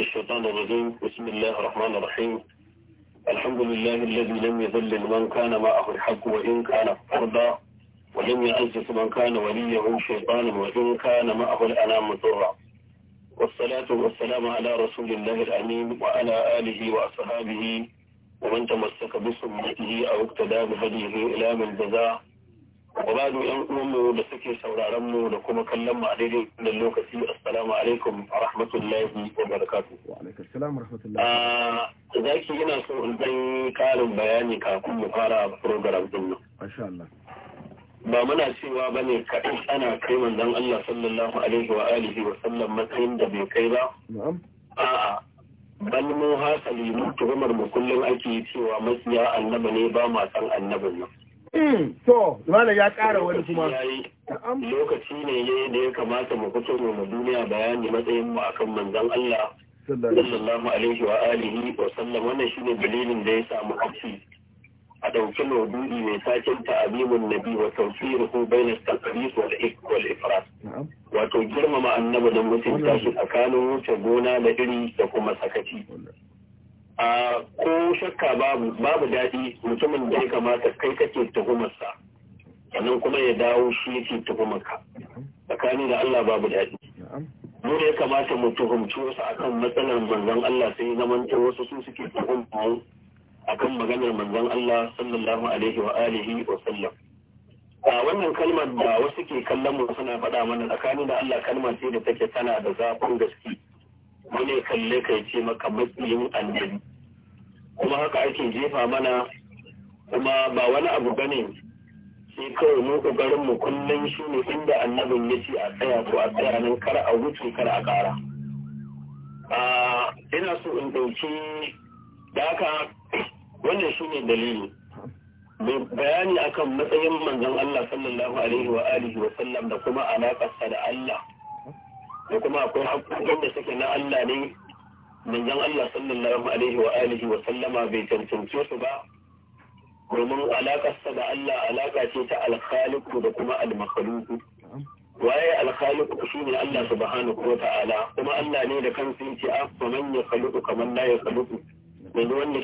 الشيطان الرجيم بسم الله الرحمن الرحيم الحمد لله الذي لم يذلل من كان معه الحق وإن كان فردا ولم يعزز من كان وليه شيطانا وإن كان معه الأنام ضرا والصلاة والسلام على رسول الله الأمين وعلى آله وأصحابه ومن تمسك بسنته أو اقتدى بهديه إلى من جزاه وبعد أن أمه da سورة رمو لكم كلم عليه للوكسي السلام عليكم ورحمة الله وبركاته وعليك السلام ورحمة الله ذاك هنا سوء زي كالم بياني كاكم مقارا بروغرام دمنا ما شاء الله ba muna cewa ba ne ana kai manzon Allah sallallahu alaihi wa alihi wa sallam matsayin da bai kai ba a'a bal mu hasali mu tuhumar mu kullum ake cewa matsiya annaba ne ba ma san annabin nan Mm. to malam ya kara wani kuma lokaci ne da ya kamata mu fito mu duniya bayani matsayin mu akan manzon Allah sallallahu alaihi wa alihi wa sallam wannan shine dalilin da ya samu haƙi a ɗauki maududi mai sakin ta'abibun nabi wa tawfir ko bainas taqris wal wal ifrat wato girmama annabi da mutunta shi tsakanin wuce gona da iri da kuma sakaci a ko shakka babu babu daɗi mutumin da ya kamata kai kake tuhumarsa sannan kuma ya dawo shi yake tuhumarka tsakani da Allah babu daɗi mu ya kamata mu tuhumci wasu akan matsalar manzon Allah sai zamanta wasu su suke tuhumta akan maganar manzon Allah sallallahu alaihi wa alihi wa sallam a wannan kalmar da wasu ke kallon mu suna faɗa mana tsakani da Allah kalmar ce da take tana da zafin gaske wani kalle ka ce maka matsayin annabi kuma haka ake jefa mana kuma ba wani abu bane sai kawai mu kokarin mu kullun shi ne inda annabin ya ce a tsaya ko a tsaya nan kar a wuce kar a kara ina so in ɗauki da haka wannan shi ne dalili bayani akan matsayin manzon Allah sallallahu alaihi wa alihi wa sallam da kuma alaƙarsa da Allah da kuma akwai haƙoƙin da suke na Allah ne manzon Allah sallallahu alaihi wa alihi wa sallama bai tantance su ba domin alaƙarsa da Allah alaƙa ce ta alkhaliku da kuma almakhluku waye alkhaliku shi ne Allah subhanahu wa ta'ala kuma Allah ne da kansa yake afa ah, man ya khaliqu kaman la ya khaliqu yanzu wanda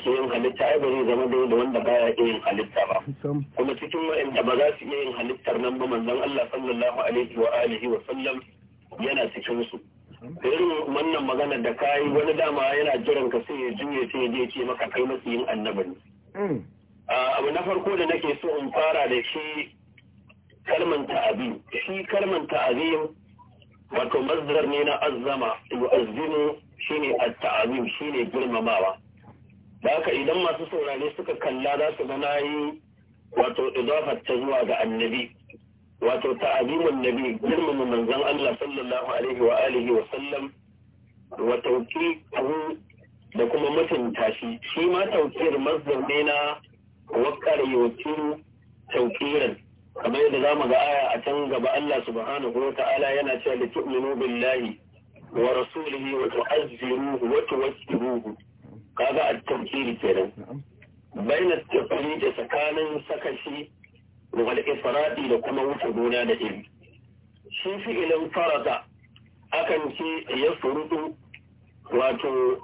ke yin halitta ai ba zai zama da wanda baya iya yin halitta ba kuma cikin wa'anda ba za su iya yin halittar nan ba manzon Allah sallallahu alaihi wa alihi wa sallam yana cikin su irin wannan magana da kayi wani dama yana jiran ka sai ya juye sai ya je ce maka kai matsayin annaba ne hmm. abu na farko da nake so in fara da shi kalman ta'azim shi kalman ta'azim wato mazdar ne na azzama azzimu shine at-ta'azim shine girmamawa da haka idan masu saurare suka kalla za su ga nayi wato idafar ta zuwa ga annabi wato ta'azimun nabi girmama manzon Allah sallallahu alaihi wa alihi wa sallam wa tawqiqu da kuma mutunta shi shi ma tawqir mazdar na wakkar yutu kamar yadda zamu ga aya a can gaba Allah subhanahu wa ta'ala yana cewa da tu'minu billahi wa rasulihi wa tu'azziruhu wa tuwaqqiruhu kaga at-tawqir kenan bayan tafsiri da tsakanin sakashi wal ifradi da kuma wuce gona da iri shi fi'ilin farata akan ce ya furudu wato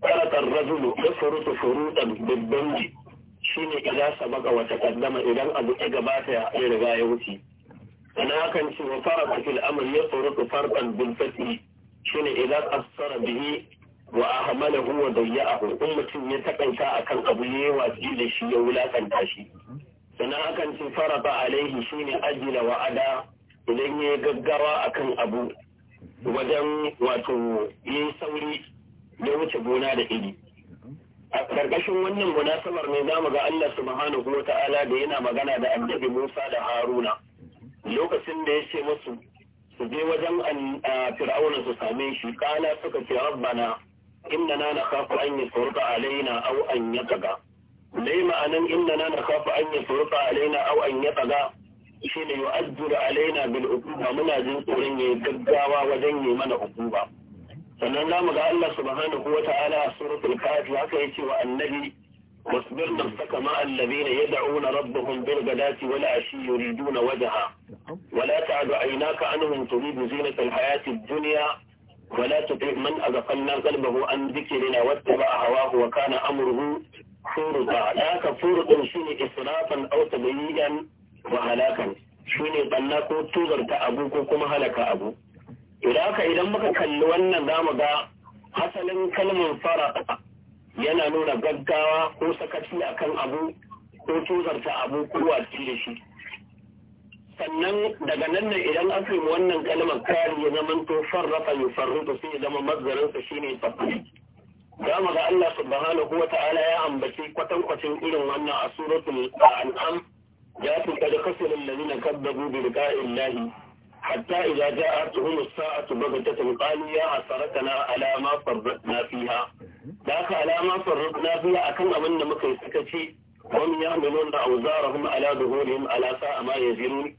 faratar rajulu ya furudu furudan babban ji shi ne idan sabaka wata kaddama idan abu ya gabata ya riga ya wuce ana akan ce wa farata fil amr ya furudu farqan bil fati shi ne idan asara bihi wa ahmalahu wa dayya'ahu in mutum ya takaita akan abu yayi watsi da shi ya wulakanta shi ina akan ce faraba alaihi shine ajila wa'ada idan ya gaggawa akan abu wajen wato yi sauri ya wuce gona da iri a ƙarƙashin wannan munasabar ne za mu ga Allah subhanahu wa ta'ala da yana magana da annabi Musa da Haruna lokacin da ya ce musu su je wajen fir'auna su same shi kala suka ce rabbana innana nakhafu an yusrika alaina aw an yataga dai ma'anan inna na kafa an yasrufa alaina aw an yataga shi ne yu'addu alaina bil ukuba muna jin tsoron yayi gaggawa wajen yi mana uquba sannan za mu ga Allah subhanahu wa ta'ala a suratul kafi haka ce wa annabi wasbir nafsaka ma alladhina yad'una rabbahum bil ghadati wal ashi yuriduna wajha wa la ta'du aynaka anhum turidu zinata al hayati duniya. dunya wa la tuti man aghfalna qalbahu an dhikrina wattaba hawahu wa kana amruhu furuta da haka furutun shi ne israfan au tabayidan wa halakan shi ne balla ko tuzarta abu ko kuma halaka abu idan haka idan muka kalli wannan za mu ga asalin kalmar fara yana nuna gaggawa ko sakaci akan abu ko tuzarta abu ko watsi da shi sannan daga nan ne idan aka yi wannan kalmar kari ya zama to farrafa yufarritu sai ya zama shi ne tafi za mu ga Allah subhanahu wa ta'ala ya ambaci kwatankwacin irin wannan a suratul an'am ya fi kada kasar allazina kaddabu bi liqa'illahi hatta idza ja'atuhum as-sa'atu baghtatan qalu ya asaratana ala ma farratna fiha da ka alama farratna fiha akan abin da muka yi sakaci wani ya nuna da auzarahum ala zuhurihim ala sa'a ma yazirun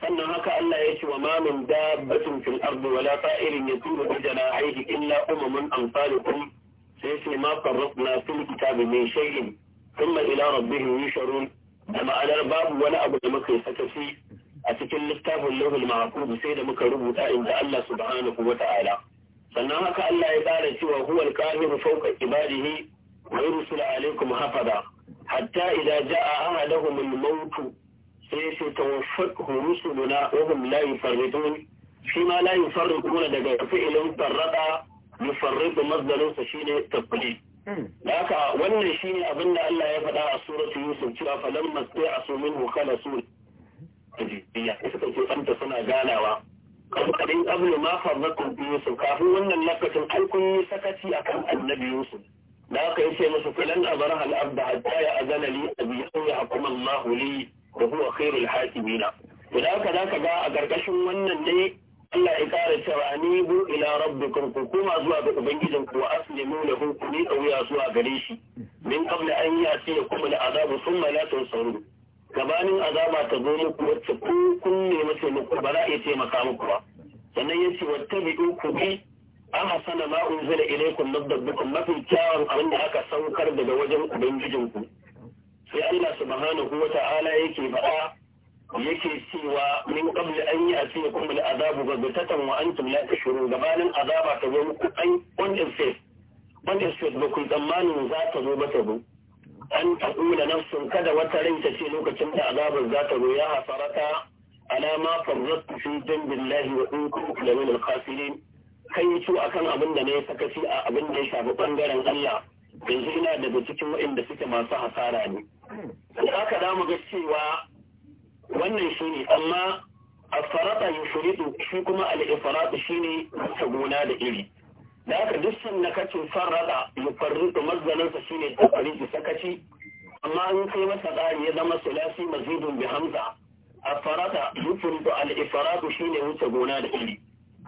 sannan haka Allah ya ce wa ma min dabbatin fil ardi wala ta'irin yaturu bi janahihi illa umamun amsalukum sai sai ma farrafna fil kitabi min shay'in thumma ila rabbihim yusharun da ma'anar babu wani abu da muka yi sakaci a cikin littafin lahul mahfuz sai da muka rubuta inda Allah subhanahu wa ta'ala sannan haka Allah ya tsara cewa huwa al-qahiru fawqa ibadihi wa yursilu alaykum hafada. hatta idza jaa ahaduhum al-maut sai sai tawaffatuhu rusuluna wa hum la yufarridun shi ma la yufarriduna daga fi'ilin farrada mufarriqu masdarin sa shine taqlid hmm. haka wannan shine abin da Allah ya faɗa a suratu Yusuf cewa falamma stai'asu minhu khalasu ajiyya suka ce fanta suna ganawa kamfanin abu ma farnakun yusuf kafin wannan lokacin an kun yi sakaci akan annabi yusuf da aka yi ce musu filan abar al'abda hatta ya azana li abi ya hakuma da da zaka ga a gargashin wannan Allah ya kara cewa ni bu ila rabbikum ku koma zuwa ga ubangijin ku aslimu lahu ku ni zuwa gare shi min qabla an yasi yakum al azabu thumma la tunsarun gabanin azaba ta zo muku wacce ku kun ne mace ba za a iya taimaka muku ba sannan ya ce, wata wattabi'u ku bi hasana ma unzila ilaikum min mafi kyawun abin da aka saukar daga wajen ubangijin ku sai Allah subhanahu wa ta'ala yake faɗa yake cewa min qabli an yi asiya kum al azabu gabatatan wa antum la tashurun gabanin azaba ta zo muku an on the face on the face ba tsammanin za ta zo ba ta an taqula nafsun kada wata rai ta ce lokacin da azabar za ta zo ya hasarata ala ma farrattu fi dambillahi wa in kuntu lamin al khasirin kai mutu akan abin da yi sakaci a abin da ya shafi bangaren Allah yanzu ina daga cikin waɗanda suke masu hasara ne. Sai aka damu ga cewa wannan shi ne amma a farata yi furidu shi kuma al'ifaratu shi ne ta gona da iri da haka duk sun na kacin farrada yi farridu shi ne ta fariji sakaci amma an kai masa tsari ya zama sulasi mazidun bi hamza a farata yi furidu al'ifaratu shi ne wuce gona da iri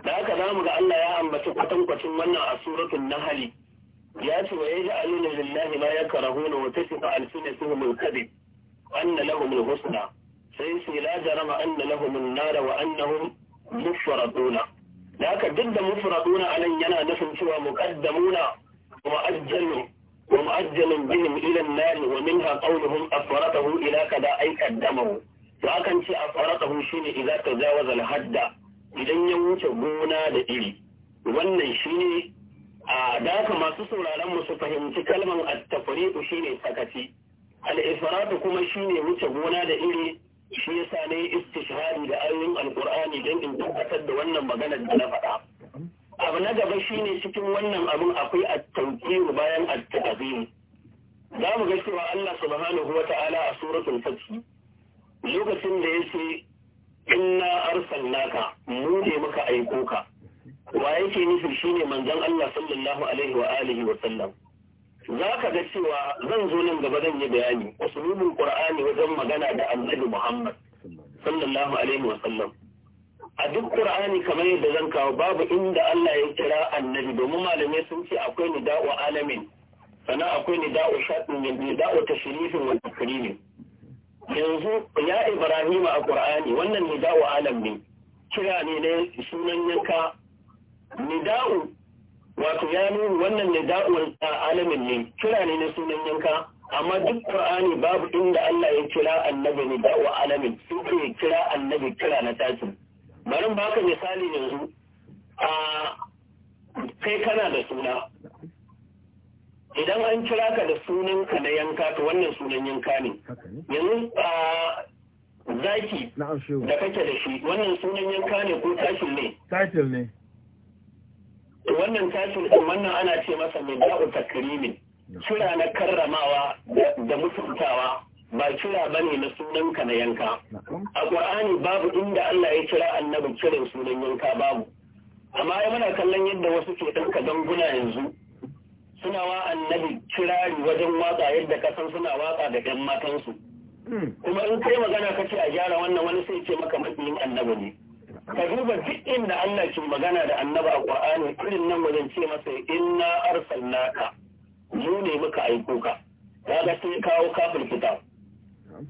da haka za ga Allah ya ambaci kwatankwacin wannan a suratun nahali ya ce wa ya ji alina lillahi ma ya karahuna wa ta alfina suhumul kadib anna lahumul husna sai la jarama anna lahum an-nar wa annahum mufraduna da haka duk da mufraduna anan yana nufin cewa muqaddamuna wa ajjalun wa mu'ajjalun bihim ila an-nar wa minha qawluhum afratahu ila kada ay qaddamahu to akan ce afratahu shine idza tajawaza al-hadda idan ya wuce gona da iri wannan shine a da haka masu sauraron mu su fahimci kalmar at-tafriqu shine sakaci al-ifratu kuma shine wuce gona da iri shi yasa ne istishhadi da ayoyin alkur'ani don in tabbatar da wannan maganar da na faɗa abu na gaba shine cikin wannan abin akwai at-tawqir bayan at-ta'zim za mu ga cewa Allah subhanahu wa ta'ala a suratul fath lokacin da yace inna arsalnaka mu ne muka aiko ka wa yake nufi shine manzon Allah sallallahu alaihi wa alihi wa sallam za ka ga cewa zan zo nan gaba zan yi bayani usulubin ƙur'ani wajen magana da annabi muhammad sallallahu alaihi wa sallam a duk ƙur'ani kamar yadda zan kawo babu inda Allah ya kira annabi domin malamai sun ce akwai ni nida'u alamin sannan akwai ni nida'u ni da'u tashrifin wa takrimin yanzu ya Ibrahim a ƙur'ani. wannan ni alam ne kira ne na sunan yanka ni nida'u wato ya nuna wannan ne da'uwar alamin ne kira ne na sunan yanka amma duk qur'ani babu inda Allah ya kira annabi ne da'uwa alamin sun ke kira annabi kira na tasiri bari baka misali yanzu a kai kana da suna idan an kira ka da sunan ka na yanka to wannan sunan yanka ne yanzu a zaki da kake da shi wannan sunan yanka ne ko tashin ne tashin ne wannan tashin ɗin wannan ana ce masa mai da'u takrimi kira na karramawa da mutuntawa ba kira ba ne na sunanka na yanka a ƙur'ani babu inda Allah ya kira annabi kiran sunan yanka babu amma ai muna kallon yadda wasu ke ɗauka danguna yanzu suna wa annabi kirari wajen watsa yadda kasan suna watsa da ɗan matansu hmm. kuma in kai magana kace a gyara wannan wani sai ce maka matsayin annabi ne ka duba duk inda Allah ke magana da annaba a Qur'ani irin nan wajen ce masa inna arsalnaka mu ne muka aiko ka kaga sai kawo kafin fita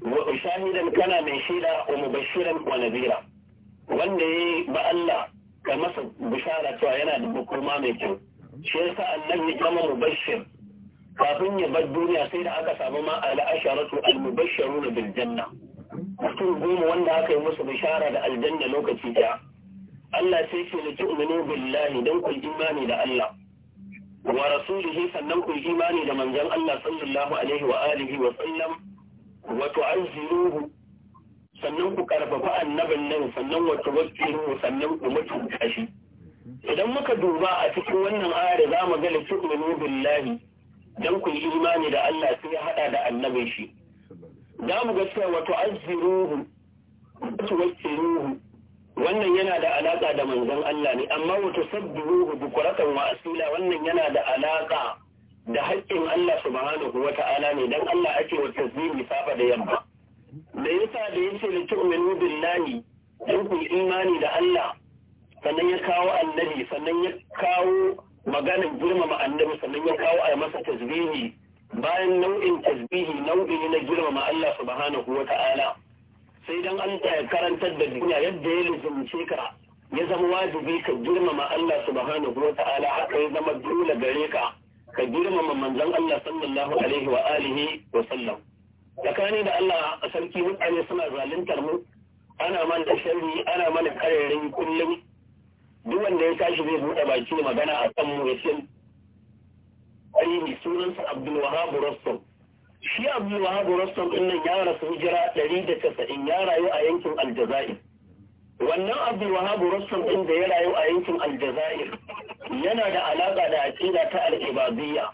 wa shahidan kana mai shaida wa mubashiran wa nadira wanda yi ba Allah ka masa bishara cewa yana da bukurma mai kyau shi yasa annabi kama mubashir kafin ya bar duniya sai da aka samu ma al-asharatu al-mubashshiruna bil janna mutum goma wanda aka yi musu bishara da aljanna lokaci daya Allah sai ce laki uminu billahi don kun imani da Allah wa rasulihi sannan kun imani da manzon Allah sallallahu alaihi wa alihi wa sallam wa tu'azziruhu sannan ku karfafa annabin nan sannan wa tuwakkiluhu sannan ku mutu shi idan muka duba a cikin wannan ayar za mu ga laki uminu billahi don kun imani da Allah sai hada da annabin shi za mu ga cewa wato azziruhu wato ruhu. wannan yana da alaka da manzon Allah ne amma wato sabbihuhu bukuratan wa asila wannan yana da alaka da haƙƙin Allah subhanahu wa ta'ala ne dan Allah ake wa tasbihi safa da yamma da yasa da yace li tu'minu billahi dan ku imani da Allah sannan ya kawo annabi sannan ya kawo maganin girmama annabi sannan ya kawo a masa bayan nau'in tasbihi nau'i na girmama Allah subhanahu wa ta'ala sai dan an karantar da duniya yadda ya lizumce ka ya zama wajibi ka girmama Allah subhanahu wa ta'ala haka ya zama dole gare ka ka girmama manzon Allah sallallahu alaihi wa alihi wa sallam tsakani da Allah a sarki mutane suna zaluntar mu ana mana sharri ana mana karerin kullum duk wanda ya tashi zai buɗe baki magana a kan mu ya tarihi sunansa Abdul Wahab Rostom shi Abdul Wahab Rostom din nan ya rasu hijira 190 ya rayu a yankin Aljazair wannan Abdul Wahab Rostom din da ya rayu a yankin Aljazair yana da alaka da aqida ta al Ya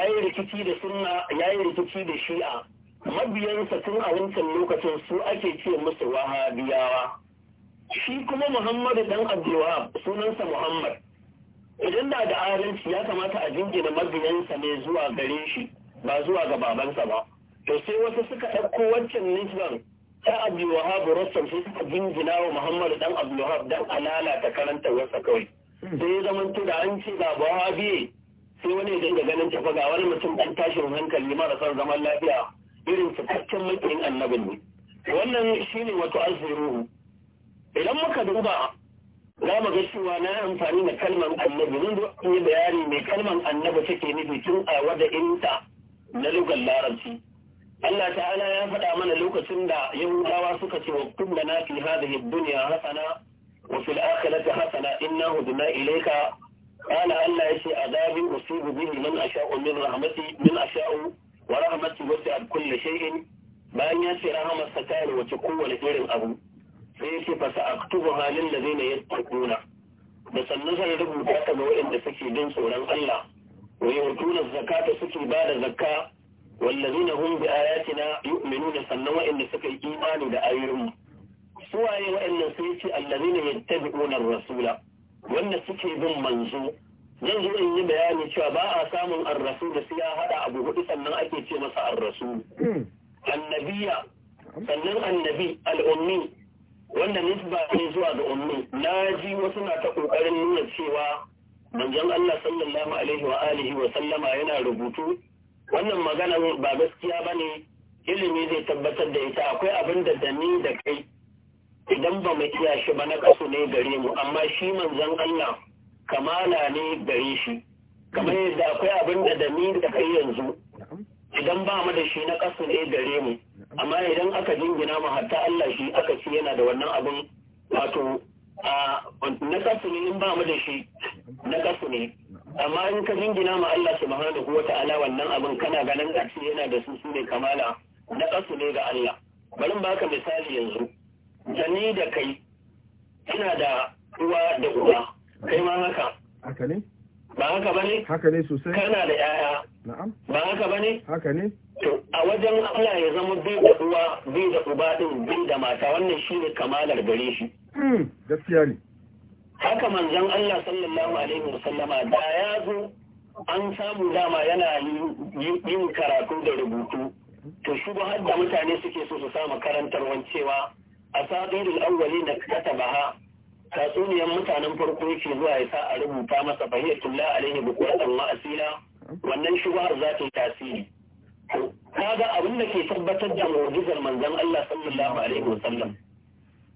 yayi rikici da sunna yi rikici da shi'a mabiyansa tun a wancan lokacin su ake ce musu wahabiyawa shi kuma Muhammadu dan abdulwahab sunansa Muhammad idan na da adalci ya kamata a jingina mabiyansa ne zuwa gare shi ba zuwa ga babansa ba to sai wasu suka ɗauko wancan nisan ta abdulwahab rassam sai suka jingina wa muhammadu dan abdulwahab dan a lalata karanta wasa kawai sai ya zama da an ce ga biye, sai wani ya dinga ganin tafa ga wani mutum dan tashin hankali mara son zaman lafiya irin cikakken mutum annabin ne wannan shine wato azzuruhu idan muka duba za mu ga cewa na amfani da kalmar annabi mun zo yi bayani mai kalmar annabi take nufi tun a wada inta na lugar larabci Allah ta'ala ya faɗa mana lokacin da yahudawa suka ce wa da na fi hadhihi dunya hasana wa fil akhirati hasana inna hudna ilayka qala Allah yace adabi usibu bihi man asha'u min rahmati min asha'u wa rahmati wasi'at kulli shay'in bayan ya ce rahamarsa ta wace kowane irin abu sai yake fa sa'aktubu halin da zai na yattaquna da sannan zan rubuta ta ga waɗanda suke bin tsoron Allah wa yu'tuna zakata suke ba da zakka wallazina hum bi ayatina yu'minuna sannan waɗanda suka yi imani da ayoyin su waye waɗannan sai ce allazina yattabi'una ar-rasula wanda suke bin manzo zan zo in yi bayani cewa ba a samun ar-rasul da sai ya hada abu hudu sannan ake ce masa ar-rasul hmm. annabiya sannan annabi al-ummi wanda nisba ne zuwa ga ummi na ji wasu na ta kokarin nuna cewa manzon Allah sallallahu alaihi wa alihi wa sallama yana rubutu wannan magana ba gaskiya bane ilimi zai tabbatar da ita akwai abin da da da kai idan ba mu iya shi ba na kasu ne gare mu amma shi manzon Allah kamala ne gare shi kamar yadda akwai abin da da da kai yanzu idan ba mu da shi na kasu ne gare mu amma idan aka jingina mu hatta Allah shi aka ci yana da wannan abin wato na kasu ne in ba mu da shi na kasu ne amma in ka jingina mu Allah subhanahu wa ta'ala wannan abin kana ganin a ci yana da su su ne kamala na kasu ne ga Allah bari in baka misali yanzu da ni da kai ina da uwa da uwa kai ma haka haka ne ba haka bane haka ne sosai kana da yaya na'am ba haka bane haka ne to a wajen Allah ya zama bai da uwa bai da uba din bai da mata wannan shine kamalar gare shi hmm, gaskiya ne haka manzon Allah sallallahu alaihi wasallama da ya zo an samu dama yana yin karatu da rubutu to shi har da mutane suke so su samu karantar cewa a awwalin da kataba tatsuniyar mutanen farko yake zuwa ya sa a rubuta masa fahiyyatullah alaihi bukuratan ma'asila wannan shubhar za ta yi tasiri kaga abin da ke tabbatar da mu'jizar manzon Allah sallallahu alaihi wasallam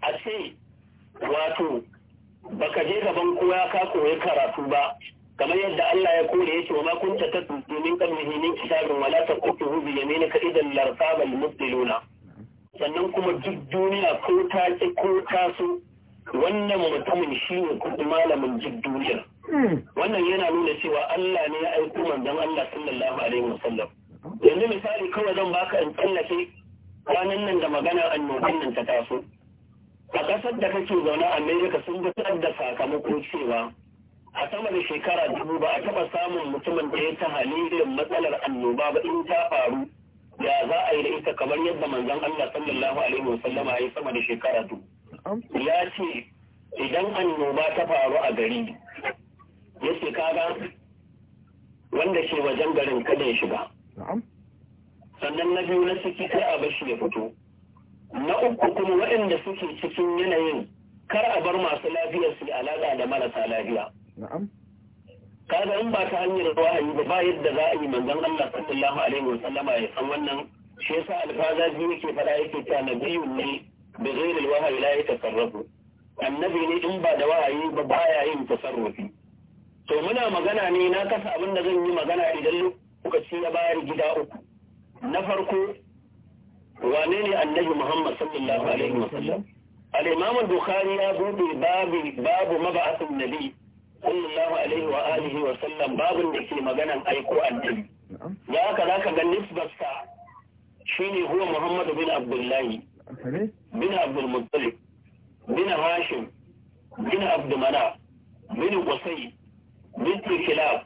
a ce wato baka je gaban kowa ka koyi karatu ba kamar yadda Allah ya kore yake wa ma kunta tatlu min qablihi min kitabin wala taqutuhu bi yaminika idan larfaba al-mubtiluna sannan kuma duk duniya ko ta ce ko ta so wannan mutumin shi ne kuma malamin duk duniyar hmm. wannan yana nuna cewa Allah ne ya aiko manzon Allah sallallahu alaihi wasallam hmm. yanzu misali kawai zan baka in tallace kwanan nan da magana annoban nan ta taso a ƙasar da kake zaune a Amerika sun fitar da sakamako cewa a sama da shekara dubu ba a taɓa samun mutumin da ya ta halirin matsalar annoba ba in ta faru ya za a yi da ita kamar yadda manzon Allah sallallahu alaihi wasallama a yi sama da shekara dubu ya ce idan annoba ta faru a gari ya ce kaga wanda ke wajen garin kada ya shiga sannan na biyu na ciki kai a bashi ya fito na uku kuma waɗanda suke cikin yanayin kar a bar masu lafiya su yi alaƙa da marasa lafiya kaga in ba ta hanyar wahayi ba ba yadda za a yi manzon Allah sallallahu alaihi wa sallama ya san wannan shi yasa alfaza biyu yake fada yake ta na biyu ne da ghairil wahayi la yatasarrafu annabi ne in ba da wahayi ba baya yin tasarrufi to muna magana ne na kasa abin da zan yi magana idan lokaci ya bayar gida uku na farko wane ne annabi muhammad sallallahu alaihi wasallam al-imam al-bukhari ya bude babu babu mab'athin nabi sallallahu alaihi wa alihi wa sallam babu da ke magana aiko annabi ya haka zaka ga nisbarsa shine huwa muhammad bin abdullahi bin abdul muttalib bin hashim bin abdul manaf bin qusay bin kilab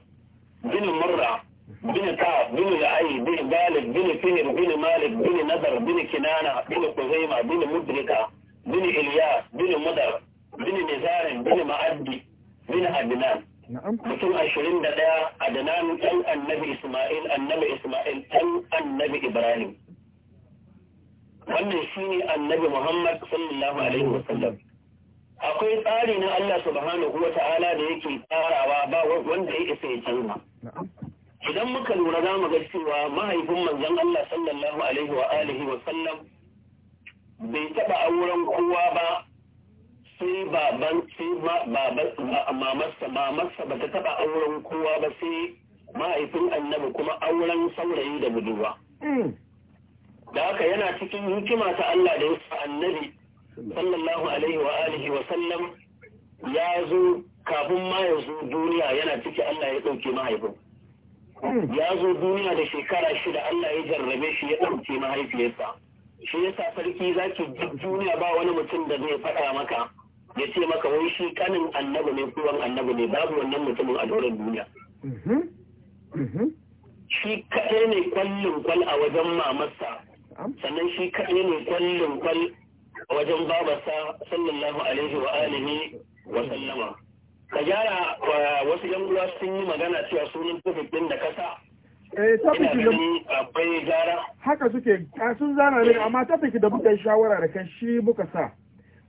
bin murra بن كعب بن لعي بن غالب بن فهر بن مالك بن نذر بن كنانة بن خزيمة بن مدركة بن إلياس بن مدر بن نزار بن معدي عدنان mutum ashirin da ɗaya a danan ɗan annabi Ismail annabi Ismail ɗan annabi Ibrahim wannan shi ne annabi Muhammad sallallahu alaihi wasallam akwai tsari na Allah subhanahu wa ta'ala da yake tsarawa ba wanda ya isa ya canza idan muka lura za mu ga cewa mahaifin manzon Allah sallallahu alaihi wa alihi wa sallam bai taba auren kowa ba sai baban sai mamarsa mamarsa ba ta taba auren kowa ba sai mahaifin annabi kuma auren saurayi da budurwa hmm. da haka yana cikin hikima ta Allah da yasa annabi sallallahu alaihi wa alihi wa sallam ya zo kafin ma ya zo duniya yana ciki Allah ya ɗauke mahaifin ya zo duniya da shekara shida Allah ya jarrabe shi ya ɗauke mahaifiyarsa shi yasa sarki zaki duk duniya ba wani mutum da zai faɗa maka ya ce maka wai shi kanin annabi ne kuwan annabi ne babu wannan mutumin a doron duniya mm-hmm. Mm-hmm. shi kaɗai ne kwallin kwal a wajen mamasta. sannan shi kaɗai ne kwallon kwal wajen babarsa sallallahu alaihi wa alihi wa sallama ka gyara wasu yan uwa sun yi magana cewa sunan topic din da kasa eh topic da akwai gyara haka suke sun zana ne amma topic da muka yi shawara da kai shi muka sa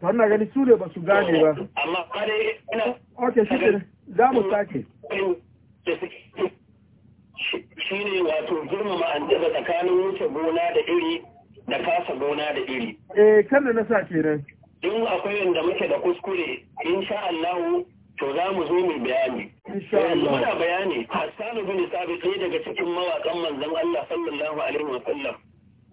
to ina gani su ne ba su gane ba amma kare ina okay shi za mu sake shi ne wato girmama an daga tsakanin wuce gona da iri da kasa gona da iri. Eh, kan da nasa nan. In akwai yadda muke da kuskure, insha Allah to za mu zo mu bayani. Insha eh, Allah. Muna bayani, Hassanu bin Sabit ɗaya daga cikin mawaƙan manzon Allah sallallahu alaihi wa sallam.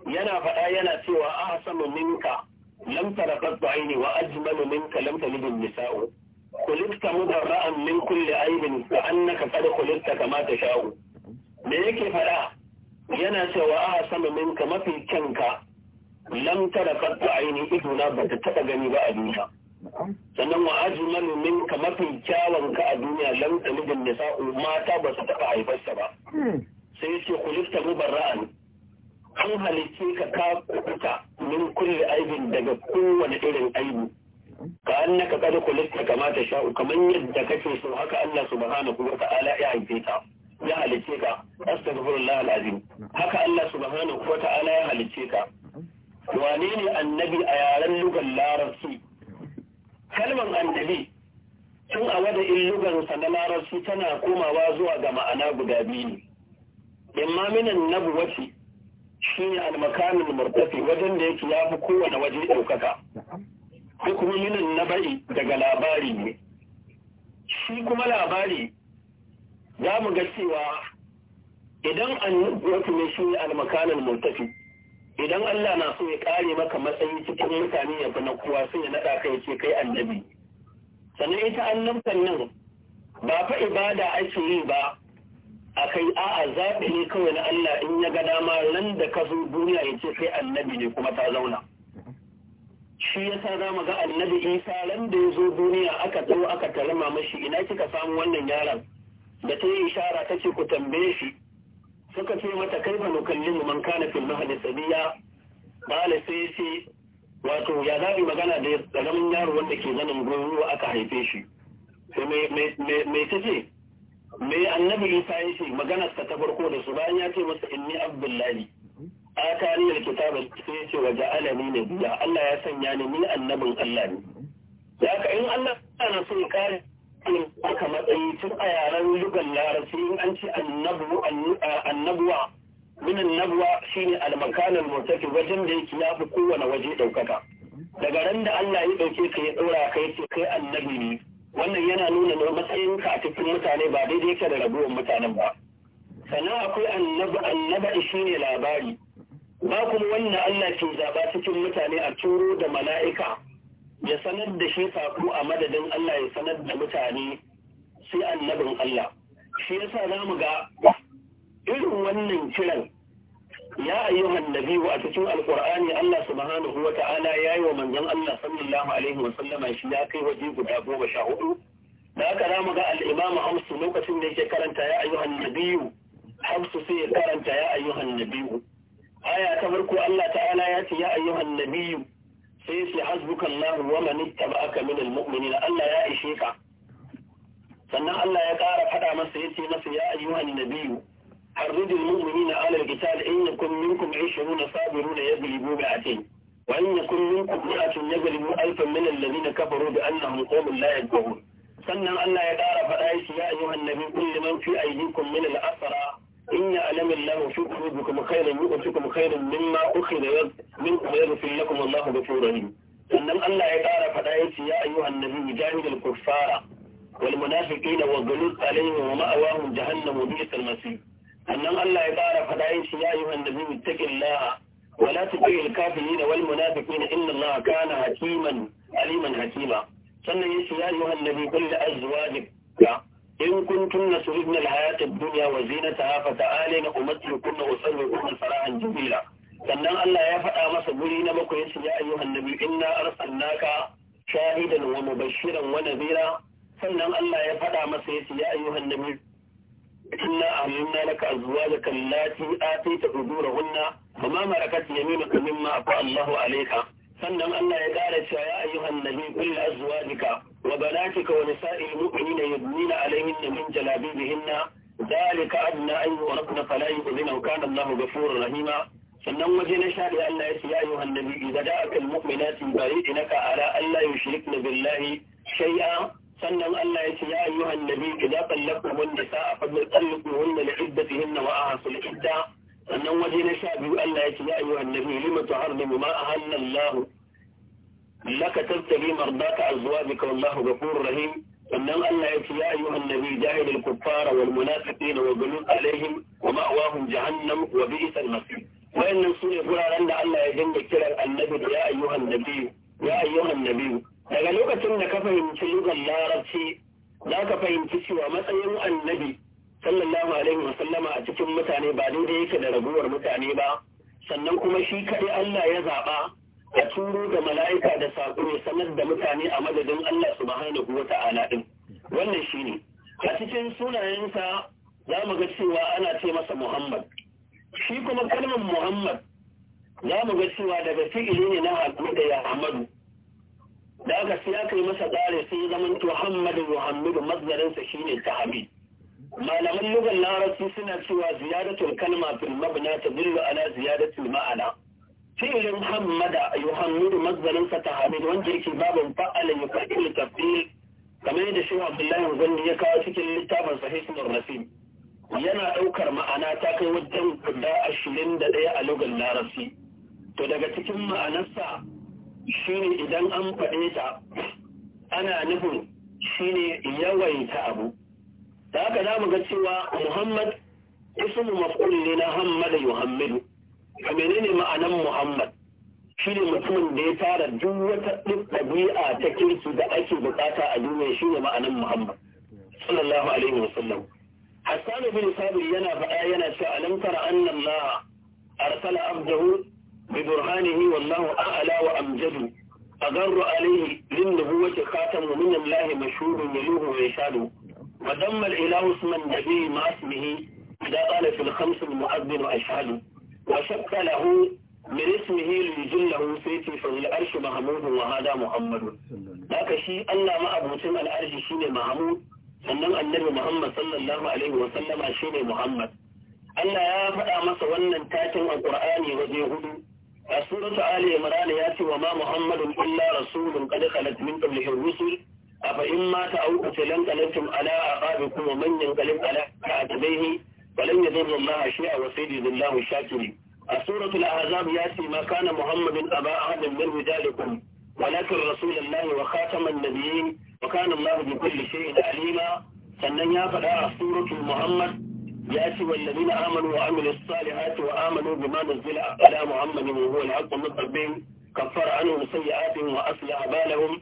Yana faɗa yana cewa Hassanu minka lam tara qattu aini wa ajmalu minka lam talid nisa'u. Kulibta mudarra'an min kulli aibin ka annaka qad kulitta kama tasha'u. da yake faɗa yana cewa a sama minka mafi kyanka lam tara fatta aini idona ba ta taɓa gani ba a duniya sannan wa ajmalu minka mafi kyawan ka a duniya lam talibin nisa'u mata ba su taɓa haifarsa ba hmm. sai yace kulifta mubarra'an an halicce ka ka kuɓuta min kulle aibin daga kowane irin aibu ka naka kada kulifta kamata sha'u kamar yadda kake so haka Allah subhanahu wa ta'ala ya haife ta ya halice ka astaghfirullah alazim haka Allah subhanahu wa ta'ala ya halice ka wane ne annabi a yaren lugan larabci kalman annabi tun a wada in sa na larabci tana komawa zuwa ga ma'ana guda biyu ne imma minan nabuwati shine almakamin murtafi wajen da yake yafi kowane waje ɗaukaka ko kuma minan naba'i daga labari ne shi kuma labari za mu ga cewa idan an wasu ne shi almakanin murtafi idan Allah na so ya kare maka matsayi cikin mutane ya fi na kowa sai ya naɗa kai ce kai annabi sannan ita annabtan nan ba fa ibada ake yi ba a kai a'a zaɓi ne kawai na Allah in ya ga dama nan da ka zo duniya ya ce kai annabi ne kuma ta zauna shi ya sa za mu ga annabi isa ran da ya zo duniya aka zo aka tarima mashi ina kika samu wannan yaron da ta yi ishara ta ce ku tambaye shi suka ce mata kai ba nukallimu man kana fil mahdi sabiya bala sai ce wato ya zabi magana da karamin yaro wanda ke zanin goyo aka haife shi sai mai ta ce mai annabi isa ya ce magana ta farko da su bayan ya ce masa inni abdullahi atani alkitaba sai ya ce wa ne biya Allah ya sanya ni ni annabin Allah ne ya ka in Allah ana so ya kare aka matsayi tun a yaren lugan larabci in an ce annabuwa minin nabuwa shine almakanar mutafi wajen da yake ya fi kowane waje ɗaukaka daga ran da Allah ya ɗauke ka ya ɗaura ka ya ce kai annabi ne wannan yana nuna matsayin ka a cikin mutane ba daidai ka da rabuwar mutanen ba sannan akwai annaba annab'i shine labari ba kuma wannan Allah ke zaba cikin mutane a turo da mala'ika ya sanar da shi saƙo a madadin Allah ya sanar da mutane sai annabin Allah shi yasa za mu ga irin wannan kiran ya ayyuhan nabiyu a cikin alkur'ani Allah subhanahu wa ta'ala ya yi wa manzon Allah sallallahu alaihi wa sallama shi ya kai waje guda goma sha hudu da aka zamu ga al Hamsu lokacin da yake karanta ya ayyuhan nabiyu Hamsu sai ya karanta ya ayyuhan A aya ta farko Allah ta'ala ya ce ya ayyuhan nabiyu sai yace hasbuka Allah wa man ittaba'aka min almu'minin Allah ya ishe ka sannan Allah ya ƙara faɗa masa yace masa ya ayyuhan nabiyyu حرض المؤمنين على القتال إن يكن منكم عشرون صابرون يغلبوا مئتين وإن يكن منكم مئة يغلبوا ألفا من الذين كفروا بأنهم قوم لا يكفرون sannan Allah ya ƙara faɗa shi ya ayyuhan nabi kulli man fi aydikum min al-asra إن يعلم الله في قلوبكم خيرا يؤتكم خيرا مما أخذ منكم ويغفر لكم الله غفور رحيم sannan Allah ya ƙara faɗa ya ce ya ayyuhan nabi jahilul kuffara wal munafiqina wa ghuluz alaihim wa ma'awahum jahannam wa bi'sal masir sannan Allah ya ƙara faɗa ya ce ya ayyuhan nabi ittaqillaha wa la tuti'il kafirin wal munafiqina inna Allah kana hakiman aliman hakima sannan ya ce ya ayyuhan nabi qul li إن كنتن سربن الحياة da وزينتها فتعالين أمتعكن وأسرعكن سراحا جميلا sannan Allah ya faɗa masa guri na bakwai yace ya ayyuhan nabi inna arsalnaka shahidan wa mubashiran wa nadhira sannan Allah ya faɗa masa yace ya ayyuhan nabi inna ahlalna laka azwajaka allati atayta ujurahunna wa ma malakat yaminuka mimma afa Allahu alayka sannan Allah ya ƙara cewa ya ayyuhan nabi qul li azwajika wa banatika wa nisa'il mu'minina yudnina alayhinna min jalabibihinna dhalika adna an yu'rafna fala yu'dhina kana Allahu ghafurur rahima sannan waje na sha da Allah ya ce ya ayyuhan nabi idza da'aka almu'minatu bayyinaka ala alla yushrikna billahi shay'a sannan Allah ya ce ya ayyuhan nabi idza tallaqtum an-nisaa fa talliquhunna li iddatihinna wa ahsul idda sannan waje na sha biyu Allah ya ce ya ayyuhan nabi lima tuharrimu ma ahalla Allah laka tabtaghi mardaka azwajika wallahu ghafurur rahim sannan Allah ya ce ya ayyuhan nabi jahil al-kuffara wal munafiqina wa ghulul alaihim wa ma'wahum jahannam wa bi'sa al-masir wayannan sune guraren da Allah ya dinga kiran annabi da ya ayyuhan nabi ya ayyuhan nabi daga lokacin da ka fahimci lugar larabci za ka fahimci cewa matsayin annabi sallallahu alaihi wasallama a cikin mutane ba daidai yake da raguwar mutane ba sannan kuma shi kaɗai Allah ya zaɓa a turo ga mala'ika da saƙo ya sanar da mutane a madadin Allah subhanahu wa ta'ala din wannan shine a cikin sunayensa za mu ga cewa ana ce masa Muhammad shi kuma kalmar Muhammad za mu ga cewa daga fi'ili ne na haɗu da ya da aka sai aka yi masa tsare sai ya zama Muhammadu Muhammadu mazdarinsa shine Tahmid malaman lugan larabci suna cewa ziyadatul kalma fil mabna tadullu ala ziyadatul ma'ana fi'lin hammada yuhammidu mazalin sa tahmid wanda yake babin fa'ala yuqaddimu tafdil kamar yadda shi Abdullahi Zanni ya kawo cikin littafin Sahihul Rasim yana daukar ma'ana ta kai wajen guda ɗaya a lugan larabci to daga cikin ma'anarsa shine idan an faɗe ta ana nufin shine yawaita abu da haka za mu ga cewa muhammad ismu maf'ul ne na hammada yuhammidu ka menene ma'anan muhammad shi ne mutumin da ya tara duk wata ɗabi'a ta kirki da ake bukata a duniya shi ne ma'anan muhammad sallallahu alaihi sallam hassan bin sabir yana faɗa yana cewa alam tara anna allah arsala abdahu bi burhanihi wallahu a'la wa amjadu agarru alaihi lin nubuwwati khatamu min allah mashhurun yaluhu wa yashadu وذم الإله اسم النبي مع اسمه إذا قال في الخمس المؤذن أشهد وشك له من اسمه ليجله سيتي فالعرش محمود وهذا محمد ذاك شيء أن ما أبو سمع العرش شين محمود sannan annabi Muhammad sallallahu alaihi wa sallama shine Muhammad Allah ya faɗa masa wannan takin al Qur'ani waje hudu a suratu Ali Imran ya ce wa ma Muhammadun illa rasulun qad khalat min afa in mata au qutilan qalatum ala aqabikum kuma manyan kalin ala aqabihi zai yadurra Allah shay'a wa sayyidullahu shakirin a suratul ahzab ya ce ma kana muhammadin aba ahadin min rijalikum wa رسول الله wa النبيين وكان الله بكل شيء alima. sannan ya faɗa a suratul muhammad ya ce wallabi na amanu wa amilu salihati wa amanu bi ma nazzila ala muhammadin wa huwa al-haqqu min rabbihim kaffara anhum sayyi'atihim wa aslaha balahum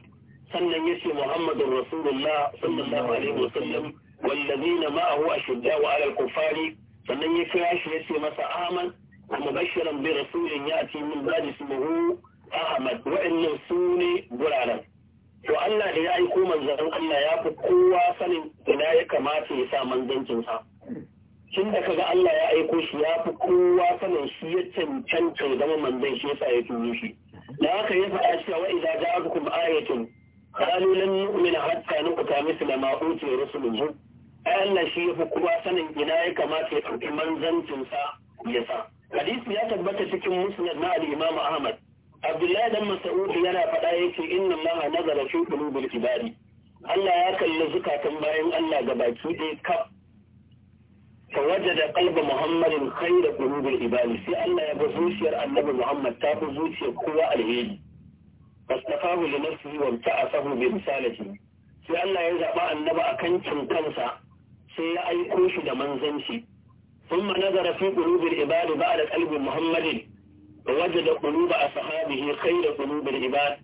sannan yace Muhammadur Rasulullah sallallahu alaihi wa sallam. wasallam والذين معه أشداء على الكفار sannan ya kira shi ya ce masa Ahmad a mubashiran bi rasulin ya ce min ba ismuhu Ahmad wa'annan su ne guraren. To Allah da ya aiko manzon Allah ya fi kowa sanin ina ya kamata ya sa manzancinsa. Tun da kaga Allah ya aiko shi ya fi kowa sanin shi ya cancanta ya zama manzan shi yasa ya turo shi. Da haka ya faɗa cewa idan idza ja'akum ayatun قالوا لن نؤمن حتى نؤتى مثل ما أوتي رسله Allah shi yafi kowa sanin ina ya kamata ya ɗauki manzancinsa ya sa. Hadisi ya tabbata cikin musnad na Alimami Ahmad. Abdullahi dan Mas'ud yana faɗa yake inna Allah nazara fi ibadi. Allah ya kalli zukatan bayan Allah ga baki ɗaya kaf. Fa wajada qalba Muhammadin khayra qulubil ibadi. Sai Allah ya ga zuciyar Annabi Muhammad ta fi zuciyar kowa alheri. fastafahu li nafsihi wa bi sai Allah ya zaba annabi akan cin kansa sai ya aiko shi da manzanci Sun ثم نظر في قلوب العباد da قلب محمد ووجد قلوب kai da قلوب العباد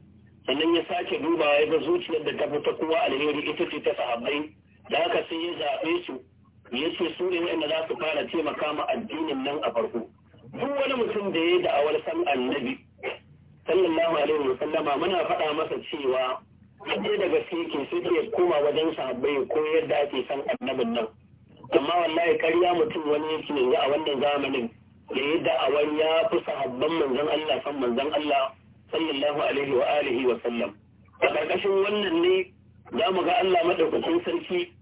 sannan ya sake dubawa ya ga zuciyar da tafi ta kowa alheri ita ce ta sahabbai da haka sai ya zaɓe su ya ce su ne waɗanda za su fara taimaka ma addinin nan a farko duk wani mutum da ya yi da'awar san annabi sallallahu alaihi wa sallama muna faɗa masa cewa ɗaya daga cikin suke koma wajen sahabbai ko yadda ake san annabin nan amma wallahi karya mutum wani yake yanzu a wannan zamanin da yi da'awar ya fi sahabban manzon Allah san manzon Allah sallallahu alaihi wa alihi wa sallam a ƙarƙashin wannan ne za mu ga Allah madaukakin sarki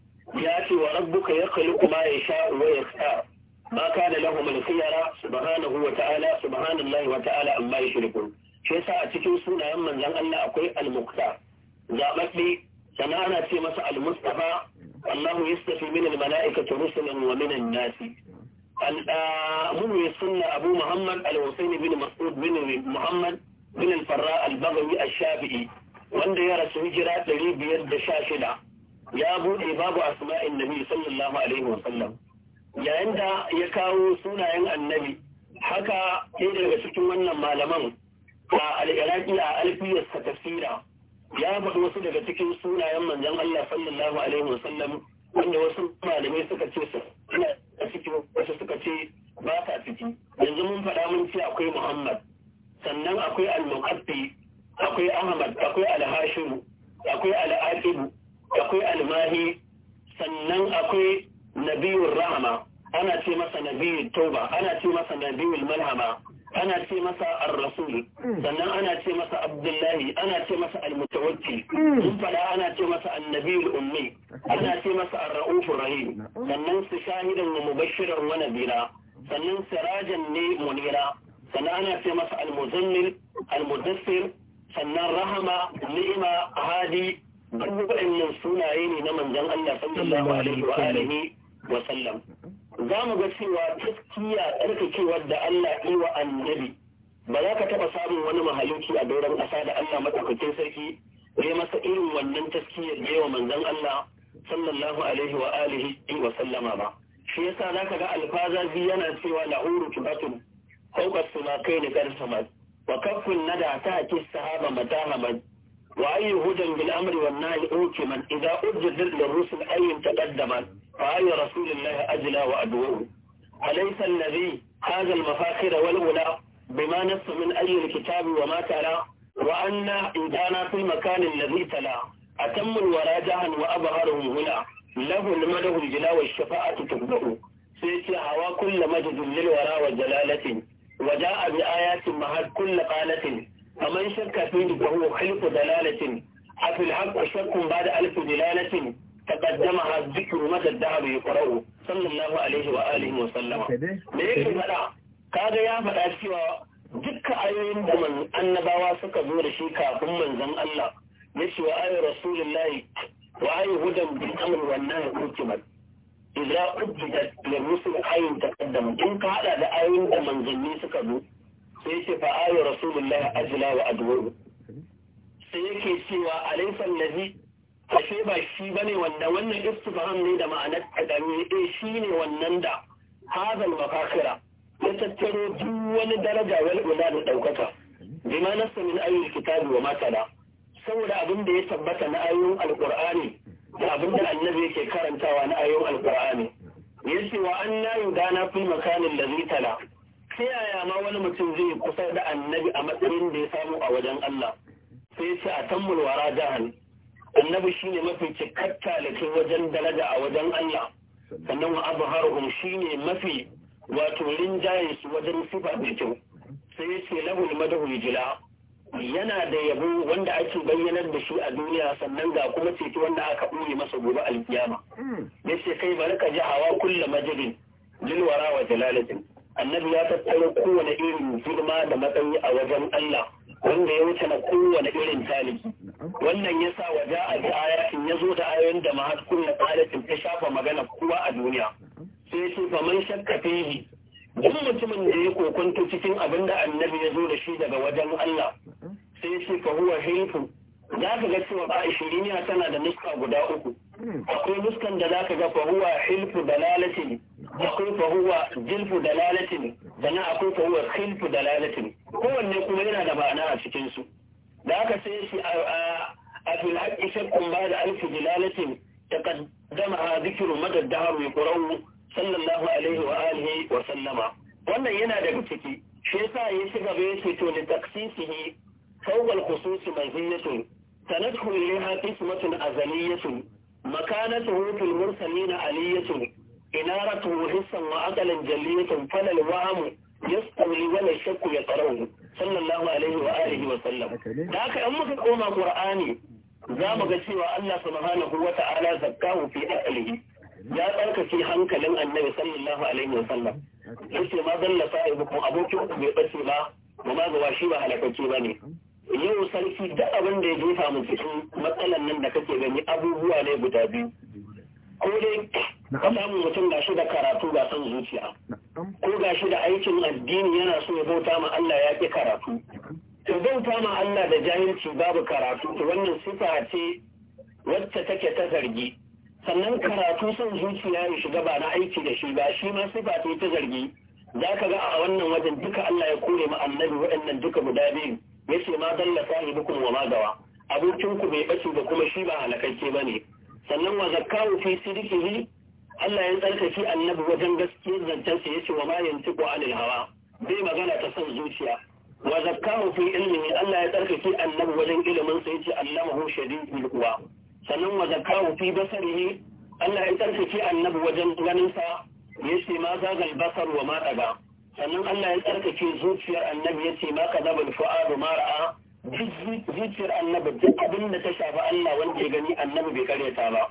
ya ce wa rabbuka yakhluqu ma yasha'u wa yakhtar ma kana da al-khiyara subhanahu wa ta'ala subhanallahi wa ta'ala amma yushrikun shi yasa a cikin sunayen manzon Allah akwai al-muqtar zababbe sannan ana ce masa al-mustafa Allahu yastafi min al-mala'ikati rusulan wa min an-nasi al-munwi ah, sunna Abu Muhammad al-Husayn bin Mas'ud bin Muhammad bin al-Farra al-Baghawi al-Shafi'i wanda ya rasu hijira 516 ya bude babu asma'in nabi sallallahu alaihi wa sallam yayin da ya kawo sunayen annabi haka ɗaya daga cikin wannan malaman a al'iraki a alfiyarsa tafsira ya faɗi wasu daga cikin sunayen manzon Allah sallallahu alaihi wasallam wanda wasu malamai suka ce su ina ciki wasu suka ce ba ta ciki yanzu mun faɗa mun ce akwai Muhammad sannan akwai al muqaddi akwai Ahmad akwai al-Hashim akwai al-Aqib akwai al-Mahi sannan akwai Nabiyur Rahma ana ce masa Nabiyul Tauba ana ce masa Nabiyul Malhama ana ce masa ar-rasul hmm. sannan ana ce masa abdullahi ana ce masa al-mutawakkil hmm. mun fada ana ce masa annabiyul ummi ana ce masa ar-raufur rahim sannan su shahidan wa mubashiran wa nabira sannan sirajan ne munira sannan ana ce masa al-muzammil al sannan rahama ni'ima hadi duk sunaye ne na manzon Allah sallallahu alaihi wa alihi wasallam za mu ga cewa taskiya tsarkakewar da Allah yi wa annabi ba za ka taɓa samun wani mahaluki a doron ƙasa da Allah matsakaicin sarki ya masa irin wannan taskiyar da yawa manzon Allah sallallahu alaihi wa alihi wa sallama ba shi yasa zaka ga alfazazi yana cewa la'uru kibatun fawqa sumakai ni garsamad wa na da ta ake sahaba madahamad wa ayyu hudan bil amri wan nahi ukiman idza ujjidat lir rusul ayyun فأي رسول الله أجلى وأدوه أليس الذي هذا المفاخر والأولى بما نص من أي الكتاب وما تلا وأن إن كان في المكان الذي تلا أتم الورى جهن وأبهرهم هنا له المده الجلا والشفاعة تبدأ سيتي هوا كل مجد للورى وجلالة وجاء بآيات مهد كل قالة فمن شك فيه فهو خلق دلالة أفي الحق شك بعد ألف دلالة تقدمها الذكر متى الذهب يقرأه صلى الله عليه وآله وسلم لكن هذا kaga ya faɗa cewa dukkan ayoyin da man annabawa suka zo da shi kafin manzon Allah ya ce wa ayi rasulullahi wa ayi hudan bil amr wannan hukumat idza ubbidat lil rusul ayyin taqaddama kin ka hada da ayoyin da manzanni suka zo sai ce fa ayi wa sai yake cewa alaysa ashe ba shi ne wanda wannan istifham ne da ma'anar kadami eh, shi ne wannan da hazal mafakira ya tattaro duk wani daraja wal ula da daukaka bima nasa min ayyul kitabi wa matala saboda abin da ya tabbata na ayoyin alqur'ani da abin da annabi yake karantawa na ayoyin alqur'ani yace wa anna yudana fil makanin ladhi tala ta yaya ma wani mutum zai kusa da annabi a matsayin da ya samu a wajen Allah sai ce a tammul wara jahan annabi shine mafi cikakka da ke wajen daraja a wajen Allah sannan wa shi ne mafi wato rinjayen su wajen sifa da kyau sai ya ce lahul madahul jila yana da yabo wanda ake bayyanar da shi a duniya sannan ga kuma ceto wanda aka ɓoye masa gobe alkiyama ya ce kai bari ka ji hawa kulla majalin lilwara wa jalalatin annabi ya tattaro kowane irin girma da matsayi a wajen Allah wanda ya wuce na kowane irin talibi wannan ya sa wa a ji ayatin ya zo da ayoyin da mahad kunna qalatin ta shafa magana kowa a duniya sai su fa man shakka fihi duk mutumin da ya kokonto cikin abin da annabi ya zo da shi daga wajen Allah sai su fa huwa hilfu za ka ga cewa ba a ya tana da nuska guda uku akwai nuskan da za ka ga fa huwa hilfu ne. da kun fahuwa jilfu dalalatin da na akwai fahuwa da dalalatin kowanne kuma yana da ma'ana a cikinsu da aka sai shi a fil haƙƙi da alfi dalalatin ta kaddama ha zikiru madaddaharu ya kurau sallallahu alaihi wa alihi wa sallama wannan yana daga ciki shi yasa ya ci gaba ya ce to li taksisihi fawqa al-khusus manhiyatun sanadhu ilayha qismatun azaliyatun makanatuhu fil mursalin aliyatun inaratu hissan wa aqalan jaliyatan falal wa'amu yastawi wala shakku ya tsarahu sallallahu alaihi wa alihi wa sallam da haka in muka koma qur'ani za mu ga cewa Allah subhanahu wa ta'ala zakkahu fi aqlihi ya tsarkake hankalin annabi sallallahu alaihi wa sallam yace ma dalla sa'ibukum abokin ku bai bace ba Ba ma ga washi ba halakacce ne. yau sarki duk abin da ya jefa mu cikin matsalan nan da kake gani abubuwa ne guda biyu ko dai ka samu mutum ga shi da karatu ga son zuciya ko ga shi da aikin addini yana so ya bauta ma Allah ya ƙi karatu to bauta ma Allah da jahilci babu karatu to wannan sifa ce wacce take ta zargi sannan karatu son zuciya ya shiga ba na aiki da shi ba shi ma sifa ce ta zargi za ka ga a wannan wajen duka Allah ya kore ma annabi waɗannan duka guda biyu ya ce ma dalla sahibukum wa ma gawa abokinku bai bace ba kuma shi ba halakakke ba ne sannan wa zakkawu fi sidikihi Allah ya tsarkake annabi wajen gaskiyar zancensa ya ce wa ma yantiqu anil hawa bai magana ta son zuciya wa zakkahu fi ilmihi Allah ya tsarkake annabi wajen ilimin sa yace allamahu shadidul quwa sannan wa zakkahu fi basarihi Allah ya tsarkake annabi wajen ganin sa yace ma zagal basar wa ma daga sannan Allah ya tsarkake zuciyar annabi yace ma kadaba al fuadu ma ra'a duk zuciyar annabi duk abin da ta shafi Allah wanda ya gani annabi bai karyata ba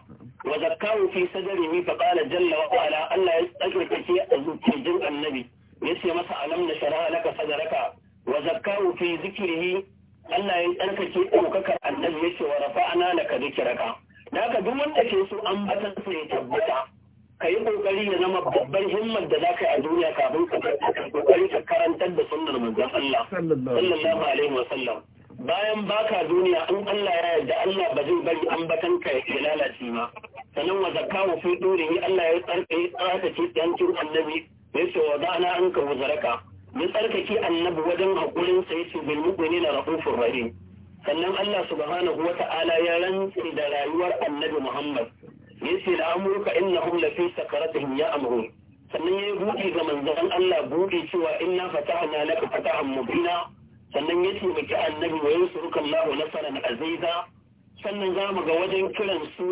wa zakkahu fi sadrihi fa qala jalla wa ala Allah ya tsarkake a zuciyar annabi yace masa alam nashara laka sadraka wa zakkahu fi zikrihi Allah ya tsarkake daukakar annabi yace wa rafa'ana laka zikraka haka duk wanda ke so an batan ya tabbata ka yi kokari ya zama babbar himmar da za ka yi a duniya kafin ka kokari ka karantar da sunnar manzon Allah sallallahu sallam bayan baka duniya in Allah ya yarda Allah ba zai bari an batanka ya lalace ba. sannan wa zakawu fi durihi Allah ya tsarkake tsarkake yankin annabi yace wa dana an ka wuzaraka mun tsarkake annabi wajen hakurin sa yace bil na rahufur rahim sannan Allah subhanahu wa ta'ala ya rantsi da rayuwar annabi Muhammad yace la amruka innahum la fi sakaratihim ya'murun sannan ya buɗe ga manzon Allah buɗe cewa inna fatahna laka fatahan mubina sannan ya taimaki annabi wa yansuruka Allahu nasaran aziza sannan za mu ga wajen kiran su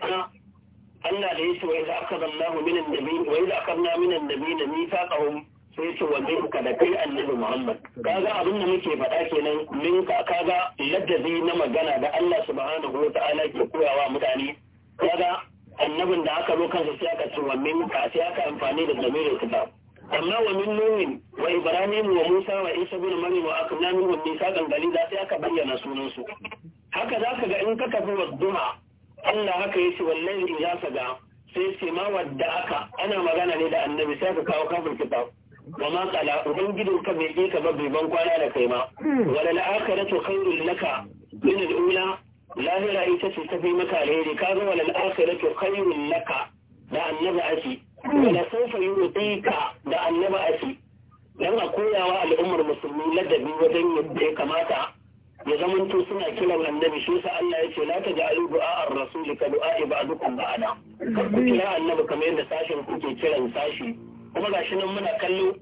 Allah da yace wa idza akhadha Allahu minan nabiy wa idza akhadna minan nabiyina mithaqahum sai yace wa ka da kai annabi Muhammad kaga abin da muke faɗa kenan minka ga ladabi na magana da Allah subhanahu wa ta'ala ke koyawa mutane kaga annabin da aka zo kansa sai aka ce wa minka sai aka amfani da damirin kitab amma wa min nuhin wa ibrahim wa musa wa isa bin maryam wa akna min wa misaqan galida sai aka bayyana sunan su haka zaka ga in ka tafi wadduha Allah haka yace wallahi in ya saga sai ce ma wadda aka ana magana ne da annabi sai ka kawo kafin kitab wa ma qala ubangijin ka bai ka ba bai ban kwana da kai ma wala al-akhiratu khairul laka min al-ula lahira ita ce ta fi maka alheri kaga wa al-akhiratu khairul laka da annabi ake. Hmm. wala saufa yu'tika da annaba asi dan a koyawa al'ummar musulmi ladabi wajen yadda ya kamata ya zamanto suna kiran annabi shi Allah ya ce la taj'alu du'a ar-rasul ka du'a ibadukum ba'ada ku kira annabi kamar yadda sashin kuke kiran sashi kuma gashi nan muna kallo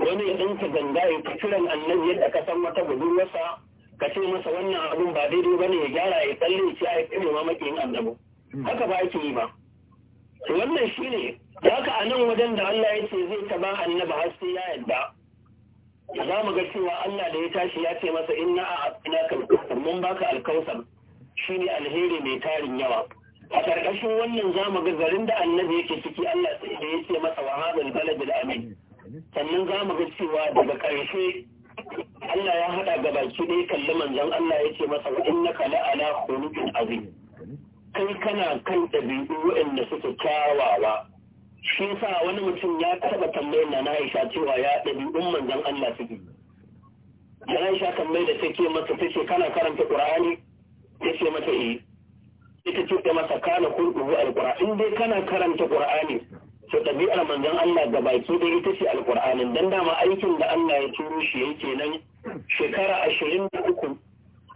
wani ya dinka ganga ya kiran annabi yadda ka san wata budurwarsa ka ce masa wannan abun ba daidai bane ya gyara ya tsalle ya ce ai ma makiyin annabi haka ba ake yi ba wannan shi ne da haka a nan wajen da Allah ya ce zai taba annaba har sai ya yadda za mu ga cewa Allah da ya tashi ya ce masa na a ina kan mun baka alkausar shi ne alheri mai tarin yawa a ƙarƙashin wannan za mu ga garin da annabi yake ciki Allah sai da ya ce masa wa hadal amin sannan za mu ga cewa daga ƙarshe Allah ya haɗa baki ɗaya kalli manzon Allah ya ce masa wa innaka la'ala khuluqin azim kai kana kan ɗabi'u waɗanda suke kyawawa shi sa wani mutum ya taɓa tambayar na Aisha cewa ya ɗabi'un manzan Allah suke na Aisha tambayar da take masa tace kana karanta Qur'ani ce mata eh ita ce masa kana kurduhu alqur'an in dai kana karanta Qur'ani to ɗabi'ar manzan Allah ga baki ɗaya ita ce alqur'anin dan dama aikin da Allah ya turo shi yake nan shekara ashirin da uku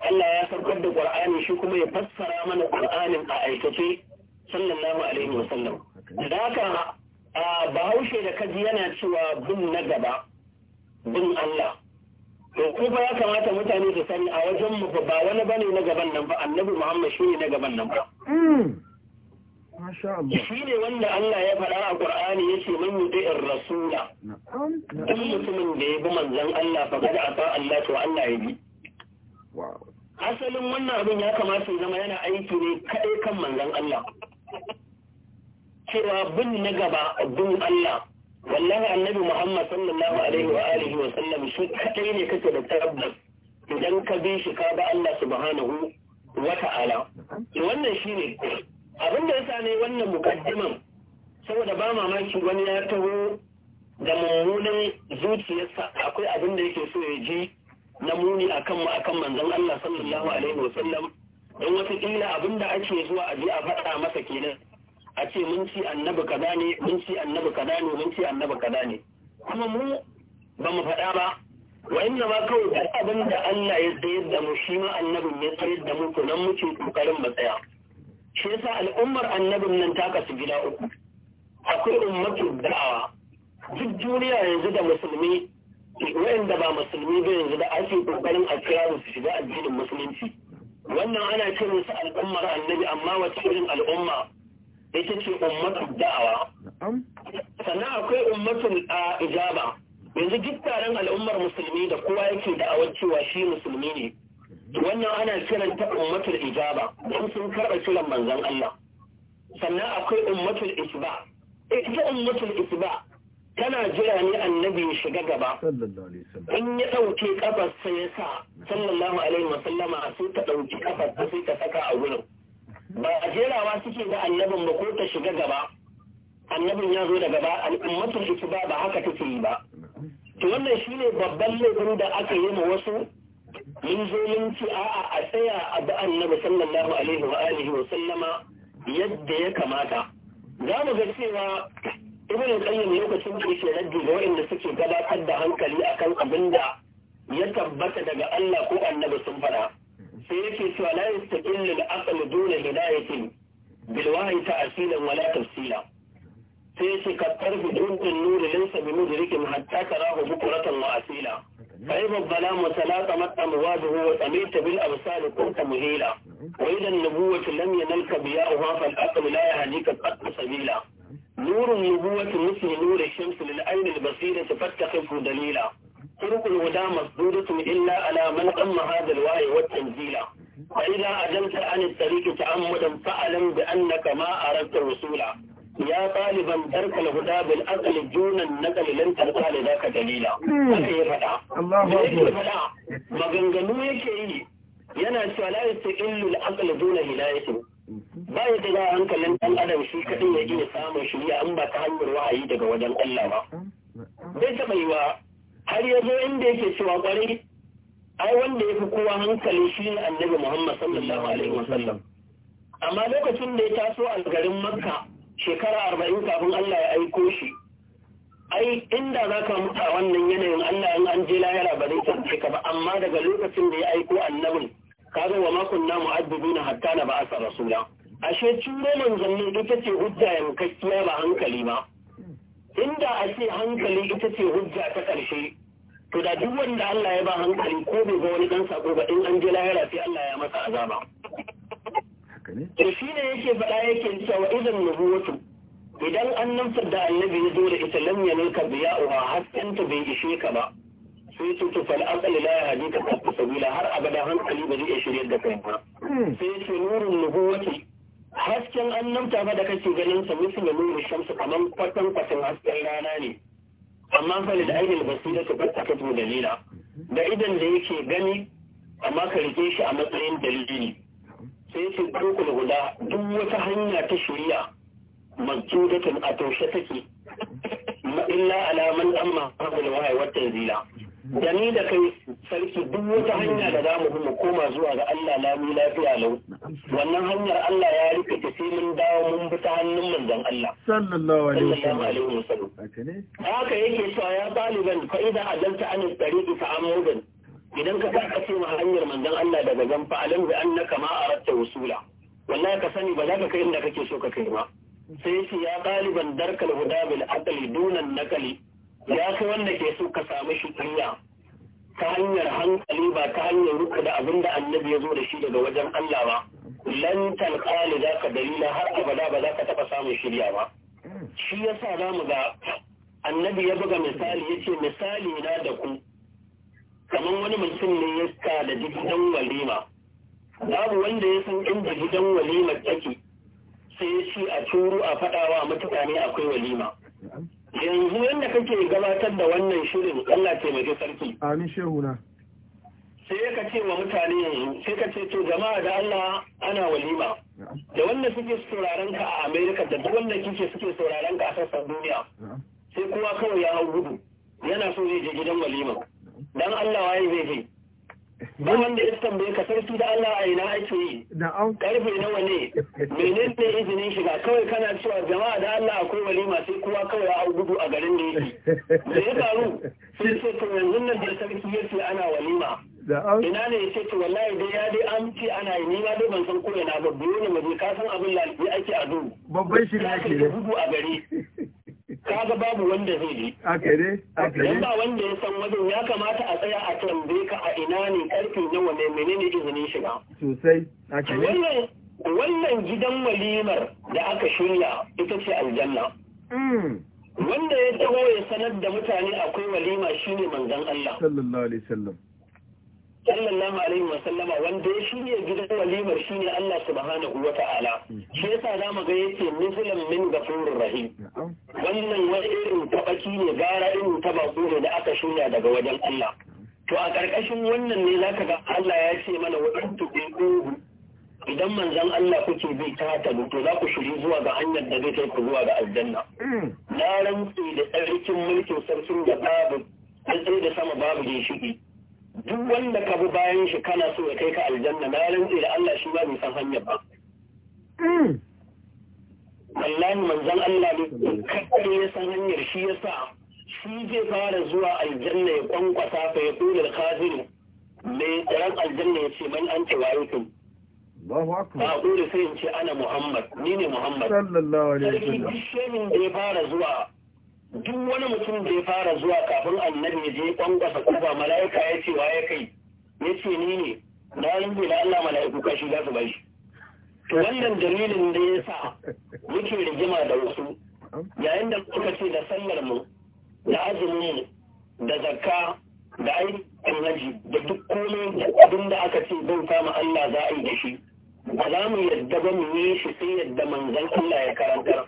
Allah ya saukar da Qur'ani shi kuma ya fassara mana Qur'anin a aikace sallallahu alaihi wa sallam da haka bahaushe da kaji yana cewa bin na gaba bin Allah to ko ba ya kamata mutane su sani a wajen mu ba wani bane na gaban nan ba annabi Muhammad shi ne na gaban nan ba hmm. shi ne wanda Allah ya faɗa a ya ce man yuti'ir rasula duk mutumin da ya bi manzon Allah fa kada ata Allah to Allah ya bi asalin wannan abin ya kamata ya zama yana aiki ne kaɗai kan manzan Allah cewa bin na gaba bin Allah wallahi annabi Muhammad sallallahu alaihi wa alihi wa sallam shi kaɗai ne kake da tabbas idan ka bi shi ka ba Allah subhanahu wa ta'ala wannan shine abin da yasa ne wannan mukaddiman saboda ba mamaki wani ya taho da mummunan zuciyarsa akwai abin da yake so ya ji na muni akan mu akan manzon Allah sallallahu alaihi wasallam don wata abin da ake zuwa a je a faɗa masa kenan a ce mun ci annabi kaza ne mun ci annabi kaza ne mun ci annabi kaza ne kuma mu ba mu faɗa ba wa inna ma kawai duk abin da Allah ya tsayar da mu shi ma annabin ya tsayar da mu nan muke kokarin mu tsaya shi yasa al'ummar annabin nan ta kasu gida uku akwai ummatu da'awa duk duniya yanzu da musulmi wayanda ba musulmi ba yanzu da ake kokarin a kira su shiga addinin musulunci wannan ana ce musu al'ummar annabi amma wata irin al'umma ita ce ummatul da'awa sannan akwai ummatun a ijaba yanzu duk taron al'ummar musulmi da kowa yake da'awar cewa shi musulmi ne wannan ana kiran ta ummatul ijaba don sun karɓa kiran manzon Allah sannan akwai ummatul isba ita ummatul isba Kana jira ne annabi ya shiga gaba in ya ɗauke kafar sai ya sa sallallahu alaihi wasallama sai ta ɗauki kafar ta sai ta saka a wurin ba a jerawa suke da annabin ba ko ta shiga gaba annabin ya zo da gaba al'ummatul ittiba ba ba haka take yi ba to wannan shine babban laifin da aka yi ma wasu mun zo mun ci a'a a tsaya a bi annabi sallallahu alaihi wa alihi wa sallama yadda ya kamata za mu ga cewa ibn qayyim lokacin da yake raddi ga waɗanda suke gabatar da hankali akan abin da ya tabbata daga Allah ko annabi sun fara sai yake cewa la yastaqillu al-aql duna hidayatin bil wahyi ta'silan wala tafsila sai yake ka tarfi dukkan nuri laysa bi mudrikin hatta tarahu bukratan wa asila فإذا الظلام وتلاطمت أمواجه وسميت بالأبصار كنت مهيلا وإذا النبوة لم ينلك بياؤها فالأقل لا يهديك قط سبيلا نور النبوة مثل نور الشمس للعين البصيرة فاتخذه دليلا خلق الهدى مسدودة إلا على من قم هذا الوعي والتنزيلا فإذا عجلت عن الطريق تعمدا فاعلم بأنك ما أردت الوصولا يا طالبا ترك الهدى بالعقل دون النقل لن تلقى لذاك دليلا الله أكبر مغنغنو يكي yana cewa la yastaqillu al-aql duna hidayatin ba ya daga hankalin ɗan adam shi kaɗai ya iya samun shirya an ba ta hanyar wa'ayi daga wajen Allah ba zai taɓa yi wa har ya zo inda yake cewa ƙwarai ai wanda ya fi kowa hankali shi ne annabi Muhammad sallallahu alaihi wasallam amma lokacin da ya taso a garin Makka shekara arba'in kafin Allah ya aiko shi ai inda za ka mutu a wannan yanayin Allah in an je lahira ba zai tafi ka ba amma daga lokacin da ya aiko annabin kaga wa makon na addubina hatta na ba'asa rasula ashe turo manzannin ita ce hujja yankakkiya ba hankali ba inda ashe hankali ita ce hujja ta ƙarshe to da duk wanda Allah ya ba hankali ko bai ga wani dan sako ba in an je lahira sai Allah ya masa azaba to shi ne yake faɗa yake cewa idan nubuwatu idan an namsar da annabi ya zo da ita lam yanilka biya'uha haskanta bai ishe ka ba sai ce to fal aqli la yahdi ka qatta sabila har abada hankali ba zai iya shirya da kai ba hmm. sai ce nurun nubuwati hasken annabta ba da kake ganin sa musu da nurun shamsu kaman kwatan kwatan hasken rana ne amma fa da ainihin basira ta qatta ka tu dalila da idan da yake gani amma ka rike shi a matsayin dalili sai ce dukul guda duk wata hanya ta shiriya majudatan a taushe take illa alamar amma qabla wahyi wa tanzila da ni da kai sarki duk wata hanya da za mu bi mu koma zuwa ga Allah lami lafiya lau wannan hanyar Allah ya rike ta sai mun dawo mun bi ta hannun manzon Allah sallallahu alaihi wasallam haka yake cewa ya taliban fa idza adalta an tariqi fa amudan idan ka karkace ma hanyar manzon Allah daga gan fa alam bi annaka ma aratta wusula wallahi ka sani ba za ka kai inda kake so ka kai ba sai shi ya taliban darkal huda bil aqli dunan nakali ya fi wanda ke so ka samu shi kunya ta hanyar hankali ba ta hanyar ruka da abin da annabi ya zo da shi daga wajen Allah ba lan talqali za ka dalila har abada ba za ka taɓa samun shirya ba shi yasa za mu ga annabi ya buga misali ya ce misali na da ku kamar wani mutum ne ya ka da gidan walima babu wanda ya san inda gidan walima take sai ya ce a turu a faɗawa mutane akwai walima yanzu yadda kake gabatar da wannan shirin Allah taimake sarki amin shehuna sai ka ce wa mutane yanzu sai ka ce to jama'a da Allah ana walima da wanda suke sauraron ka a America da duk wanda kike suke sauraron ka a sassan duniya sai kowa kawai ya hau gudu yana so zai je gidan walima dan Allah waye zai je duk wanda ya bai ka san su da Allah a ina ake yi karfe nawa ne menene izinin shiga kawai kana cewa jama'a da Allah akwai walima sai kowa kawai a gudu a garin da yake da ya faru sai sai to yanzu nan da sarki yace ana walima ina ne ya ce to wallahi dai ya dai an ce ana yi ni ma dai ban san ko ina ba biyo ne mu je abin lalace ake a duhu babban shiga ake gudu a gari kaga babu wanda zai yi ake ba wanda ya san wajen ya kamata a tsaya a tambaye ka a ina ne karfe nawa ne menene izinin shiga sosai wannan gidan walimar da aka shirya ita ce aljanna hmm. wanda ya taho ya sanar da mutane akwai walima shine manzon Allah sallallahu alaihi wasallam sallallahu alaihi wa sallama wanda ya shirya gidan walimar shine Allah subhanahu wa ta'ala shi yasa zamu ga yake muslim min gafurur rahim wannan wani irin tabaki ne gara irin tabaku ne da aka shirya daga wajen Allah to a ƙarƙashin wannan ne zaka ga Allah ya ce mana wadantu bi'uhu idan manzon Allah kuke bi ta ta to za ku shiri zuwa ga hanyar da zai kai ku zuwa ga aljanna na rantsi da tsarkin mulkin sarkin da babu da sama babu ginshiki duk wanda ka bi bayan shi kana so ya kai ka aljanna na rantsi da Allah shi ba san hanyar ba mm. wallahi manzon Allah ne kakkare ya san hanyar shi ya sa shi zai fara zuwa aljanna ya kwankwasa fa ya kula da mai tsaron aljanna ya ce man an ce wayo kun ba kula sai in ce ana Muhammad ni ne Muhammad sallallahu alaihi wasallam da ya fara zuwa duk wani mutum da ya fara zuwa kafin annabi ya je kwangasa kofa mala'ika ya ce waye kai ya ce ni ne na yi da Allah mala'iku kashi za su bai to wannan dalilin da ya sa muke rigima da wasu yayin da muka ce da sallar mu da azumin mu da zakka da ayyukan haji da duk komai da abin aka ce zan samu Allah za a yi da shi ba za mu yadda ba mu yi shi sai yadda manzan Allah ya karantar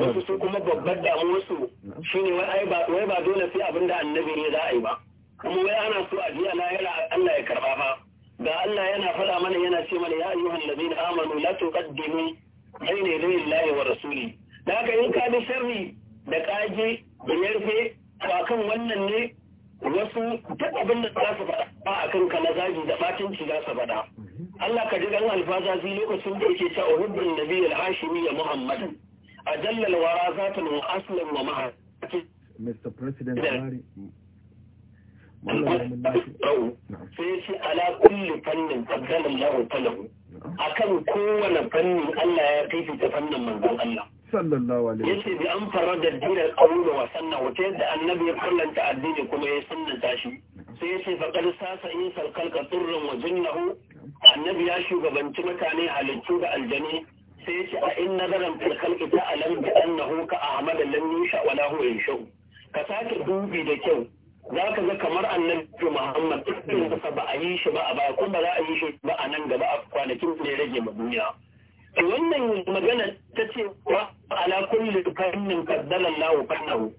wasu su kuma babbar damuwarsu Shi ne wai ba dole sai abin da annabi ne za a yi ba kuma wai ana so a ji ana yana Allah ya karba ba ga Allah yana faɗa mana yana ce mana ya ayyuha allazina amanu la tuqaddimu bayna yadayi Allahi wa rasuli da haka in ka bi sharri da kaje da yarfe to akan wannan ne wasu duk abin da za su faɗa a kanka na zagi da batunci za su faɗa Allah ka ji ɗan alfazazi lokacin da yake ta da biyu al-hashimi ya muhammad a al-wara za ta nuna asalin wa maha Mr. President Buhari sai shi ala kulli fannin qaddalallahu a kan kowane fannin Allah ya fifita fannin manzon Allah sallallahu alaihi yace bi an farada dinal qawl wa sunna wata yadda annabi ya kullanta addini kuma ya sunnanta shi sai yace faqad sasa in salkalka turran wa jinnahu annabi ya shugabanci mutane halittu da aljani sai yace a in nazaran fil khalqi ta alam bi annahu ka ahmad lam yusha wa lahu yusha ka sake dubi da kyau za ka ga kamar annabi Muhammad ɗin ba a yi shi ba a baya kuma ba za a yi shi ba a nan gaba a kwanakin da ya rage ma duniya to wannan magana ta ce wa ala kulli kannin kaddala Allah fannahu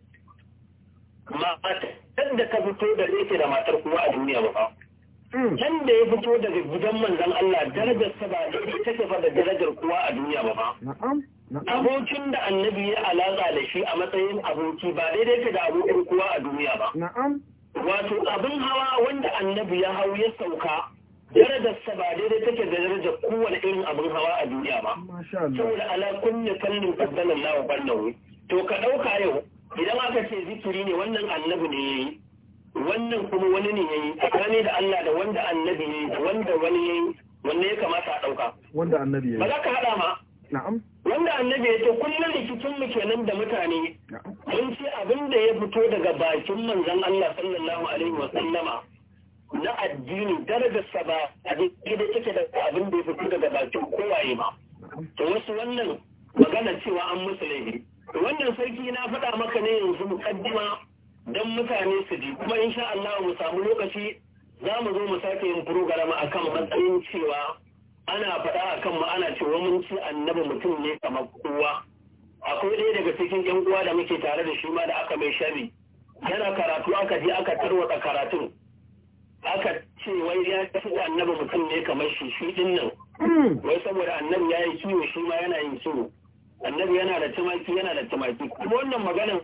matar da ka fito da yake da matar kuwa a duniya ba can hmm. da ya fito daga gidan manzon Allah darajar sa ba ita ce da darajar kuwa a duniya ba fa abokin da annabi ya alaka da shi a matsayin aboki ba daidai ka da abokin kuwa a duniya ba wato abin hawa wanda annabi ya hau ya sauka sa ba daidai take da darajar kowane irin abin hawa a duniya ba saboda ala kunna kallin qaddalan lahu bannahu to ka ɗauka yau idan aka ce zikiri ne wannan annabi ne yayi wannan kuma wani ne yayi tsakani da Allah da wanda annabi ne da wanda wani yayi wanne ya kamata a ɗauka wanda annabi yayi ba za ka haɗa ma na'am wanda annabi ya ce kullum rikicin mu kenan da mutane mun ce abin da ya fito daga bakin manzon Allah sallallahu alaihi wa sallama na addini darajarsa ba a gida take da abin da ya fito daga bakin kowaye ba to wasu wannan magana cewa an musu laifi wannan sarki na faɗa maka ne yanzu mukaddima don mutane su ji kuma insha Allah mu samu lokaci za mu zo mu sake yin program akan matsayin cewa ana faɗa akan mu ana cewa mun ci annabi mutum ne kamar kowa akwai ɗaya daga cikin yan uwa da muke tare da shi ma da aka mai shari yana karatu aka je aka tarwata karatun aka ce wai ya fi annabi mutum ne kamar shi shi din nan hmm. wai saboda annabi ya yi kiwo shi ma yana yin kiwo annabi yana da tumaki yana da tumaki kuma wannan maganan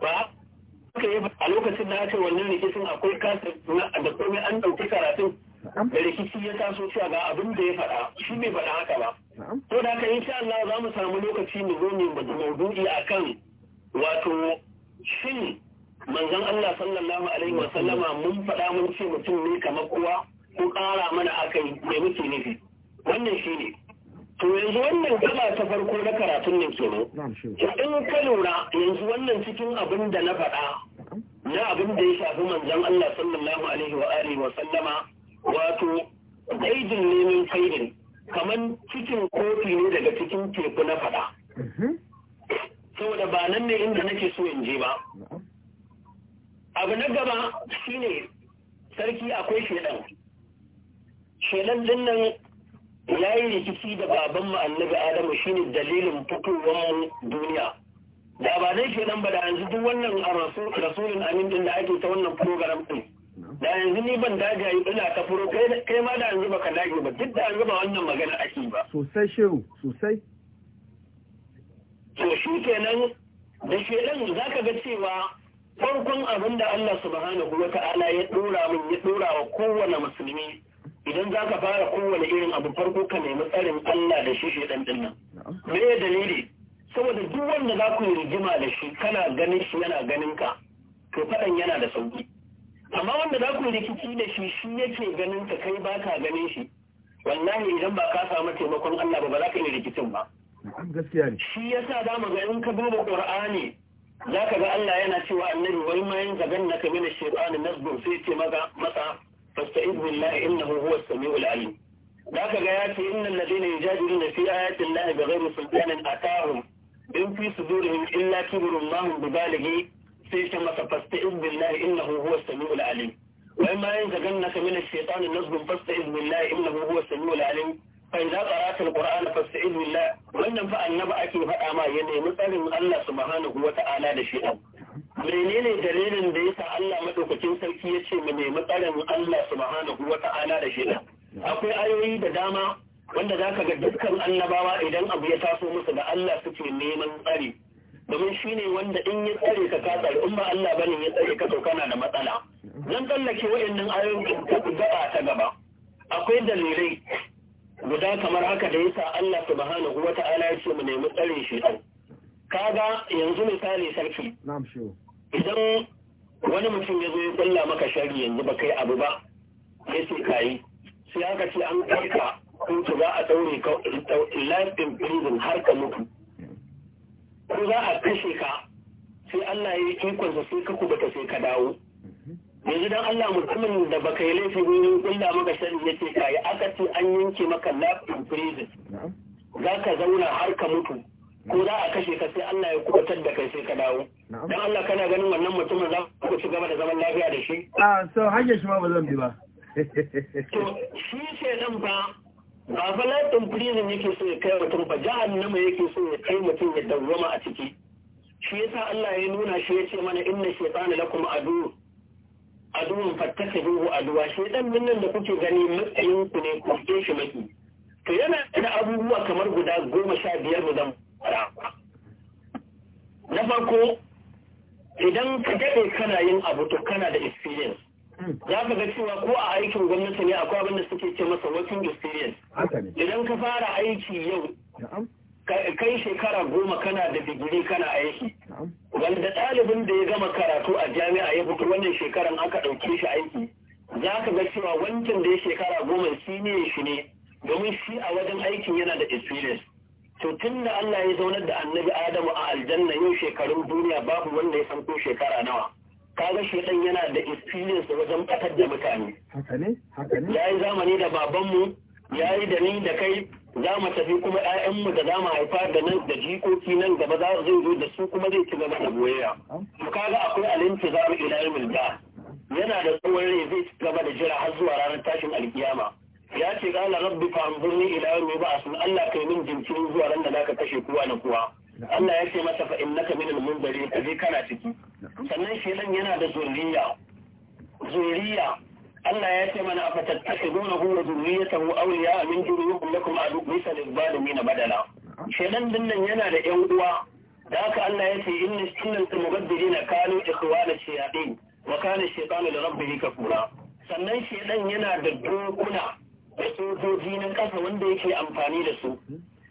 ba aka yi a lokacin da aka wannan rikicin akwai kasar da komai an ɗauki karatun da rikici ya taso cewa ga abin da ya faɗa shi bai faɗa haka ba to da haka insha Allah za mu samu lokaci mu zo mu maudu'i akan wato shin manzon Allah sallallahu alaihi wa sallama mun faɗa mun ce mutum ne kamar kowa ko ƙara mana akai mai muke nufi wannan shi ne. to yanzu wannan kala ta farko na karatun nan kenan in ka lura yanzu wannan cikin abin da na faɗa na abin da ya shafi manzon Allah sallallahu alaihi wa alihi wa sallama wato daidin neman ne kamar cikin kofi ne daga cikin teku na faɗa mhm. saboda ba nan ne inda nake so in je ba abu na gaba shi ne sarki akwai shedan shedan din nan ya yi rikici da baban mu annabi adamu ne dalilin fitowar duniya da ba dai shedan ba da yanzu duk wannan a rasulun amin din da ake ta wannan program din da yanzu ni ban daji yi ina ta furo kai ma da yanzu baka dage ba duk da yanzu ba wannan magana ake ba sosai shiru sosai to shi kenan da shedan ka ga cewa farkon abin da Allah subhanahu wa ta'ala ya dora min ya dora wa kowane musulmi idan za ka fara kowane irin abu farko ka nemi tsarin Allah da shi shi dan dinnan me ya dalili saboda duk wanda za ku yi rigima da shi kana ganin shi yana ganin ka to faɗan yana da sauki amma wanda za ku yi rikici da shi shi yake ganin ka kai ba ka ganin shi wallahi idan ba ka samu taimakon Allah ba ba za ka yi rikicin ba Shi ya shi za mu ga in ka duba Qur'ani za ka ga Allah yana cewa annabi wai ma yin zagan na kamina shaitani nasbun sai ce maza masa fasta'id billahi innahu huwa sami samiul za ka ga ya ce innal ladina yujadiluna fi ayati ga bighairi sultanin atahum in fi su sudurihim illa kibrun ma hum bibalighi sai ce masa fasta'id billahi innahu huwa as-sami'ul alim wai ma yin zagan na kamina shaitani nasbun fasta'id billahi innahu huwa as-sami'ul alim فإذا قرأت القرآن فاستعذ بالله wannan fa annaba ake faɗa ma ya nemi tsarin Allah subhanahu menene dalilin da yasa Allah madaukakin sarki ya ce mu nemi tsarin Allah subhanahu wata'ala da shi akwai ayoyi da dama wanda za ka ga dukkan annabawa idan abu ya taso musu da Allah suke neman tsari domin shine wanda in ya tsare ka ka tsare in ba Allah bane ya tsare ka to kana da matsala zan tsallake wayannan ayoyin gaba ta gaba akwai dalilai guda kamar haka da yasa Allah subhanahu wata'ala ya ce mu nemi tsare shi kaga yanzu misali sarki na'am shi idan wani mutum ya zo ya kulla maka shari yanzu ba kai abu ba ya ce sai aka ce an kai ko kotu za a daure ka life in prison har ka mutu ko za a kashe ka sai Allah ya yi ikonsa sai ka kubuta sai ka dawo yanzu dan Allah mutumin da baka yi laifi wurin kulla maka sharri yake kai aka ce an yanke maka in prison za ka zauna har ka mutu ko za a kashe ka sai Allah ya kubatar da kai sai ka dawo dan Allah kana ganin wannan mutumin za ku ci gaba da zaman lafiya da shi a so hanyar shi ma ba zan bi ba to shi ce nan ba ba fa laptop prison yake so ya kai mutum ba jahannama yake so ya kai mutum ya dawwama a ciki shi yasa Allah ya nuna shi ya ce mana inna shaytana lakum adu aduwin fattaka duhu aduwa shi dan nan da kuke gani matsayin ku ne ku ke shi maki to yana da abubuwa kamar guda goma sha biyar mu fara na farko idan ka daɗe kana yin abu to kana da experience za ka ga cewa ko a aikin gwamnati ne akwai abin da suke ce masa working experience idan ka fara aiki yau kai shekara goma kana da digiri kana aiki wanda ɗalibin da ya gama karatu a jami'a ya fito wannan shekaran aka ɗauke shi aiki za ka ga cewa wancan da ya shekara goma shi ne shi ne domin shi a wajen aikin yana da experience to tun da Allah ya zaunar da annabi Adamu a aljanna yau shekarun duniya babu wanda ya san ko shekara nawa kaga shi dan yana da experience wajen fatar da mutane haka ne haka ne yayi zamani da babanmu yayi da ni da kai za mu tafi kuma 'ya'yanmu da za mu haifa da nan da jikoki nan gaba za zai zo da su kuma zai ci gaba da goyaya ka kaga akwai alinta za mu ila da yana da tsawon rai zai ci gaba da jira har zuwa ranar tashin alkiyama ya ce qala rabbi fa anzurni ila ba suna. Allah kai min jinkirin zuwa ran da ka kashe kowa na kowa Allah ya ce masa fa innaka minal munzari ka je kana ciki sannan shelan yana da zuriya zuriya Allah ya ce mana afatattakhidunahu wa dhurriyyatahu awliya min duniyikum lakum duk bisa na badala shedan dinnan nan yana da yan uwa da haka Allah ya ce inna innal mubaddilina kanu ikhwana shayatin wa kana shaytanu li rabbih kafura sannan shedan yana da dokuna da sojoji na kasa wanda yake amfani da su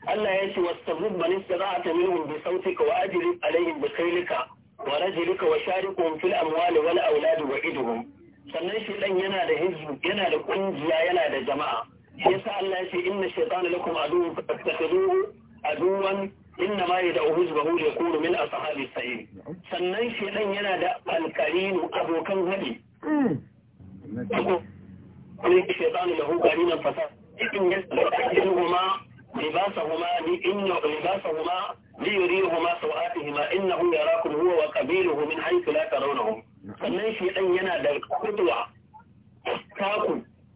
Allah ya ce wastabud man istata'ta minhum bi sautika wa ajlib alaihim bi khaylika wa rajlika wa sharikhum fil amwali wal auladi wa idhum sannan shaitan yana da hizbu yana da kungiya yana da jama'a yasa Allah ya ce inna shaytana lakum aduwwun fattakhiduhu aduwwan inna ma yad'u hizbahu yakunu min ashabis sa'ir sannan shaitan yana da alqarinu abokan hadi عليك الشيطان له قليلا فساد إن يستخدمهما لباسهما لإن لباسهما ليريهما سوآتهما إنه يراكم هو وقبيله من حيث لا ترونهم sannan shi ɗan yana da kuduwa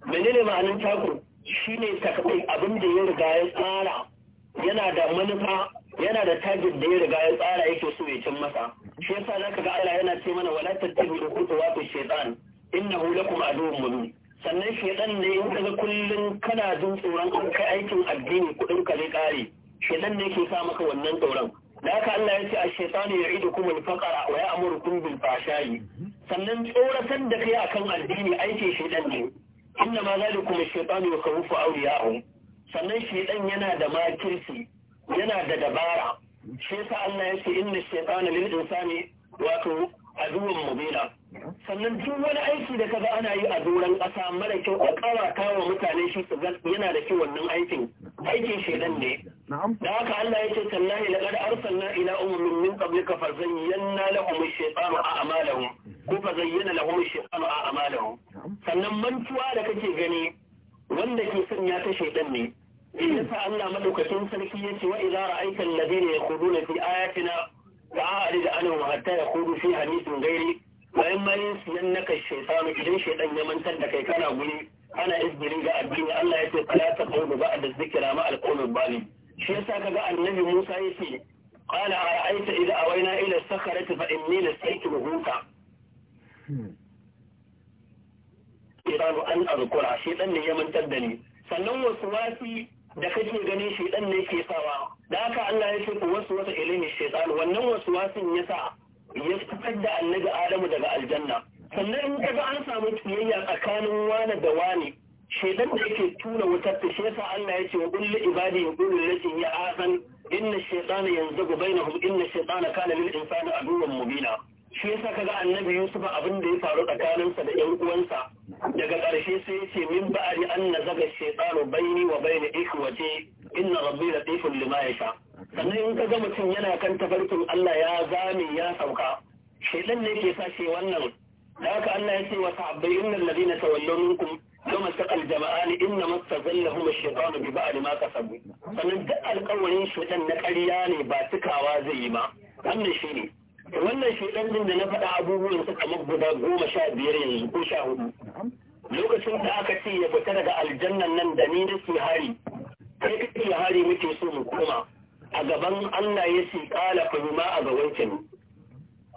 mene ne ma'anin shi ne takabai abin da ya riga ya tsara yana da manufa yana da tajin da ya riga ya tsara yake so ya cin masa shi yasa ka ga Allah yana ce mana wala wato shaitan inna hu lakum aduwwun mubin sannan ɗan ne in kaga kullun kana jin tsoron an kai aikin addini kudin ka zai kare ɗan ne ke sa maka wannan tsoron haka Allah ya ce a shaitanu ya idu kuma faƙara wa ya amuru kun fashayi sannan tsoratar da kai akan addini aikin shaitan ne inna ma zalikum shaitanu ya khawfu awliyahu sannan shaitan yana da makirci yana da dabara shi yasa Allah ya ce inna shaitana lil insani wato a zuwan mubina sannan duk wani aiki da kaga ana yi a doron ƙasa mara kyau a ƙawata wa mutane shi su yana da kyau wannan aikin aikin shaidan ne da haka Allah ya ce tallahi laqad arsalna ila ummin min qablika fa zayyana lahum ash-shaytanu a'malahum ko fa zayyana lahum ash-shaytanu a'malahum sannan mantuwa da kake gani wanda ke sanya ta shaidan ne yasa Allah madaukakin sarki yace wa idza ra'aita alladhina yakhuduna fi ayatina ba a da ana ma hatta ya kudu fi hadisin gairi bayan ma siyan na kai shaitanu idan shaitan ya mantar da kai kana guri ana izgirin ga addini Allah ya ce fala ta qawlu ba'da zikra ma al-qawlu zalim shi yasa kaga annabi Musa yace qala ara'aita idza awayna ila as-sakhrati fa inni lasaytu huta an ne ya da ni sannan wasu wasi da kake ganin shaitan ne ke sawa da haka Allah ya ce ku wasu wasa ilimin shaitan wannan wasu wasun ya sa ya fitar da annabi Adamu daga aljanna sannan in kaga an samu tiyayya tsakanin wani da wani shaitan da yake tura wutar ta shi yasa Allah ya ce wa kullu ibadi yaqulu lati ya asan inna ash-shaytana yanzagu bainahum inna ash kana lil insani aduwwan mubina shi yasa kaga annabi yusuf abin da ya faru tsakaninsa da yan uwansa daga ƙarshe sai yace min ba'ari anna zaga shaytanu baini wa baini ikhwati inna rabbi latifun lima yasha sannan in kaga mutum yana kan tafarkin Allah ya zame ya sauka shaytan ne ke sa shi wannan da haka Allah ya ce wa sahabbai innal ladina tawallaw minkum yawma taqal jama'an inna mastazallahum ash-shaytanu bi ba'di ma kasabu sannan duk alƙawarin shaytan na ƙarya ne ba tukawa zai yi ba wannan shine wannan shaidan din da na faɗa abubuwan suka kamar guda goma sha biyar yanzu ko sha hudu lokacin da aka ce ya fita daga aljannan nan da ni nake hari kai kake hari muke so mu koma a gaban Allah ya ce kala fa ma a gaban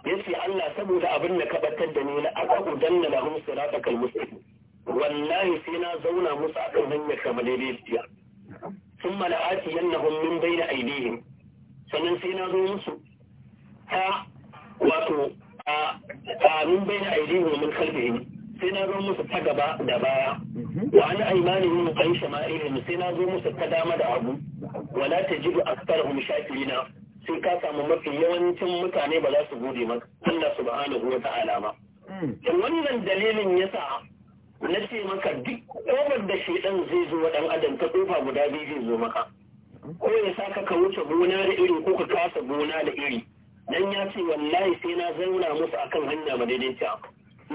Ya yace Allah saboda abin da ka da ni na aka udanna lahum siratal mustaqim wallahi sai na zauna musu akan hanyar kamar daidaiciya ثم لآتينهم من بين أيديهم sannan sai na zo musu ta wato a min bai na aidi wa min ne sai na zo musu ta gaba da baya mhm. wa an aimani mu kai shama'ilin sai na zo musu ta dama da abu wala ta jibu aktarhum shakirina sai ka samu mafi yawancin mutane ba za su gode maka Allah subhanahu wa ta'ala hmm. wannan dalilin yasa na ce maka duk kofar da ɗan zai zo wa dan adam ta kofa guda biyu zai zo maka hmm. ko ya saka ka wuce gona da iri ko ka kasa gona da iri dan ya ce wallahi sai na zauna musu akan hanya madaidaiciya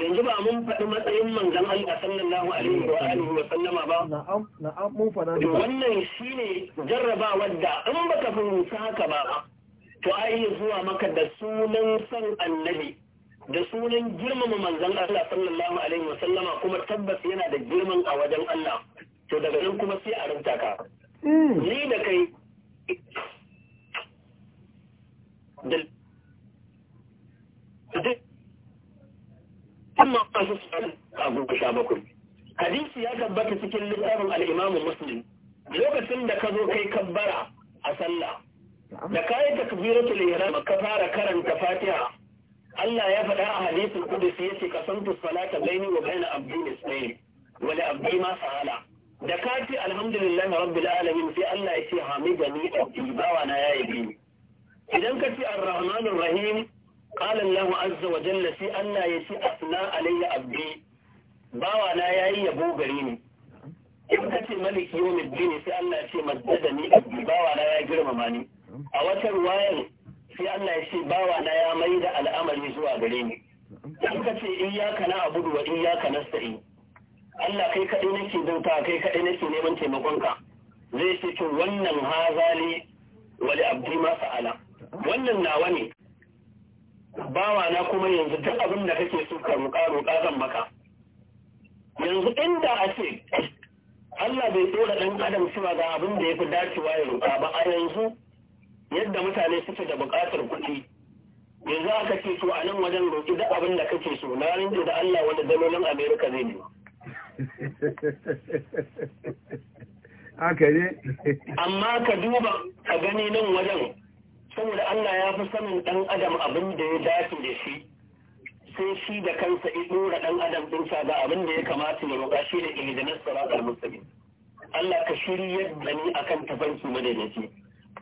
yanzu ba mun faɗi matsayin manzon Allah sallallahu alaihi wa alihi wa sallama ba na'am mun faɗa wannan shine jarrabawar da in baka fahimci haka ba to ai zuwa maka da sunan san annabi da sunan girmama manzon Allah sallallahu alaihi wa sallama kuma tabbas yana da girman a wajen Allah to daga nan kuma sai a rinta ka hmm. ni da kai da amma ba su abu sha bakwai hadisi ya tabbata cikin littafin al'imamu muslim lokacin da ka zo kai kabbara a sallah da kayi ta ihram ka fara karanta fatiha Allah ya faɗa a hadisin qudsi yace ka santu ta baini wa baina abdi ismail wa la abdi ma sahala da ka ce alhamdulillah rabbil alamin sai Allah ya ce hamidani abdi ya yi bi idan ka ce arrahmanur rahim qala lahu azza wa jalla sai Allah ya ce alayya abdi bawa na yayi yabo gare ni in ka ce maliki yawmiddin sai Allah ya ce maddadani abdi bawa na ya girmama ni a wata ruwayar sai Allah ya bawa na ya mai da al'amari zuwa gare ni in ka ce iyyaka na abudu wa iyyaka Allah kai kaɗai nake bauta kai kaɗai nake neman taimakonka zai ce to wannan hazali wali abdi ma sa'ala wannan nawa ne bawa na kuma yanzu duk abin da kake so ka roƙa roƙa zan maka yanzu inda a ce Allah bai tsora ɗan adam cewa ga abin da ya fi dacewa ya roƙa ba a yanzu yadda mutane suke da buƙatar kuɗi yanzu aka ce to a nan wajen roƙi duk abin da kake so na rinji da Allah wani dalolin Amerika zai yi. Amma ka duba ka gani nan wajen saboda Allah ya fi sanin ɗan adam abin da ya dace da shi sai shi da kansa ya ɗora ɗan adam ɗin ga abin da ya kamata ya roƙa shi da ilidanar salatar musulmi Allah ka shirya da ni akan tafanki madaidaici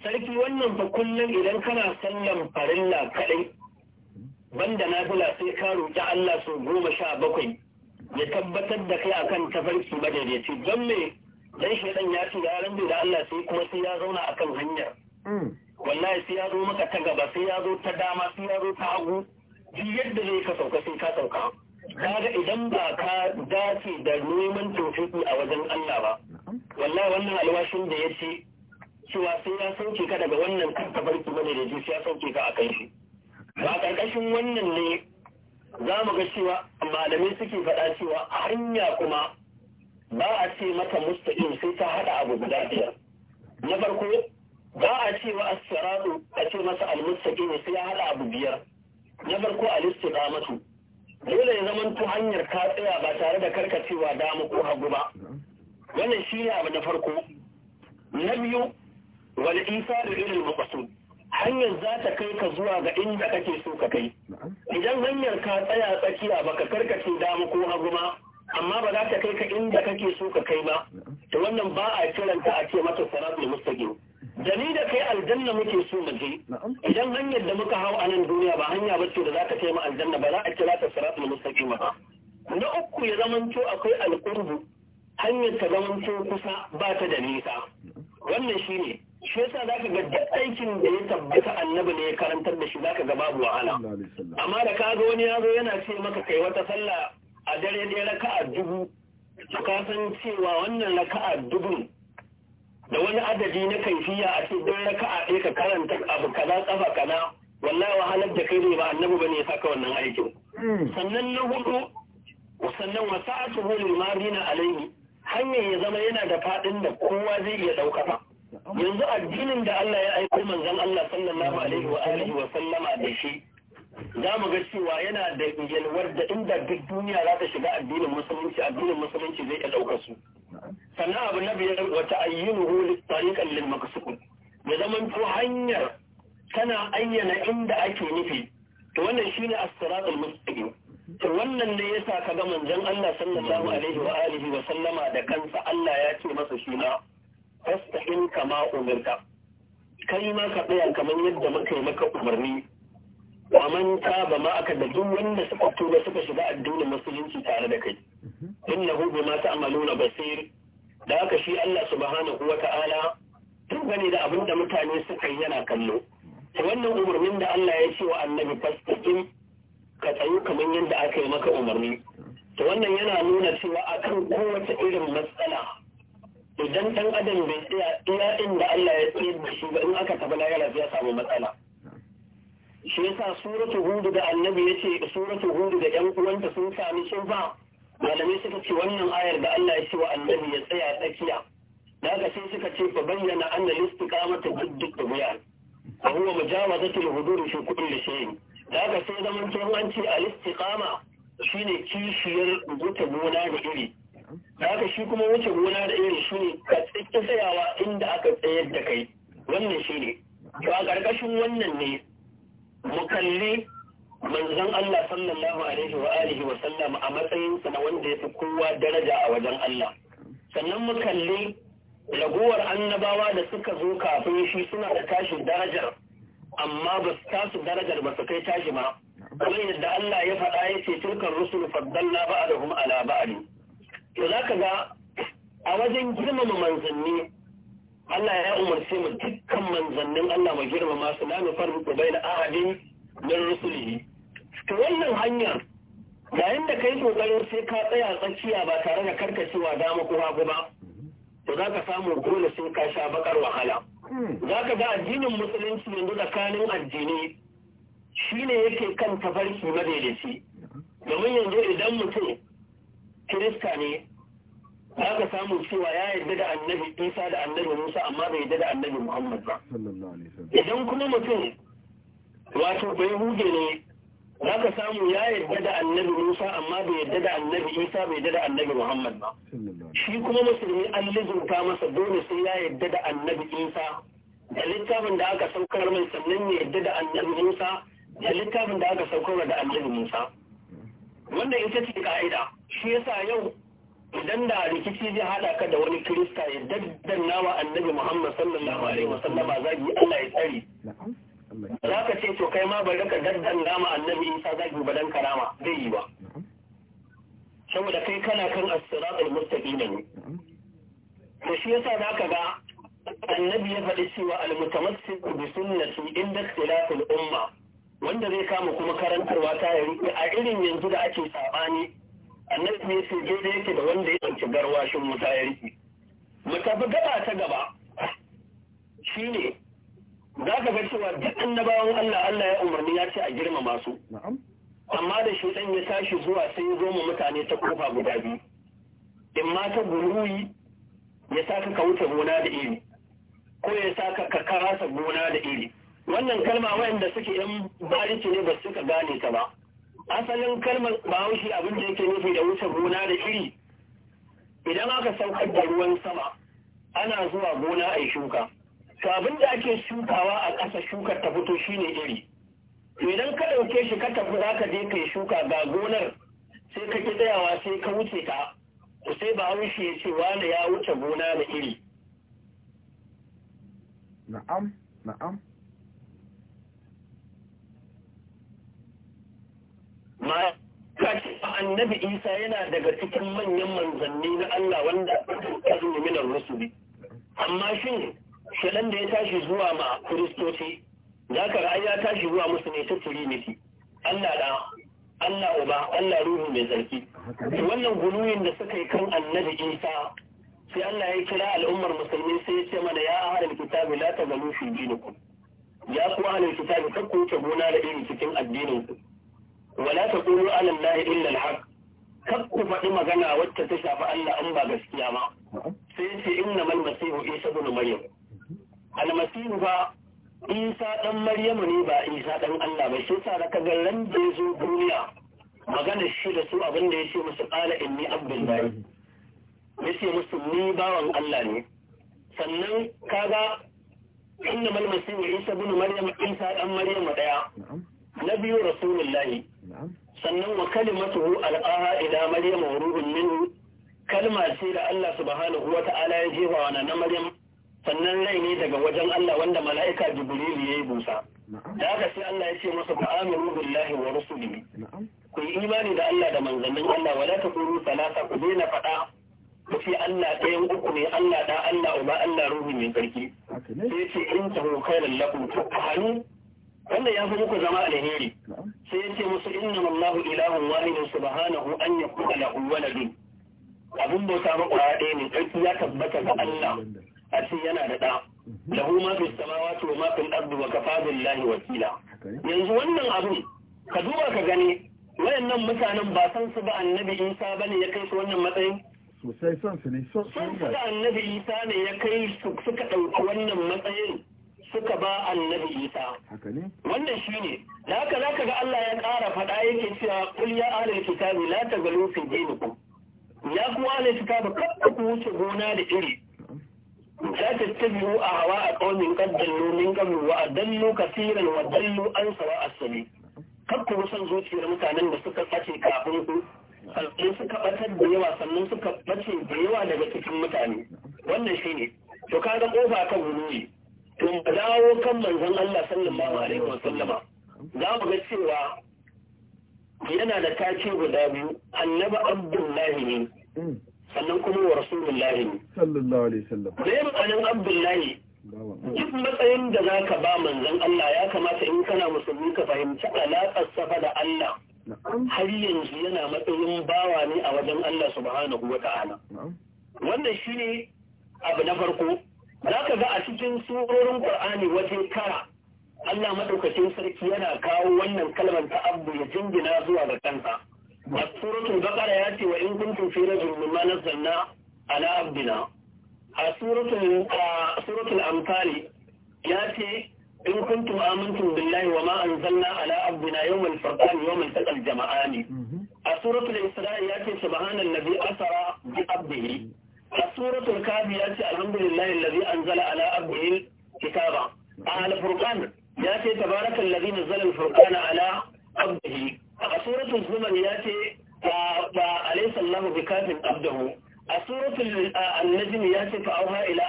sarki wannan fa kullum idan kana sallan farilla kaɗai banda nafila sai ka roƙi Allah sau goma sha bakwai ya tabbatar da kai akan tafarki madaidaici don me dan shaidan ya ce yaran bai da Allah sai kuma sai ya zauna akan hanyar hmm. wallahi sai ya zo maka ta gaba sai ya zo ta dama sai ya zo ta hagu duk yadda zai ka sauka sai ka sauka kaga idan ba ka dace da neman tofiki a wajen Allah ba wallahi wannan alwashin da ya ce cewa sai ya sauke ka daga wannan kan barki bane da sai ya sauke ka a shi ba karkashin wannan ne za mu ga cewa malamai suke faɗa cewa a hanya kuma ba a ce mata mustaqim sai ta haɗa abu guda biyar na farko ba a ce wa as a ce masa al sai ya hada abu biyar na farko al dole ya zama to hanyar ka tsaya ba tare da karkacewa dama ko hagu ba wannan shi ne abu na farko na biyu wal isalu da maqsud hanyar za ta kai ka zuwa ga inda kake so ka kai idan hanyar ka tsaya tsakiya baka karkace dama ko hagu ba amma ba za ta kai ka inda kake so ka kai ba to wannan ba a kiranta a ce mata siratul mustaqim da ni da kai aljanna muke so mu je idan hanyar da muka hau a nan duniya ba hanya ba ce da zaka kai mu aljanna ba za a kira ta siratul mustaqim ba na uku ya zamanto akwai alqurbu hanyar ta zamanto kusa ba ta da nisa wannan shine shi yasa zaka ga duk aikin da ya tabbata annabi ne ya karantar da shi zaka ga babu wahala amma da ka ga wani yazo yana ce maka kai wata sallah a dare ɗaya raka'a dubu ka san cewa wannan raka'a dubu da wani adadi na kaifiya a ce don raka a ɗaya ka karanta abu kaza tsafa kaza wallahi wahalar da kai ne ba annabi bane ya saka wannan aikin hmm. sannan na hudu sannan wa sa'atuhu lil marina alaihi hanyar ya zama yana da faɗin da kowa zai iya dauka yanzu addinin da Allah ya aiko manzon Allah sallallahu alaihi wa alihi wa sallama da shi za mu ga cewa yana da yalwar da inda duk duniya za ta shiga addinin musulunci addinin musulunci zai iya ɗaukar su sannan abu na biyar wata ayyinuhu tariqan lil maqsud ya zaman hanyar tana ayyana inda ake nufi to wannan shine as-siratul mustaqim to wannan ne yasa kaga manzon Allah sallallahu alaihi wa alihi wa sallama da kansa Allah ya ce masa shi na kama umirta kai ma ka tsaya kamar yadda muka yi maka umarni wa man taba ma aka da duk wanda suka tuba suka shiga addinin musulunci tare da kai innahu bima ta'maluna basir da haka shi Allah subhanahu wa ta'ala tun gani da abin da mutane suka yi yana kallo to wannan umarnin da Allah ya ce wa annabi fastaqim ka tsayu kamar yadda aka yi maka umarni to wannan yana nuna cewa akan kowace irin matsala idan dan adam bai tsaya iya inda Allah ya tsayar da shi ba in aka tafi lahira ya samu matsala shi yasa suratu hudu da annabi yace suratu hudu da yan uwanta sun sami sun ba malamai suka ce wannan ayar da Allah ya ce wa annabi ya tsaya tsakiya daga sai suka ce fa bayyana anna istiqamata duk da buyan fa huwa mujawazatu hudur fi kulli shay'in daga sai zaman to an ce al-istiqama shine kishiyar wuce gona da iri daga shi kuma wuce gona da iri shine ka tsaya tsayawa inda aka tsayar da kai wannan shine to a ƙarƙashin wannan ne mu kalli manzon Allah sallallahu alaihi wa alihi wa sallam a matsayinsa na wanda ya fi kowa daraja a wajen Allah sannan mukalli kalli ragowar annabawa da suka zo kafin shi suna da tashin darajar amma ba su tasu darajar ba su kai tashi ma. kamar yadda Allah ya faɗa ya ce tilkan rusul faddalla ba'dahum ala ba'd to zaka ga a wajen girmama manzanni Allah ya umarce mu dukkan manzannin Allah mai girma masu la nufarriqu baina ahadin min rusulihi to wannan hanyar yayin da kai kokarin sai ka tsaya tsakiya ba tare da karkacewa dama ko hagu ba to za ka samu dole sun ka sha bakar wahala za ka ga addinin musulunci yanzu tsakanin addini shine yake kan tafarki madaidaici domin yanzu idan mutum kirista ne za ka samu cewa ya yarda da annabi isa da annabi musa amma bai yarda da annabi muhammad ba idan kuma mutum wato bai huge ne za ka samu ya yarda da annabi musa amma bai yarda da annabi isa bai yarda da annabi muhammad ba shi kuma musulmi an lizinta masa dole sai ya yarda da annabi isa da littafin da aka saukar mai sannan ya yarda da annabi musa da littafin da aka saukar da annabi musa wannan ita ce ka'ida shi yasa yau idan da rikici zai hada ka da wani kirista ya daddanna wa annabi muhammad sallallahu alaihi wasallam yi allah ya tsare za ka ce to kai ma ba ka daddanna ma annabi isa ka gudan karama zai yi ba saboda kai kana kan as-siratal mustaqim ne to shi yasa ka ga annabi ya faɗi cewa al-mutamassik bi sunnati inda ikhtilafil umma wanda zai kama kuma karantarwa ta yi a irin yanzu da ake sabani annabi ya ce dai yake da wanda ya ɗauki garwashin wuta ya riƙe mu tafi gaba ta gaba Shi ne, za ka ga cewa duk annabawan Allah Allah ya umarni ya ce a girmama su amma da shi ɗan ya tashi zuwa sai ya zo mu mutane ta kofa guda biyu in ma ta ya saka ka wuce gona da iri ko ya saka ka karasa gona da iri wannan kalma wayanda suke yan bariki ne ba suka gane ta ba asalin kalmar bahaushe abin da yake nufi da wuce gona da iri idan aka saukar da ruwan sama ana zuwa gona a shuka to abin da ake shukawa a ƙasa shukar ta fito shine iri idan ka ɗauke shi ka tafi za ka je ka yi shuka ga gonar sai ka ki tsayawa sai ka wuce ta kusa sai bahaushe ya ce wani ya wuce gona da iri na'am na'am ma ce annabi isa yana daga cikin manyan manzanni na allah wanda ya zuwa minar rusuli amma shi shalan da ya tashi zuwa ma kiristoci za ka ra'ayi ya tashi zuwa musu ne ta trinity allah da allah uba allah ruhu mai tsarki wannan guluyin da suka yi kan annabi isa sai allah ya kira al'ummar musulmi sai ya ce mana ya ahalar kitabi la ta galu fi dinikum ya kuwa halin kitabi ta kuce gona da irin cikin addinin ku wala ta kulu ala Allah illa al-haq faɗi magana wacce ta shafi Allah in ba gaskiya ba sai ce inna mal masihu isa maryam al-masihu isa dan maryamu ne ba isa dan Allah ba shi sa ka ga ran da yazo duniya magana da su yace musu qala bawan Allah ne sannan kaga inna mal isa ibn maryam isa dan maryamu daya na biyu rasulullahi sannan wa kalimatuhu al'aha ila maryama wa ruhun minhu kalma ce da Allah subhanahu wa ta'ala ya jefa wa maryam sannan rai ne daga wajen Allah wanda mala'ika jibrilu yayi busa da haka sai Allah ya ce masa ku aminu billahi wa rusulihi ku yi imani da Allah da manzannin Allah wala takunu salasa ku daina faɗa ku ce Allah ɗayan uku ne Allah da Allah uba Allah ruhu mai karki sai ce in tahu khairan lakum tuhanu wannan ya fi muku zama alheri sai ya ce musu inna Allahu ilahun wahidun subhanahu an yakuna lahu waladun abin bauta makwara ɗaya ne sarki ya tabbata ga Allah a ce yana da ɗa lahu ma fi samawati wa ma fi al-ardi wa kafa billahi wakila yanzu wannan abin ka duba ka gani wayannan mutanen ba san su ba annabi Isa bane ya kai su wannan matsayin sosai san su ne san su da annabi Isa ne ya kai su suka ɗauki wannan matsayin suka ba annabi isa wannan shi ne da haka za ka ga Allah ya ƙara faɗa yake cewa kul ya ahlul kitabi la tagalu fi dinikum ya ku ahlul kitabi kada ku wuce gona da iri ta ta ahwa a hawa a qad dallu min qablu wa adallu kaseeran wa dallu an sawa as kar ku san zuciyar mutanen da suka sace kafin ku sannan suka ɓatar da yawa sannan suka ɓace da yawa daga cikin mutane wannan shi ne, to ka ga ƙofa kan wuri to dawo kan manzon Allah sallallahu alaihi wa sallama za mu ga cewa yana da taki guda biyu annabi abdullahi ne hmm. sannan kuma wa rasulullahi ne sallallahu alaihi da zai ma'anin abdullahi duk matsayin da za ka ba manzon Allah ya kamata in kana musulmi ka fahimci alaƙar safa da Allah har yanzu yana matsayin bawa ne a wajen Allah subhanahu wa ta'ala wannan shine abu na farko za ka ga a cikin surorin ƙur'ani wajen kara Allah maɗaukacin sarki yana kawo wannan kalmar ta abu ya jingina zuwa ga kansa a suratul baqara ya ce wa in kuntum fi rajulin mimma nazzalna ala abdina a suratul suratul amfani ya ce in kuntum amantum billahi wa ma anzalna ala abdina yawmal furqan yawmal taqal jama'ani mhm. a suratul isra ya ce subhanan nabi asara bi abdihi suratul kafi ya ce alhamdulillahi allazi anzala ala abdihi kitaba al furqan ya ce tabarakal ladhi nazzala al furqana ala abdihi a suratul ya ce ba alaysa allahu bikafin abdahu a suratul an-najm ya ce ila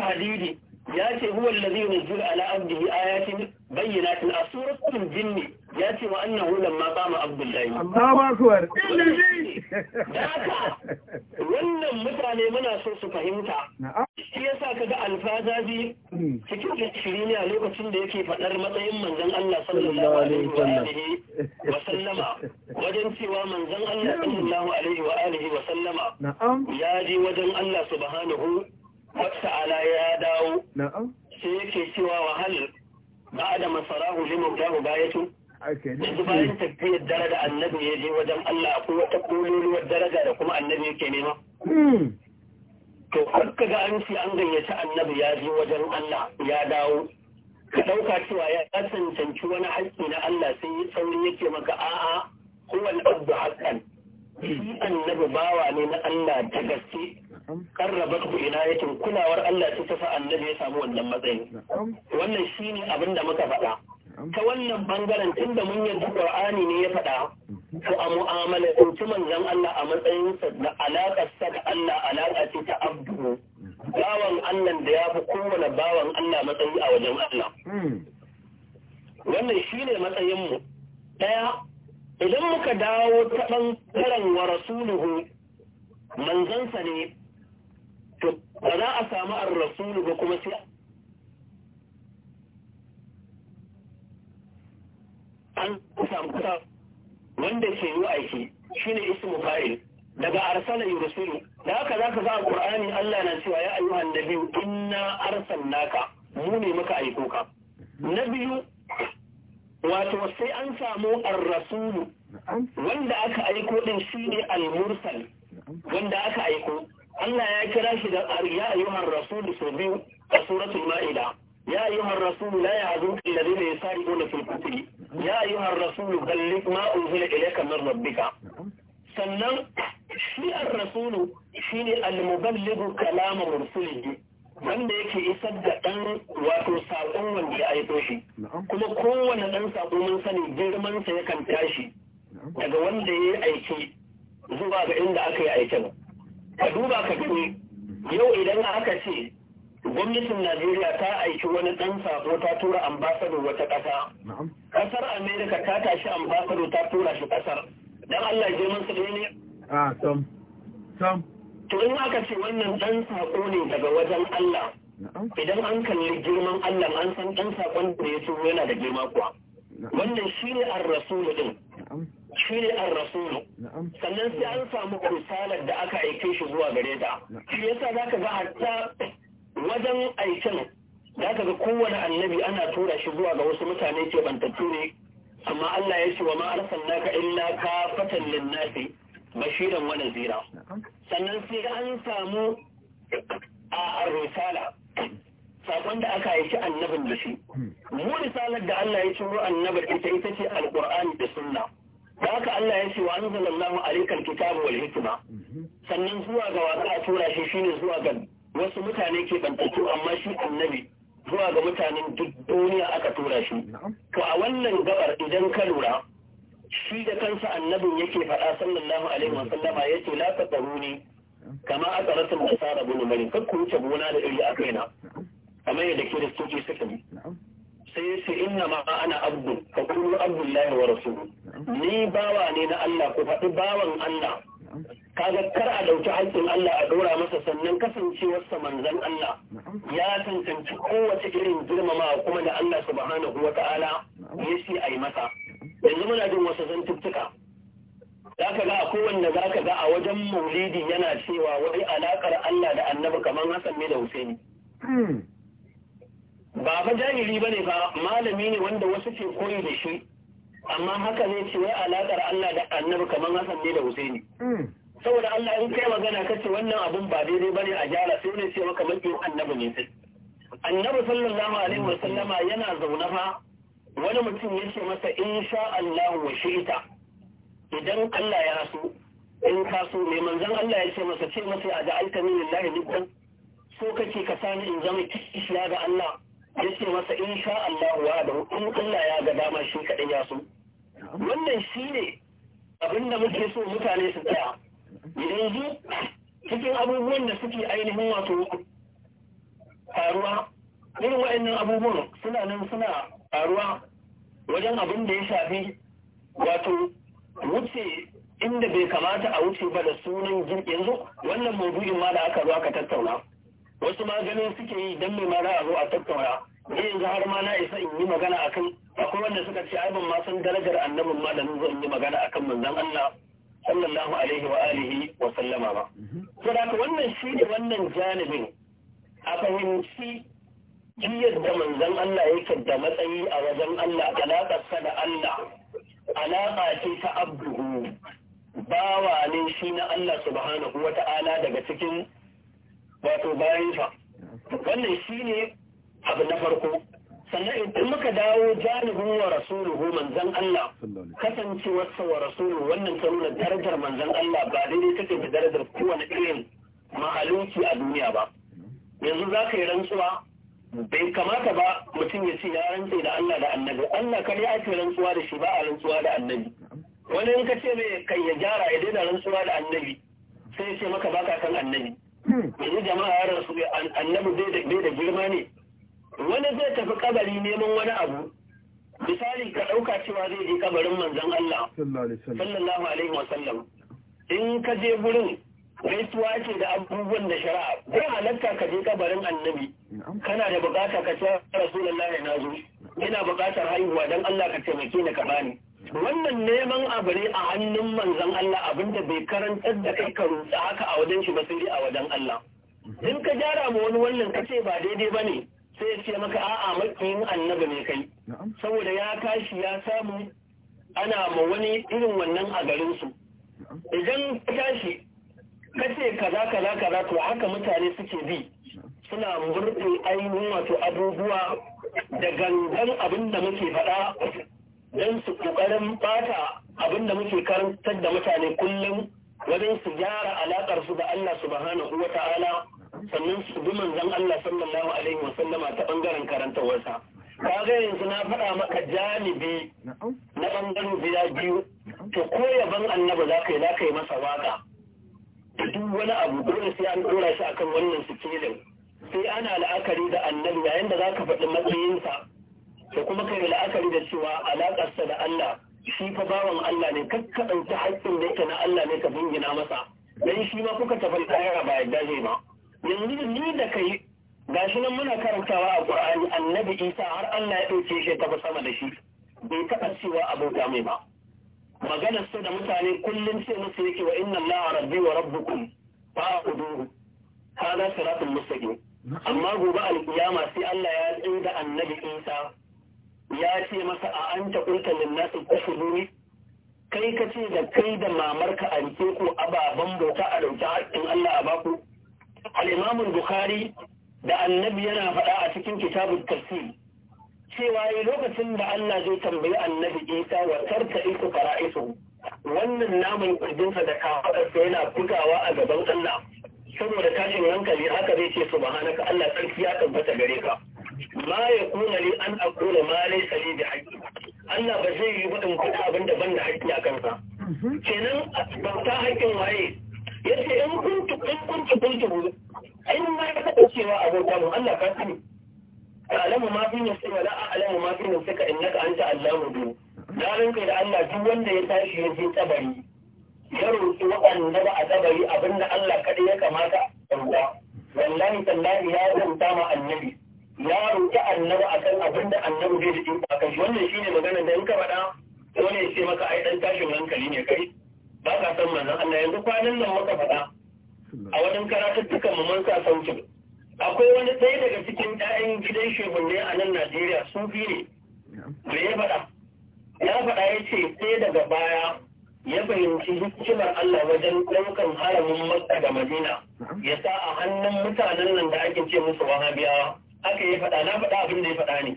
hadidi ya ce huwa allazi yunzilu ala abdihi ayatin bayyinatin a suratul jinni ya ce wa annahu lamma qama abdullahi Allahu akbar wannan mutane muna so su fahimta shi yasa kaga alfazazi cikin shiriniya lokacin da yake faɗar matsayin manzon Allah sallallahu alaihi wa sallama wajen cewa manzon Allah sallallahu alaihi wa alihi wa sallama ya je wajen Allah subhanahu wata ala ya dawo sai yake cewa wahal ba da masarahu liman dahu bayatu yanzu bayan tafiyar daraja annabi ya je wajen Allah ko wata kololuwar daraja da kuma annabi yake nema hmm. to ka ga an ce an gayyaci annabi ya je wajen Allah ya dawo ka ɗauka cewa ya cancanci wani haƙƙi na Allah sai yi yake maka a'a kowane abu haƙƙan shi annabi bawa ne na Allah ta gaske karrabatku yakin kulawar Allah ta tafi annabi ya samu wannan matsayin. wannan shine abin da muka faɗa ta wannan bangaren da mun yarda Qur'ani ne ya faɗa mhm. to a mu'amala in ci manzon Allah a matsayin sa da alaƙar sa da Allah alaƙa ce ta abdu mhm. bawan Allah da ya fi kowane bawan Allah matsayi a wajen Allah hmm. wannan shine matsayin mu daya idan muka dawo ta ɓangaren wa rasuluhu manzansa ne ba za a samu ar-rasulu ba kuma sai an samu kusa wanda ke yi aiki shine ismu fa'il daga arsala rasulu da haka zaka ga qur'ani Allah na cewa ya ayyuhan nabiyyu inna naka mu ne maka aiko ka na biyu wato sai an samu ar-rasulu wanda aka aiko din shine al-mursal wanda aka aiko Allah ya kira shi da ya ayyuhar rasulu sau biyu a suratul ma'ida ya ayyuhar rasulu la yahzunka alladhina yusari'una fil kufri ya ayyuhar rasul balligh ma unzila ilayka min rabbika sannan shi ar-rasul shine al-muballighu kalam rusulihi wanda yake isar da ɗan wato saƙon wanda ya aiko shi kuma kowane ɗan saƙo mun sani girmansa yakan tashi daga wanda ya aiki zuwa ga inda aka yi aikin ka duba ka gani yau idan aka ce gwamnatin najeriya ta aiki wani dan sako ta tura ambasado wata ƙasa ƙasar amerika ta tashi ambasado ta tura shi ƙasar dan allah mun sani ne a sam sam to in aka ce wannan dan sako ne daga wajen allah idan an kalli girman allah an san dan sakon da ya turo yana da girma kuwa wannan shi ne ar rasulu din shi ne ar rasulu sannan sai an samu kusalar da aka kai shi zuwa gare ta shi yasa zaka ga hatta wajen aikin zaka ga kowane annabi ana tura shi zuwa ga wasu mutane ke bantattu ne amma Allah ya ce wa ma arsalnaka illa kafatan lin-nasi bashiran wa nazira sannan sai an samu a risala sakon da aka aiki annabin da shi mu risalar da Allah ya ciro annabar ita ita ce alqur'ani da sunna da haka Allah ya ce wa anzalallahu alaikal kitaba wal hikma sannan zuwa ga wasa a tura shi shine zuwa ga wasu mutane ke bantattu amma shi annabi zuwa ga mutanen duk duniya aka tura shi to a wannan gabar idan ka lura shi da kansa annabin yake faɗa sallallahu alaihi wa sallama yace la taqaruni kama aka rasa nasara bin mari kakku wuce gona da iri a kaina kamar yadda kiristoci suka yi sai yace inna ma ana abdu fa kullu abdullahi wa rasuluhu ni bawa ne na Allah ko faɗi bawan Allah kaga kar a dauki haƙƙin Allah a dora masa sannan kasancewarsa manzon Allah ya tantance kowace irin girmama kuma da Allah subhanahu wa ta'ala a yi masa yanzu muna jin wasu zantuttuka za ka ga a kowanne za ka ga a wajen maulidi yana cewa wai alaƙar Allah da annabi kamar Hassan ne da Husaini. Hmm. ba fa jahili bane ba malami ne wanda wasu ke koyi da shi amma haka zai ce wai alaƙar Allah da annabi kamar Hassan ne da Husaini hmm. saboda Allah in kai magana kace wannan abun ba daidai bane a jara sai ne ce maka mafi annabi ne sai annabi sallallahu alaihi wasallama yana zaune fa wani mutum ya ce masa insha Allah wa shi'ita idan Allah ya so in ka so ne manzon Allah ya ce masa ce masa a ja'alta min lillahi niddan so kake ka sani in zama kishiya ga Allah ya ce masa in sha Allah wa da in Allah ya ga dama shi kaɗai ya so wannan shi ne da muke so mutane su tsaya yanzu cikin abubuwan da suke ainihin wato faruwa irin wa'annan abubuwan suna nan suna faruwa wajen abin da ya shafi wato wuce inda bai kamata a wuce ba da sunan yanzu wannan mabudin ma da aka zo aka tattauna wasu ma ganin suke yi don mai mara a zo a tattauna in ga har ma na isa in yi magana kan. akwai wanda suka ce ai ban ma san darajar annabin ma da nan in yi magana kan manzon Allah sallallahu alaihi wa alihi wa sallama ba to wannan shi ne wannan janibin a fahimci jiyar da manzon Allah yake da matsayi a wajen Allah alaƙarsa da Allah alaƙa ce ta abduhu bawa ne shi na Allah subhanahu wa ta'ala daga cikin wato bayansa wannan shi ne abu na farko sannan idan muka dawo janibin wa rasuluhu manzan Allah kasancewarsa wa rasuluhu wannan ta nuna darajar manzan Allah ba daidai take da darajar kowane irin mahaluki a duniya ba yanzu za ka yi rantsuwa bai kamata ba mutum ya ce ya rantse da Allah da annabi Allah kar ya ake rantsuwa da shi ba a rantsuwa da annabi wani in ka ce mai kai ya gyara ya daina rantsuwa da annabi sai ya ce maka baka kan annabi yanzu jama'a ya rasu annabi bai da girma ne wani zai tafi kabari neman wani abu misali ka ɗauka cewa zai je kabarin manzon Allah sallallahu alaihi wa sallam, in ka je gurin gaisuwa ce da abubuwan da shari'a ko halatta ka je kabarin annabi kana da bukata ka ce rasulullahi na zo ina bukatar haihuwa dan Allah ka taimake ni ka bani wannan neman abu ne a hannun manzon Allah abinda bai karantar da kai ka rutsa haka a wajen shi ba sai a wajen Allah in ka gyara ma wani wannan ka ce ba daidai ba ne sai ya ce maka a'a makiyin annabi ne kai saboda ya kashi ya samu ana ma wani irin wannan a garinsu idan ka tashi ka ce kaza kaza kaza to haka mutane suke bi suna murɗe ainihin wato abubuwa da gangan abinda muke faɗa don su ƙoƙarin bata abin da muke karantar da mutane kullum wajen su gyara alaƙar su da Allah subhanahu wa ta'ala sannan su bi manzon Allah sallallahu alaihi wa sallama ta bangaren ka ga yanzu na faɗa maka janibi na bangaren gida biyu to ko yaban annabi za ka yi za ka yi masa waka duk wani abu dole sai an ɗora shi akan wannan sikilin sai ana la'akari da annabi yayin da za ka faɗi matsayinsa to kuma kai la'akari da cewa alaƙarsa da Allah shi fa bawan Allah ne kakka ɗauki haƙƙin da yake na Allah ne ka bingina masa dan shi ma kuka tafi tsayara ba yadda zai ba yanzu ni da kai gashi nan muna karantawa a Qur'ani Annabi Isa har Allah ya ɗauke shi ta sama da shi bai taɓa cewa abota mai ba Maganarsa da mutane kullum sai musu yake wa inna Allah rabbi wa rabbukum fa'buduhu hada siratul mustaqim amma gobe alƙiyama sai Allah ya tsaye da Annabi Isa ya ce masa a an ta kulta linnasu kufuru kai ka ce da kai da mamarka a rike ku ababen bauta a dauki haƙƙin Allah a baku al imamul Bukhari da Annabi yana faɗa a cikin kitabul tafsir cewa yi lokacin da Allah zai tambayi Annabi Isa wa tarka isu fara'isu wannan namun kirjinsa da kafaɗarsa yana bugawa a gaban Allah saboda tashin hankali haka zai ce subhanaka Allah sarki ya tabbata gare ka ma ya kuna ne an akula ma laysa li bi haqqi Allah ba zai yi waɗin kuɗi abin da ban da haƙƙi a kansa kenan a bauta haƙin waye Ya in kuntu in kuntu kuntu ai mun ma ka cewa bauta mu Allah ka sani alamu ma fi nafsi a alamu ma fi naka an ta allahu biyu. Na kai da Allah duk wanda ya tashi ya je tsabari ya roƙi waɗanda ba a tsabari abinda Allah kaɗai ya kamata a ɗauka wallahi tallahi ya zanta ma annabi ya roƙi annabi kan abin da annabi zai ji a kan wannan ne maganar da in ka faɗa wani ya ce maka ai ɗan tashin hankali ne kai ba ka san manzon Allah yanzu kwanan nan maka faɗa a wajen karatuttukan mu mun sa sauki akwai wani ɗaya daga cikin ɗayan gidan shehunne a nan Najeriya sufi ne me ya faɗa ya faɗa ya ce sai daga baya ya fahimci hikimar Allah wajen ɗaukan haramin Makka da Madina ya sa a hannun mutanen nan da ake ce musu wahabiyawa haka ya faɗa na faɗa abin da ya faɗa ne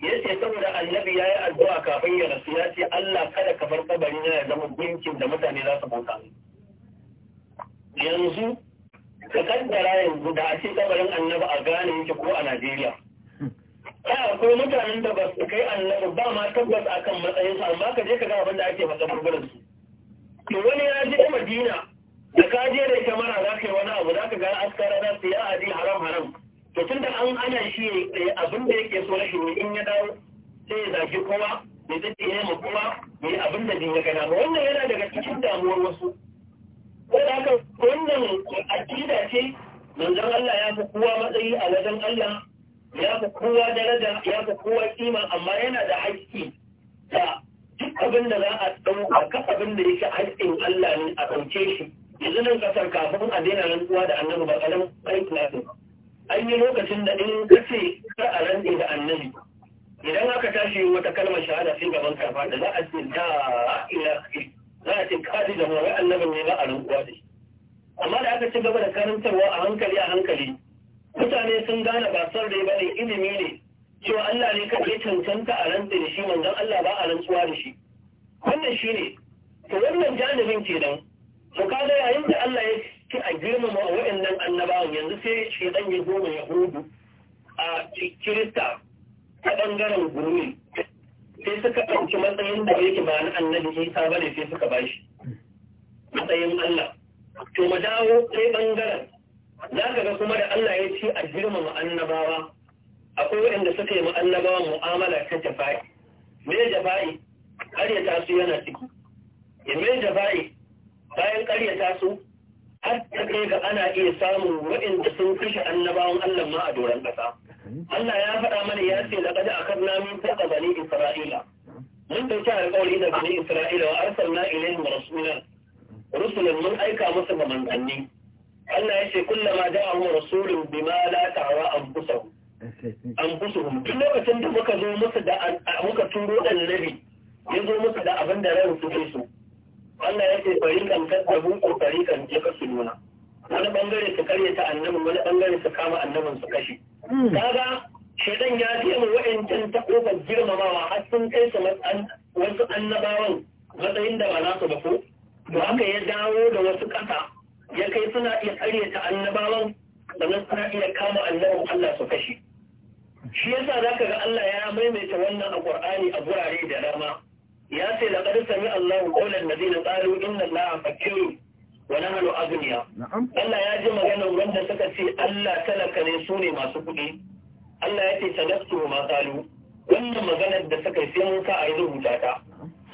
ya ce saboda annabi ya yi addu'a kafin ya rasu ya ce Allah kada ka bar kabari na ya zama gunkin da mutane za su bauta yanzu ka kaddara yanzu da a ce kabarin annabi a gane yake ko a Najeriya ta akwai mutanen da ba su kai annabi ba ma tabbas akan matsayinsu amma ka je ka ga abin da ake matsa burburin su to wani ya je Madina da ka je da kamara za ka yi wani abu za ka ga askara za su yi a'adi haram haram to tun da an ana shi eh, abin da yake so rashin in ya dawo sai ya zaki kowa ya zai ya ma kuma, mai abin da ya gana wannan yana daga cikin damuwar wasu ko da haka wannan akida ce manzan Allah ya fi kowa matsayi a wajen Allah ya fi kowa daraja ya fi kowa kima amma yana da haƙƙi da duk abin da za a ɗauka ka abin da yake haƙƙin Allah ne a ɗauke shi yanzu nan kasar kafin a daina rantsuwa da annabi ba ƙaramin na ba an yi lokacin da in kace ka a rande da annabi idan aka tashi wata kalmar shahada sai gaban ka fada za a ce da ila za a ce kadi da mawai annabi ne ba a rantsuwa da shi amma da aka ci gaba da karantarwa a hankali a hankali mutane sun gane ba son rai ba ne ilimi ne cewa Allah ne kaɗai cancanta a rantsa da shi manzon Allah ba a rantsuwa da shi wannan shi ne to wannan janibin kenan to kaga yayin da Allah ya ce a girmama a wa'annan annabawan yanzu sai dan ya zo mai yahudu a kirista ta ɓangaren gurmi sai suka ɗauki matsayin da yake ba na annabi isa ba ne sai suka shi. matsayin allah to mu dawo sai ɓangaren za ka ga kuma da allah ya ce a girmama annabawa akwai da suka yi annabawa mu'amala ta jafa'i me jafa'i ya su yana ciki me jafa'i bayan ƙaryata su har da kai ga ana iya samun waɗanda sun kashe annabawan Allah ma a doron ƙasa. Allah ya faɗa mana ya ce da a kan namun faɗa bani Isra'ila. Mun ɗauki alƙawari da bani Isra'ila wa arsalna wa rasulina rusulun. mun aika musu ga manzanni. Allah ya ce kullama da'ahu rasulun bima la ta'wa anfusahum. duk lokacin da muka zo musu da muka turo annabi ya zo musu da abin da ran suke so. Allah ya ce farikan kaddabu ko kan je ka nuna wani bangare su karye ta annabin wani bangare su kama annabin su kashe hmm. kaga shaidan ya ce mu wa'ancan ta kofar girmamawa har sun kai su wasu annabawan matsayin da ba na su ba ko to haka ya dawo da wasu ƙasa ya kai suna iya karye ta annabawan sannan suna iya kama annabin Allah su kashe shi yasa ka ga Allah ya maimaita wannan a ƙurani a gurare da dama ya ce laqad sami Allahu qawlan ladina qalu inna Allaha Fakiru, wa hannu azumiya. Allah ya ji maganar wanda suka ce Allah talaka ne su ne masu kuɗi Allah ya ce sadaqtu ma wannan maganar da suka yi sai mun sa a yi rubuta ta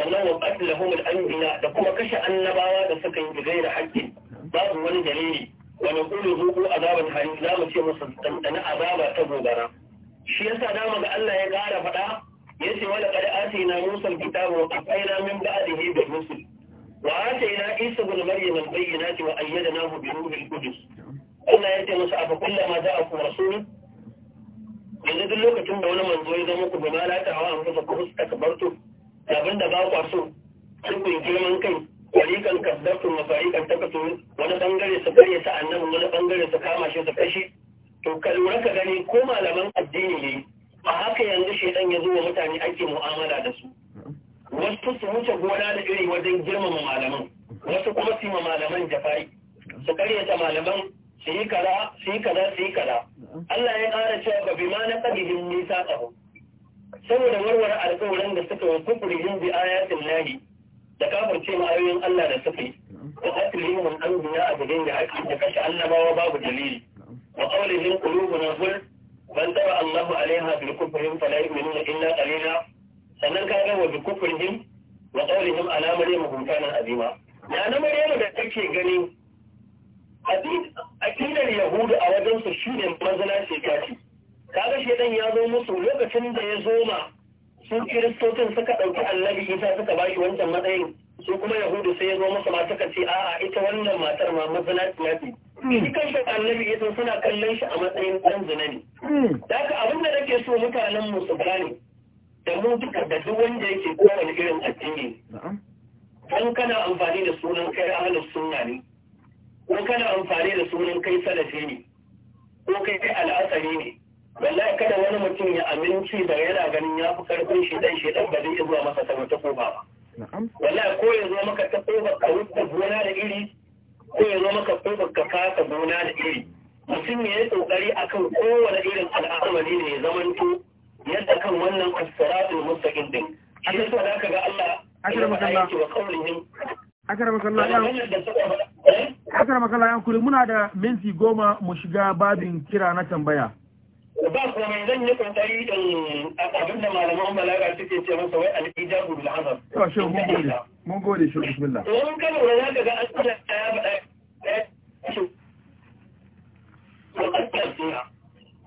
sannan wa qatlahum al-anbiya da kuma kashe annabawa da suka yi da haƙƙi babu wani dalili wa naqulu zuqu azaban hari za mu ce musu dan azaba ta gobara shi yasa dama ga Allah ya ƙara faɗa yace wala qad atina musa alkitaba wa qafaina min ba'dihi bi rusul wa atina isa ibn maryam albayyinati wa ayyadnahu bi ruhil qudus Allah yace musa afa kullama ja'akum rasulun yanzu duk lokacin da wani manzo ya zama ku da la ta'awa an kusa ku takbartu abinda ba ku so sai ku girman kai walikan kaddatu masaikan takatu wani bangare su karya sa annabi wani bangare su kama shi su kashi to kalura ka gani ko malaman addini ne a haka yanzu shaidan ya zo wa mutane ake mu'amala da su wasu su wuce gona da iri wajen girmama malaman wasu kuma su ma malaman jafai su karyata malaman su yi kaza su yi kaza su yi kaza Allah ya ƙara cewa ba bima na qadihim tsaho saboda warware alƙawarin da suka wa yin bi ayatin lahi da kafin ma ayoyin Allah da suka yi mun an biya a abudin da da kashe annabawa babu dalili wa qawlihim na ghulf ban tara Allahu alaiha bil kufrihim fala yu'minuna illa qalila sannan ka ga wa bi kufrihim wa qawlihim ala maryam hunkanan azima ya na maryam da take gani akidar yahudu a wajen su shine mazana ce kaci kaga shedan ya zo musu lokacin da ya zo ma su kiristocin suka dauki annabi isa suka bashi wancan matsayin su kuma yahudu sai ya zo masa mata suka ce a'a ita wannan matar ma mazina tinafi hmm. shi kanshi annabi ya suna kallon shi a matsayin dan zina ne hmm. da haka abin da nake so mutanen mu su gane da mu duka da duk wanda yake kowane irin addini dan kana amfani da sunan kai ahlus sunna ne ko kana amfani da sunan kai salafi ne ko kai kai al'asari ne wallahi kada wani mutum ya aminci da yana ganin ya fi karfin shi dan shi dan ba zai zuwa masa sama ta ko ba Wala ko ya zo maka ta ba ka wuce gona da iri ko ya zo maka ba ka fasa gona da iri. Mutum ya yi ƙoƙari akan kowane irin al'amari ne ya zamanto yadda kan wannan asiratul mustaqim din. Shi yasa da ka ga Allah ya ba aiki wa kaulihim akar makalla yan kuri muna da minti goma mu shiga babin kira na tambaya ba kuma mai zan yi kokari in abin da malaman balaga suke ce masa wai al-ijabu bil hazar to shi mun gode mun gode shi bismillah in ka lura za ka ga an tsaya ya ba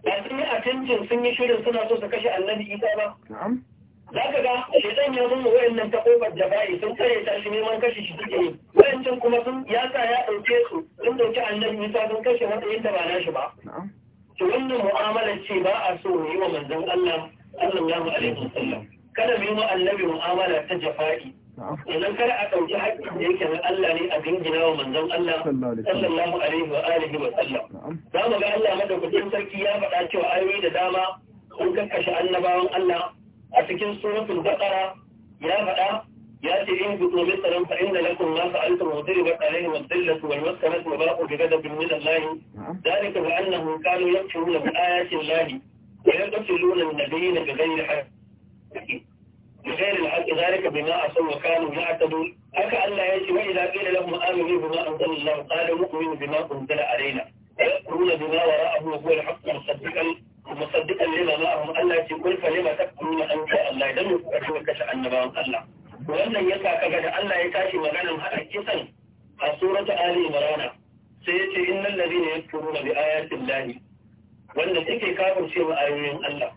yanzu ne a tantin sun yi shirin suna so su kashe annabi isa ba na'am za ka ga zan yi ya zama wa'annan ta ƙofar da bayi sun tsare ta shi neman kashe shi suke yi wayancin kuma sun ya sa ya ɗauke su sun ɗauki annabi isa sun kashe matsayin da ba na shi ba na'am to wannan mu'amala ce ba a so yi wa manzon Allah sallallahu alaihi wasallam kada mu yi annabi mu'amala ta jafa'i idan kada a ɗauki haƙƙin da yake na Allah ne a dingina wa manzon Allah sallallahu alaihi wa alihi wa sallam za mu ga Allah madaukakin sarki ya faɗa cewa ayoyi da dama sun kakkashe annabawan Allah a cikin suratul baqara ya faɗa يأتي إن انبتوا مثلا فإن لكم ما فعلتم وضربت عليهم الذلة والمسكنة وباقوا بغضب من الله نعم. ذلك بأنهم كانوا يكفرون بآيات الله ويقتلون النبيين بغير حق بغير الحق ذلك بما عصوا وكانوا يعتدون أكأن لا يأتي وإذا قيل لهم آمنوا بما أنزل الله قالوا نؤمن بما أنزل علينا ويقولون بما وراءه وهو الحق مصدقا مصدقا لما معهم الله يأتي قل فلما تكفرون شاء الله لم يكفرون كشأن نبأ الله wannan ya sa kaga da Allah ya tashi maganan haɗa kisan a surata Ali Imran sai ya ce innal ladina yakfuruna bi ayatin lahi wanda suke kafircewa ayoyin Allah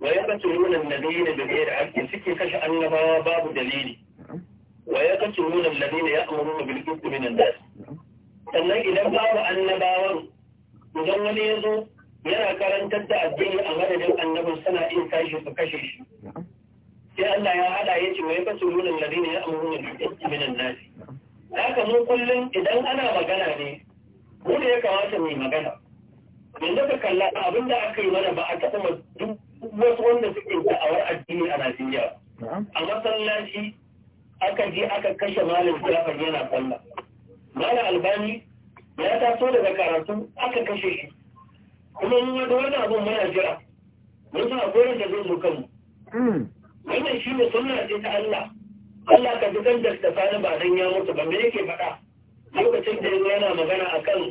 wa yaqtuluna an-nabiyina bi ghairi haqqin suke kashe annabawa babu dalili wa yaqtuluna alladhina ya'muruna bil qist min an-nas sannan idan babu annabawan idan wani ya zo yana karantar da addini a madadin annabin suna iya tashi su kashe shi sai Allah ya hada ya ce wai ya kasu nuna ne ya amuru da minan nasi haka mu kullum idan ana magana ne mu ya kamata mai magana yanzu ka kalla abin da aka yi mana ba a taɓa duk wasu wanda suke da'awar addini a Najeriya a masallaci aka je aka kashe malam Jafar yana kwalla malin Albani ya taso daga karatu aka kashe shi kuma mun wani abin muna jira mun san akwai da zai zo kanmu hmm. wannan shi ne sunna ce ta Allah Allah ka ji da sani ba dan ya mutu ba me yake faɗa lokacin da yanzu yana magana akan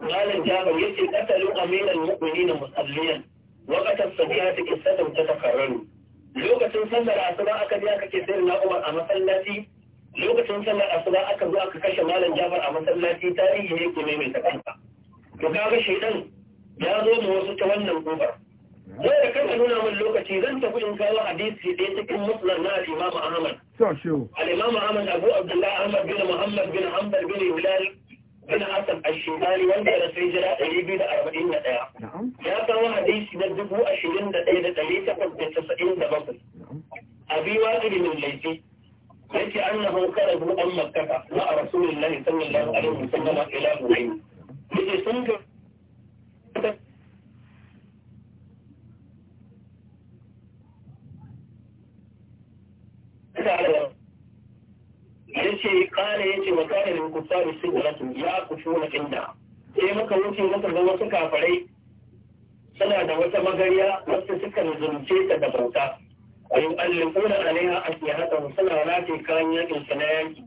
malam Jabir yace qatalu amiral mu'minina musalliyan wa qatat sajiyati qissatan tatakarraru lokacin sallar asuba aka je aka ke sayyidina Umar a masallaci lokacin sallar asuba aka zo aka kashe malam Jabir a masallaci tarihi ne ke mai mai ta kanka to kaga shedan ya zo mu wasu ta wannan kofar Yau da kama nuna min lokaci zan tafi in kawo hadisi ɗaya cikin musnad na Imam Ahmad. al Ahmad Abu Abdullahi Ahmad bin Muhammad bin Hanbal bin Hilal bin Asad Ash-Shibali wanda ya rasu hijira ɗari biyu da arba'in da ɗaya. Ya kawo hadisi na dubu ashirin da ɗaya da ɗari takwas da casa'in da bakwai. Abi Waqid bin Laifi yake annahu karabu an makkata ma'a Rasulillahi sallallahu alaihi wa sallam ila Huwaini. Yace sun ga yace kare ce wa kare da kuffaru sidratu ya kushuna inda sai muka wuce muka ga wasu kafarai suna da wata magariya wasu suka zunce ta da bauta wa a alaiha aslihatahum suna rataye kayan yakin su na yaki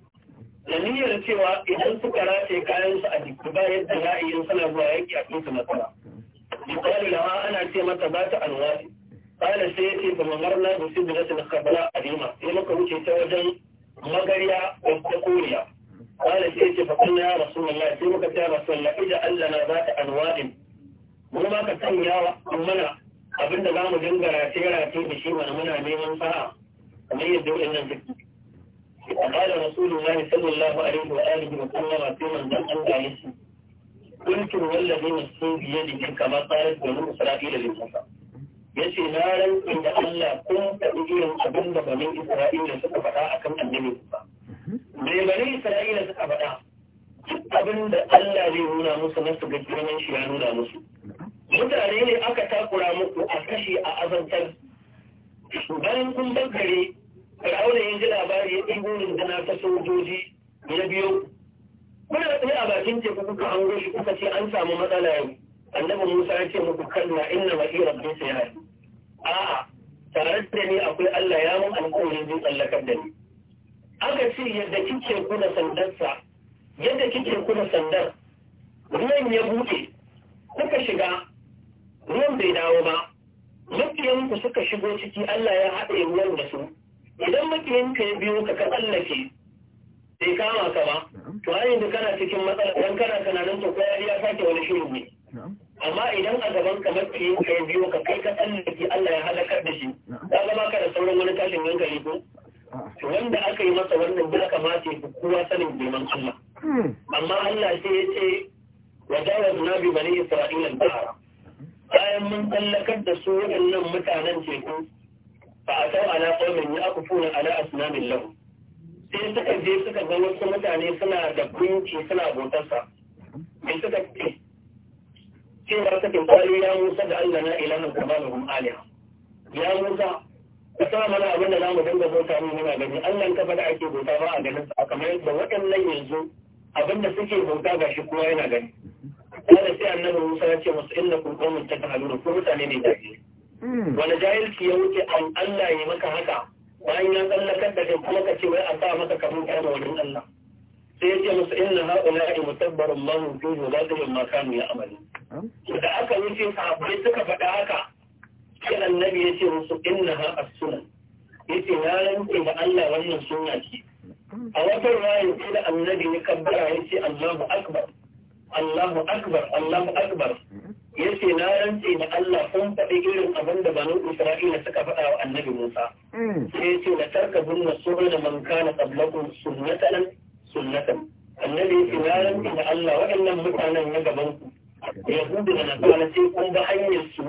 da niyyar cewa idan suka rataye kayan su a jiki ba yadda za a yi suna zuwa yaki a kinsu matsala yuqalu laha ana ce mata ba ta alwasi bayan sai yake ba mamar na gusi da zai na kabbala a dima ya maka wuce ta wajen magariya da kuma koriya bayan sai yake faɗin ya rasu wallah sai muka ta rasu wallah idan allah na za ta anwaɗin mun ma ka sanya mana abin da za mu dinga rafe-rafe da shi wani muna neman sa'a kamar yadda waɗannan duk وقال رسول الله صلى الله عليه واله وسلم في من لم انت عليه قلت والذي نفسي بيده كما قالت بنو اسرائيل للمصطفى Ya ce na rantsin da Allah kun faɗi irin abin da bani Isra'ila suka faɗa akan annabi ba me bani Isra'ila suka faɗa abin da Allah zai nuna musu na su ga girman shi ya nuna musu mutane ne aka takura muku a kashe a azantar bayan kun bangare Fir'auna ya ji labari ya ɗigo rundunar ta sojoji na biyu kuna tsaye a bakin teku kuka hango shi kuka ce an samu matsala yau annabi Musa ya ce muku kan na inna ma iya rabbin sa a'a tare da ni akwai Allah ya mun alƙawarin zai tsallakar da ni aka ce yadda kike kuna sandarsa yadda kike kuna sandar ruwan ya buɗe kuka shiga ruwan bai dawo ba makiyanku suka shigo ciki Allah ya haɗa ruwan da su idan makiyanka ya biyo ka ka tsallake bai kama ka ba to har yanzu kana cikin matsala dan kana tunanin to ko ya sake wani shirin ne amma idan a gaban kamar ka yi ka biyu ka kai ka Allah ya halakar da shi ta zama ka da sauran wani tashin hankali ko wanda aka yi masa wannan ya kamata ya kowa sanin girman Allah amma Allah sai ya ce wa jawaz nabi bani isra'ila ta bahra bayan mun tallakar da su waɗannan mutanen ce ko fa atau ala qaumin yaqfuna ala asnamin lahum sai suka je suka ga wasu mutane suna da kunci suna botarsa sai suka ce cewa sakin kwari ya musa da Allah na ilahin kuma aliha ya musa ka sa mana abin da zamu dinga bauta mu muna gani Allah kafa da ake bauta ba a ganin sa kamar yadda waɗannan yanzu abin da suke bauta ga shi kowa yana gani kada sai annabi Musa ya ce musu innakum qaumun tajhalun ko mutane ne da hmm. wani jahilci ya wuce an Allah ya maka haka bayan ya tsallakar da kai kuma ka ce wai a sa maka kamun karma wajen Allah sai ce musu inna ya ha'ula'i mutabbarun lahu juju la zai ma kanu ya amali da aka yi sai sahabbai suka faɗa haka sai annabi ya ce musu inna ha as-sunan yace ya rantse da Allah wannan sunna ce a wata rayu sai da annabi ya kabbara ya ce Allahu akbar Allahu akbar Allahu akbar yace na rantse da Allah kun faɗi irin abin da banu Isra'ila suka faɗa wa annabi Musa mm. sai ya ce la tarkabun sunan man kana qablakum sunnatan sunnatan annabi ya ce na rantsi da Allah waɗannan mutanen na gaban ku yahudu da nasara sai kun ga hanyar su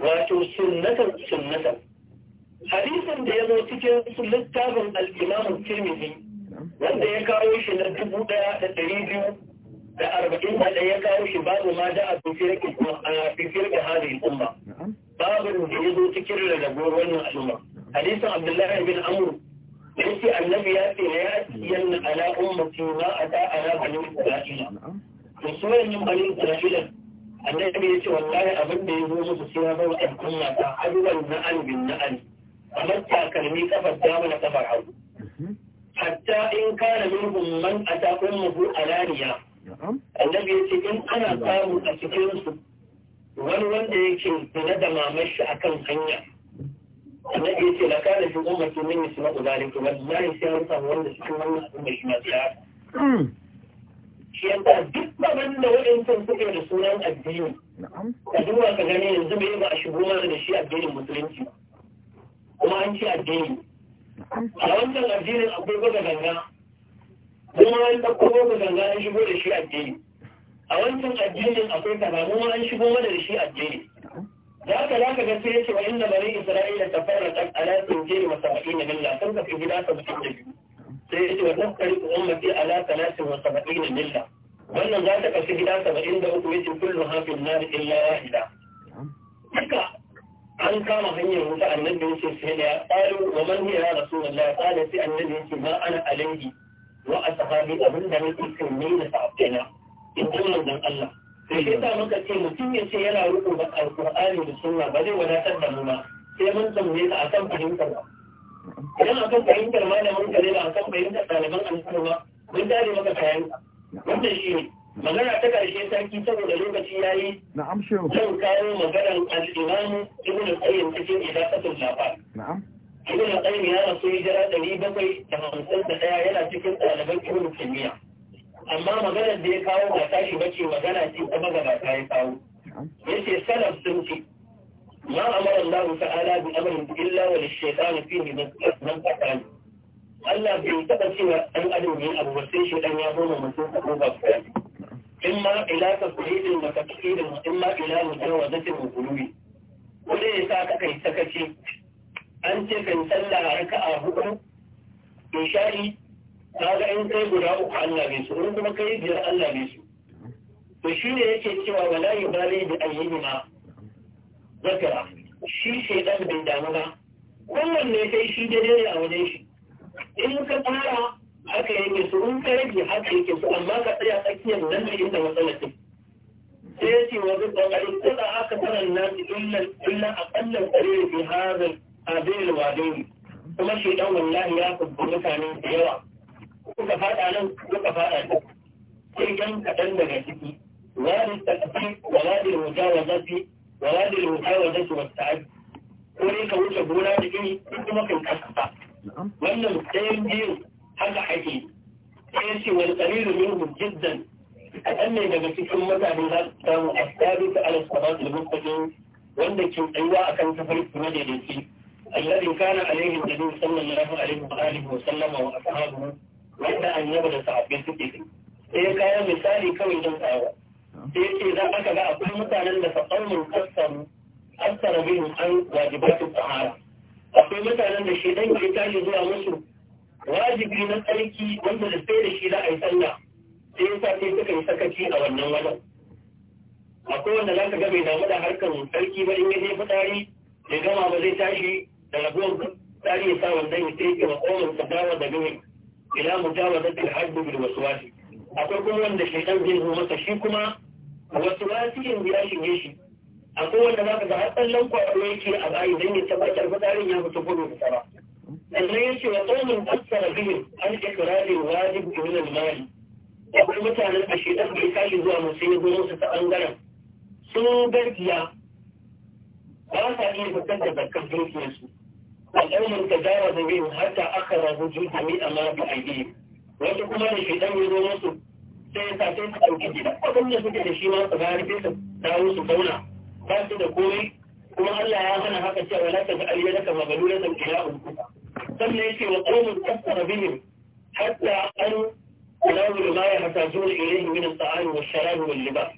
wato sunnatan sunnatan hadisin da ya zo cikin littafin al-Imam Tirmidhi wanda ya kawo shi na dubu daya da ɗari biyu da arba'in da ɗaya ya kawo shi babu ma da a fifiyar da hali umma babu da ya zo cikin rarrabuwar wannan al'umma hadisin Abdullahi bin amur. yace annabi ya ce ya yanna ala ummati ma ata ala bani isra'ila to sai yin bani isra'ila annabi yace wallahi abin da ya zo musu sai ya zama kunna ta na na'al bin na'al kamar kalmi kafar dama da kafar hau. Mhm. hatta in kana minhum man ata ummuhu alaniya annabi yace in ana samu a cikin su wani wanda yake da da mamashi akan hanya annabi yace la kana fi ummati min yasma'u zalika wallahi sai an samu wanda cikin wannan al'umma shi ma tsaya shi yanda duk babban da waɗancan suke da sunan addini ka duba ka gani yanzu bai ba a shigo mana da shi addinin musulunci kuma an ce addini a wancan addinin akwai gwada ganga kuma an ɗauko gwada ganga an shigo da shi addini a wancan addinin akwai kaza kuma an shigo mana da shi addini ذاك لا تجسيت وإن بني إسرائيل تفرقت على سنتين وسبعين ملة تنقف إلى سبعين سيئت وتفترق أمتي على ثلاث وسبعين ملة wannan za ta kashi gida saba'in da uku yake kullum hafin na illa wahida duka an kama hanyar wuta annabi yake sai da ya tsaro wa man ya rasulullah tsara sai annabi yake ma ana alayhi wa ashabi abinda nake kai ne da sahabbaina in ji manzon Allah sai ya sa muka ce mutum ya ce yana riko da alkur'ani da sunna ba zai wadatar da mu ba sai mun tambaye ka akan fahimtar ba idan akan fahimtar malamin ka ne ba akan fahimtar ɗaliban alƙur ba mun dare maka kayan wannan shi ne magana ta ƙarshe sarki saboda lokaci ya yi zan kawo maganar al'imamu ibn al-qayyim cikin idaqatul jafar ibn al-qayyim ya rasu hijira ɗari bakwai da hamsin da ɗaya yana cikin ɗaliban ibn kimiyya amma maganar da ya kawo ba tashi bace magana ce kuma ga ba ta ya kawo yace salaf sun ce Allah ta'ala bi تعالى illa إلا وللشيطان فيه من قتل Allah bai taɓa cewa an adam ne abu ba sai shi ɗan ya zama mutum a ko ba su yaji. In ma ila ka kulidin da ka kulidin in ma ila mutum wa zafi mu kulubi. Kuɗi ya sa ka kai sakaci. An ce kan sallah a raka ko. hudu, isha'i kaga in kai guda uku Allah bai su in kuma kai biyar Allah bai su to shi ne yake cewa wala yubali bi ayyihima zakara shi shaidan bai damu ba Kullum kowanne kai shi daidai ne a wajen shi in ka fara haka yake su in ka rage haka yake su amma ka tsaya tsakiyar nan da inda matsalar ce sai yace wa zai da alƙada aka tara nan illa illa aqallan qarir bi hadha hadhihi alwadain kuma shaidan wallahi ya kubbu mutane da yawa kuka faɗa nan kuka faɗa nan sai kan kaɗan daga ciki wani tafi wala da wuta wa zafi wala da wuta wa zafi wa ta'ad ko ne ka wuce gona da gini ko kuma kan kasa wannan ɗayan biyu haka ake sai ya ce wani ƙalilu minhum jiddan kaɗan ne daga cikin mutane za su samu a ta ala salatu al-mustaqim wanda ke tsayuwa akan tafarki madaidaici الذي كان عليه النبي صلى الله عليه وآله وسلم وأصحابه wanda yi da sahabbai suke yi sai kawo misali kawai don tsayawa sai ce za aka ga akwai mutanen da fa'amur kasan kassaru bihun an wajibatu tsahara akwai mutanen da shedan ke tashi zuwa musu wajibi na tsarki wanda da sai da shi za a yi sanya sai yasa sai suka yi sakaci a wannan wajen akwai wanda za ka ga bai damu da harkar tsarki ba in ya je fitsari ya gama ba zai tashi da rabuwar tsari ya sa wannan ya sai ke makomar sadawa da gawai ila mujawazat al-hadd bil waswasi akwai kuma wanda shaytan zai zo masa shi kuma waswasi in ya shige shi akwai wanda zaka ga har tsallan kwaro yake a bayi dan ya tabbatar tsarin ya fito gudu da tsara sannan ce wa qawmin tsara bihim an ikrari wajib min al-mal akwai mutanen da shaytan bai kashi zuwa musu ya zo su ta bangaren sun gargiya ba sa iya fitar da zakkar dukiyarsu al'amman ta dawa da bin hatta aka rabu juta mi a ma bi aidi Wata kuma da shi dan yazo musu sai ya sace su ɗauki gida abin da suke da shi ma su gari sai su su zauna ba su da komai kuma Allah ya hana haka cewa la ta ga yadaka magalulatan ila ulkuka sannan ya ce, wa qawmun kasara bihim hatta an da قالوا ما يحتاجون إليه من الطعام والشراب واللباس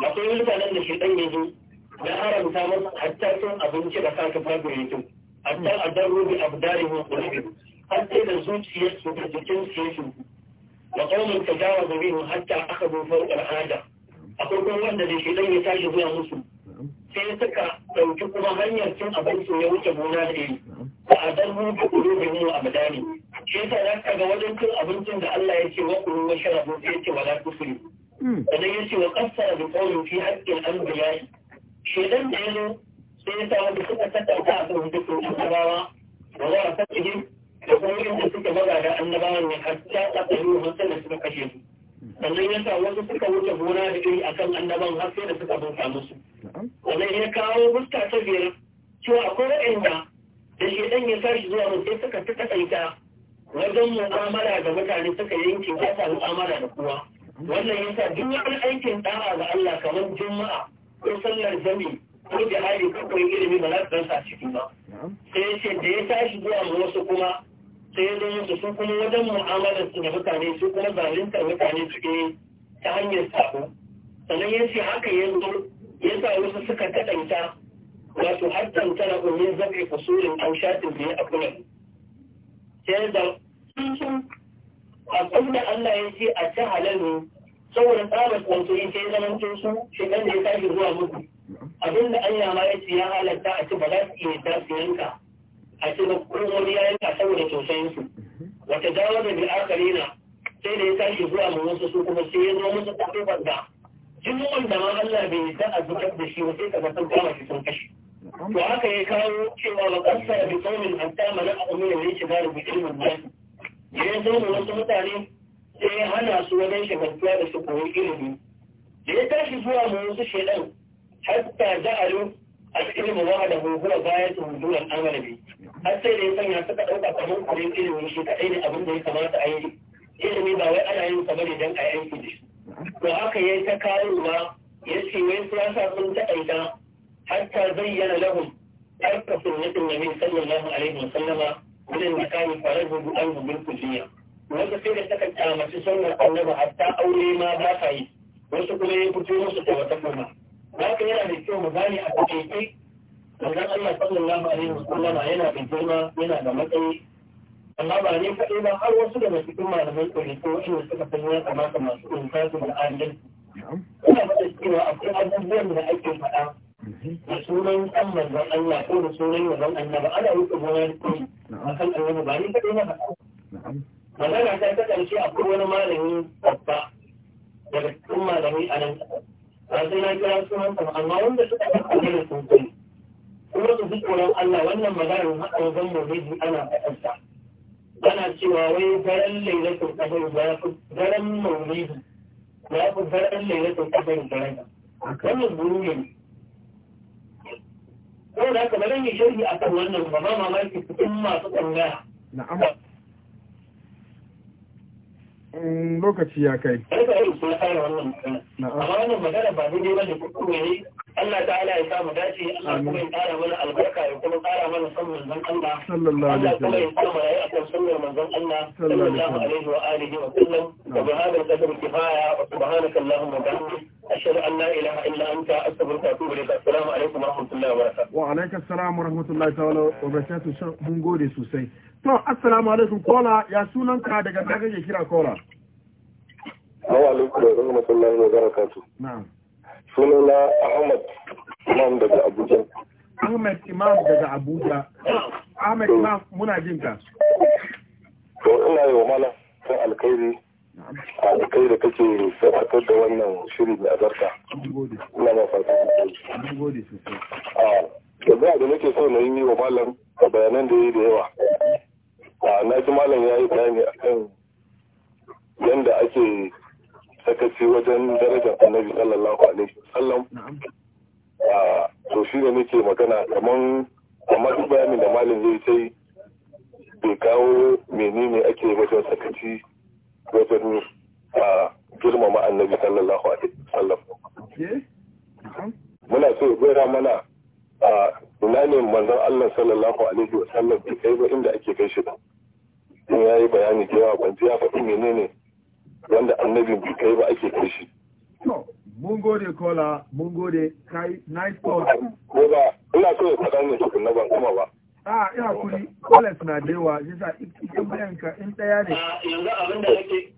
akwai mutanen da shi ɗan yanzu na haramta masu hatta sun abinci da sake fagoyi tun hatta a darro bi abdari wa qulubi har sai da zuciyarsu da jikinsu ya shuku wa qaumun tajawazu bihi hatta akhadhu fawqa al akwai kuma wanda da shi dan ya tashi zuwa musu sai suka ɗauki kuma hanyar cin abinci ya wuce gona da yi ba a dan hudu kuru da a shi yasa za ka ga wajen cin abincin da Allah ya ce wa kuru wa sharabu sai ya ce wa la kufri hmm. sannan ya ce wa kassara da qawlin fi haqqil anbiya shedan da yazo sai ya sa wanda suka tattauka a kan hukuncin annabawa da za a sassajin da kuma da suka maza da annabawan ne har ta tsakari wancan da suka kashe su sannan ya sa wasu suka wuce gona da iri akan annabawan har sai da suka bauta musu sannan ya kawo fuska ta biyar cewa akwai waɗanda da shi ɗan ya tashi zuwa mu sai suka fi kasaita wajen mu'amala da mutane suka yanke ba sa mu'amala da kowa wannan ya sa duk wani aikin ɗa'a ga Allah kamar juma'a ko sallar jami'i ko jihadi ko koyi ilimi ba za su gansa a ciki ba sai ya ce da ya tashi zuwa mu wasu kuma sai ya zama su kuma wajen mu'amalar su da mutane su kuma zaluntar mutane su ke ta hanyar sabo sannan ya ce haka yanzu ya sa wasu suka taɗanta wato har tantara umin zaɓe fasulin an shatin da ya akula sai da a da Allah ya ce a ta halal ne saboda tsabar kwanto ya ce zaman su shi da ya tashi zuwa muku abin da Allah ma ya ya halatta a ce ba za su iya ta yanka a ce ba komai ya yanka saboda tausayin su wata dawo da bi akarina sai da ya tashi zuwa mu wasu su kuma sai ya zo musu tafi banda jin da ma Allah bai ta a zubar da shi sai kaga sun kama shi sun kashe to haka ya kawo cewa ba kasa bi qaumin na mana amina ya shiga da ilmin nasu ya zo mu wasu mutane sai ya hana su wajen shagaltuwa da su koyi ilimi da ya tashi zuwa mu wasu shaidan hatta ja'alu al-ilmu wahdahu huwa ghayatu wujud al-amal bi har sai da ya sanya suka dauka kamar kurin ilimi shi kadai ne abin da ya kamata a yi ilimi ba wai ana yin sa bane dan a yanki da shi to haka yayi ta karuwa yace wai siyasa sun ta aita hatta bayyana lahum tarka sunnatin nabi sallallahu alaihi wa sallama من المكان فرجه أنه بالكلية wasu sai da suka kyamaci sunnar annabi hatta aure ma ba ka yi wasu kuma ya fito musu da wata kuma haka yana da kyau mu gane a takaice manzon Allah sallallahu alaihi wasallam yana da girma yana da matsayi amma ba ne kaɗai ba har wasu daga cikin malaman tsari ko wani suka san ya kamata masu insa su da adalci ina da cewa akwai abubuwan da ake faɗa mhm. da sunan kan manzon Allah ko da sunan manzon annaba ana yi kuma ne a kan annabi ba ne kaɗai na faɗa magana ta ta ƙarshe akwai wani malami babba daga cikin malami a nan ƙasar ba na kira sunan sa amma wanda suka ga magana sun kuma su zikuran Allah wannan maganar haka wajen mawlidi ana faɗarsa ana cewa wai daren lailatul qadr ya fi daren mawlidi ya fi daren lailatul qadr daren wannan guru ne saboda haka ba zan yi akan wannan ba ba mamaki cikin masu tambaya na'am Mm, lokaci ya kai magana ba daidai ba da kuku yi. Allah ta'ala ya samu dace Allah kuma ya ƙara mana albarka ya kuma kara mana son manzon Allah sallallahu alaihi sallam. Allah kuma ya ƙara mana manzon Allah sallallahu alaihi wa alihi wa sallam wa bi hadha qadru kifaya wa subhanaka allahumma wa bihamdika ashhadu an la ilaha illa anta astaghfiruka wa atubu ilaik assalamu alaikum wa rahmatullahi wa barakatuh wa alaikum assalam wa rahmatullahi wa barakatuh mun gode sosai to assalamu alaikum kola ya ka daga ta kake kira kola Assalamu alaikum wa rahmatullahi wa barakatuh. Na'am. Sunana ahmed Imam daga Abuja. Ahmed Imam daga Abuja. Ahmed Imam muna jin ka. To ina yi wa malam alkhairi a kai da kake sabatar da wannan shiri da azarta. Ina ba fata. Gode sosai. A ah, yanzu da nake so na yi wa malam bayanan da ya yi da yawa. a na ji malam ya yi bayani akan yadda ake sakaci wajen darajar annabi sallallahu alaihi wasallam to shi ne nake magana kaman amma duk bayanin da malam zai sai bai kawo menene ake wajen sakaci wajen girmama annabi sallallahu alaihi wasallam muna so ya gwera mana ina ne manzon Allah sallallahu alaihi wasallam bai kai ba inda ake kai shi ba don ya yi bayani da yawa ya faɗi menene wanda annabin bai kai ba ake kai shi. mun gode kola, mun gode kai nice call. Ko ba, ina so ya faɗa ne su na ban kuma ba. A ina kuri, kola suna da yawa, shi sa ikin ka in ɗaya ne. Yanzu abin da yake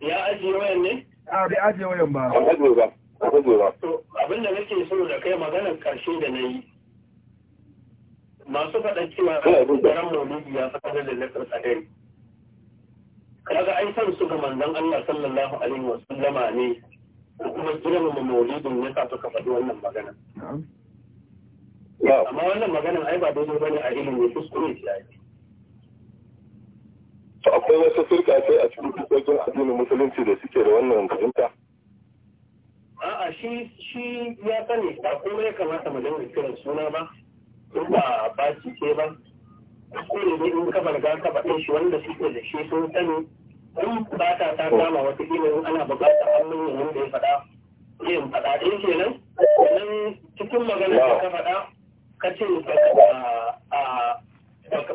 ya ajiye wayan ne? A bai ajiye wayan ba. Ban ajiye ba, ba. Abin da nake so da kai maganar ƙarshe da na yi. masu faɗa cewa daren maulidi ya faɗa da lafiyar sadari kaga ai san su ga manzon Allah sallallahu alaihi wa sallama ne kuma girmama maulidin ya sa suka faɗi wannan magana amma wannan magana ai ba daidai bane a ilimin kuskure shi ai to akwai wasu firka sai a cikin dokokin addinin musulunci da suke da wannan fahimta a'a shi shi ya sani ba kuma ya kamata mu dinga kiran suna ba in ba shi ce ba kuskure ne in ka farga ka faɗe shi wanda suke da shi sun sani in bukata ta kama wata in ana bukata an mun wanda ya faɗa yin faɗa ɗin kenan sannan cikin magana da ka faɗa ka ce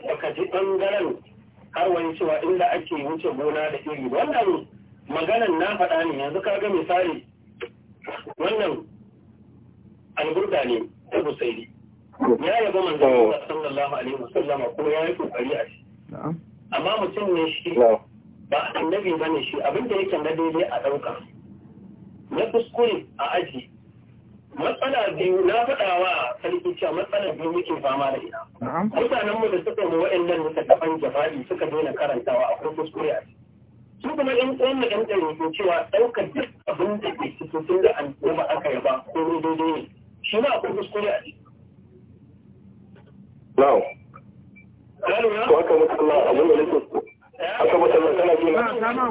baka ji ɓangaren har wani cewa inda ake wuce gona da iri wannan maganan na faɗa ne yanzu ka ga misali wannan alburda ne ta busairi ya yaba manzon Allah sallallahu alaihi wasallam kuma ya yi kokari a shi amma mutum ne shi ba annabi bane shi abin da yake na daidai a dauka na kuskure a aji matsala biyu na faɗa wa sarki cewa matsala biyu muke fama da ita mutanen mu da suka mu waɗannan suka taɓan suka daina karantawa akwai kuskure a su kuma ɗan ƙwanna ɗan ɗari cewa ɗaukar duk abin da ke cikin sun da al'umma aka yaba ko daidai ne shi ma akwai kuskure a ciki na'am ko eh? kana na ma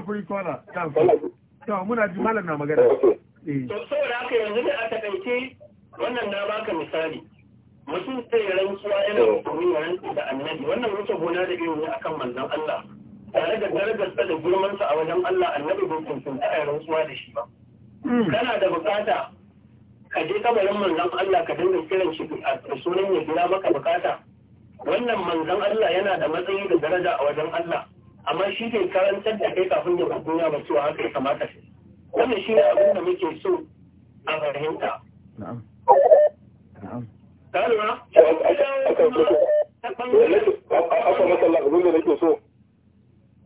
kwana to muna ji malam na magana eh. to saboda haka yanzu da a takaice wannan na baka misali mutum sai rantsuwa yana kuma rantsu da annabi wannan wuce gona da irin akan manzon Allah tare da darajarsa da girmansa a wajen Allah annabi bai a rantsuwa da shi ba hmm. kana da bukata ka je kabarin manzon Allah ka dinga kiran shi a sunan ya gida maka bukata wannan manzon Allah yana da matsayi da daraja a wajen Allah amma shi bai karantar da kai kafin da duniya ba cewa haka ya kamata shi wannan shi ne abin da muke so a fahimta na'am na'am kalma aka matsala abin da so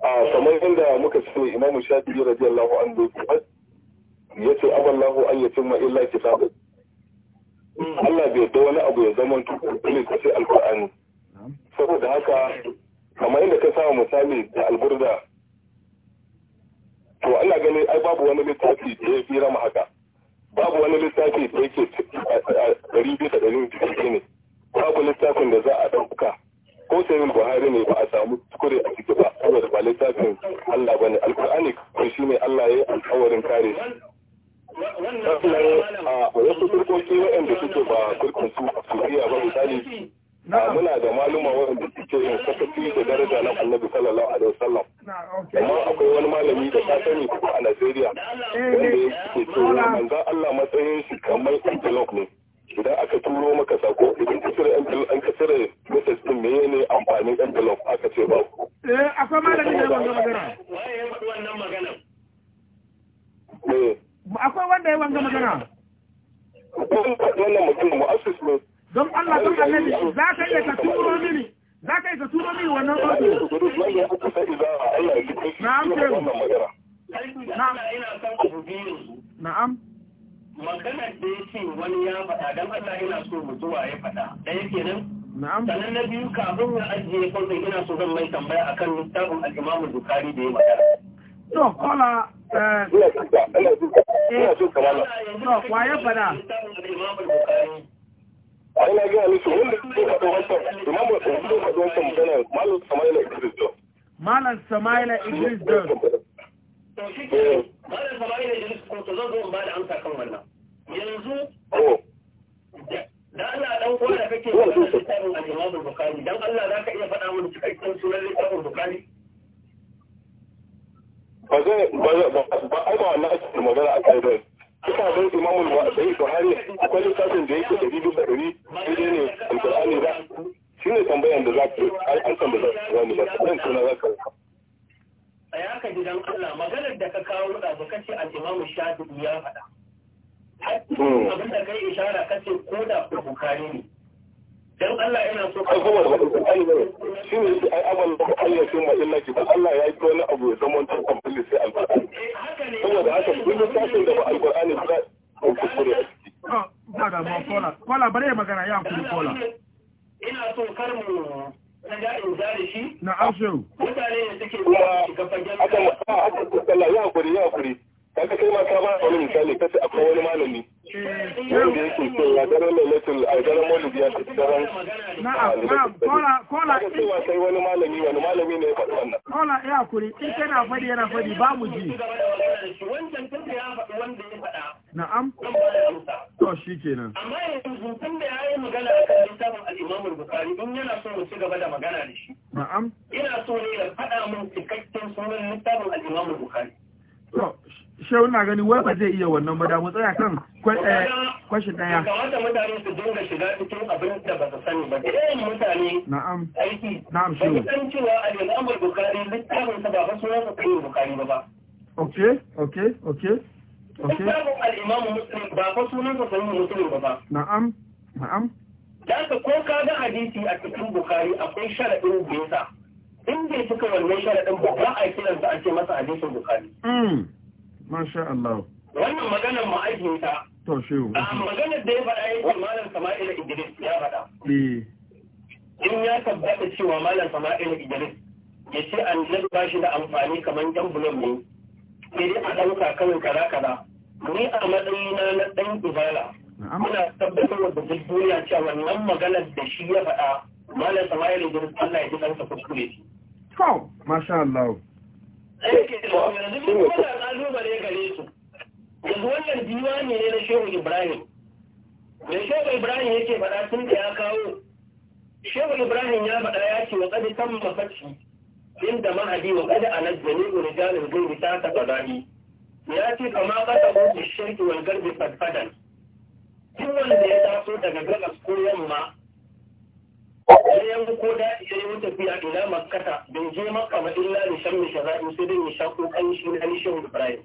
a kamar yadda muka ce imamu shafi radiyallahu anhu ya ce aballahu an yatimma illa kitabu hmm. Allah bai da wani abu ya zama tukur ne kace alqur'ani saboda haka kamar inda ka samu misali da alburda to ana ganin ai babu wani littafi da ya fi rama haka babu wani littafi da yake ɗari bisa ɗari jiki ne babu littafin da za a ɗauka ko sai buhari ne ba a samu tukuri a ciki ba saboda ba littafin allah ba ne alkur'ani ko shi ne allah ya yi alkawarin kare shi sannan a wasu turkoki waɗanda suke ba turkun su su ba misali muna da maluma wanda suke yin sakaci da daraja na annabi sallallahu alaihi wasallam amma akwai wani malami da ta sani ko a Najeriya eh, wanda eh. yake cewa manzo Allah matsayin shi kamar antelope ne idan aka turo maka sako idan ka cire envelope an ka cire message din meye ne amfanin envelope aka ce ba eh akwai malami da wannan magana waye ya faɗi wannan magana eh akwai wanda ya wanga magana wannan mutum mu'assis ne don Allah don annabi za ka iya ka turo mini za ka iya ka turo mini wannan audio na'am na'am na'am maganar da ya ce wani ya faɗa don Allah yana so mutuwa ya faɗa ɗaya kenan na'am sannan na biyu kafin ya ajiye kwanza yana so zan mai tambaya a kan littafin al'imamu bukari da ya faɗa no kola eh ina so kamar na eh, wa ya faɗa ai na gaya miki wanda ke faɗo wancan imam ba a ke faɗo wancan magana malam samaila idris don malam samaila idris don malam samaila idris ko zo ba da amsa kan wannan yanzu oh. da Allah dan kowa da kake wannan littafin al-Imam al-Bukhari dan Allah zaka iya faɗa mun cikakken sunan littafin Bukhari ba zai ba ba ba ai ba ba a ba akai ba suka bai imamul sai buhari akwai littafin da yake dari bisa dari dai ne alkur'ani ba shi ne tambayan da za ka an da za mu ba zan tuna za ka yi. A ji gidan Allah maganar da ka kawo da ba kace al imamu shafi'i ya faɗa hmm. abinda kai ishara kace ko da bukari ne dan Allah yana so ka kuma da kai ne shi ne ai amal da kai ya ma illa ki dan Allah ya yi wani abu ya zama ta kamfili sai alqur'ani saboda haka duk tashin da alqur'ani ba ko kuskure ba da ma kola kola bare magana ya kuri kola ina so kar mu kaga in zare shi na afu mutane ne suke shiga a haka haka ya kuri ya kuri kaga kai ma ka ba wani misali kace akwai wani malami Eh, wanda eh, eh, kola sai wani malami wani malami ne ya faɗi wannan kola kuri in kana faɗi yana faɗi ba mu ji wancan tunda ya faɗi wanda ya faɗa na'am to shi kenan amma yanzu tunda ya magana akan littafin al-Imam al-Bukhari in yana so mu ci gaba da magana da shi na'am ina so ne ya faɗa mun cikakken sunan littafin al-Imam al-Bukhari shehu na gani wai ba zai iya wannan ba da mu tsaya kan eh, kwashi daya kamata mutane su dinga shiga cikin abin da ba su sani ba da irin mutane na'am aiki na'am shehu ba san cewa al-Imam Bukhari littafin sa ba fa sunan sa kai Bukhari ba ba okay okay okay okay littafin al-Imam Muslim ba fa sunan sa sahih Muslim ba ba na'am na'am da ka ko ka ga hadisi a cikin Bukari akwai sharadin da yasa in bai cika wannan sharadin ba ba a kiransa a ce masa hadisin Bukari. Mm. Masha Allah. Wannan maganar mu To shi wu. Ah, maganar da ya faɗa ta malam Sama'ila Idris ya faɗa. Eh. In ya tabbata cewa malam Sama'ila Idris ya ce zai ba shi da amfani kamar yan bulon ne. Sai dai a ɗauka kawai kaza kaza. Ni a matsayina na ɗan ibala. Muna tabbatar da duk duniya cewa wannan maganar da shi ya faɗa malam Sama'ila Idris Allah ya ji ɗansa kuskure. To, masha Allah. aiki da yanzu duk wanda kalubale gare su yanzu wannan diwani ne na shehu ibrahim da shehu ibrahim yake faɗa tun da ya kawo shehu ibrahim ya faɗa ya ce wa kadi kan mafaci inda mahadi wa kadi anad jami'u rijalin gaibi ta ta qadani ya ce kama kasa ko shirki wal garbi fadfadan wanda ya taso daga gabas ko yamma bayan ko da ya yi tafiya ila makkata bai je makka ba illa ni shan shaza'i sai dai ni shako shi na ni shehu ibrahim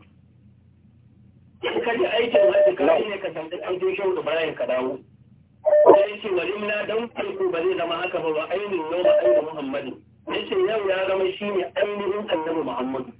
in ka ji aikin hajji ka shi ne ka tantu an je shehu ibrahim ka dawo sai ce walim na dan farko ba zai zama haka ba ba ainihin yau ba ainihin muhammadu ya ce yau ya zama shi ne ainihin annabi muhammadu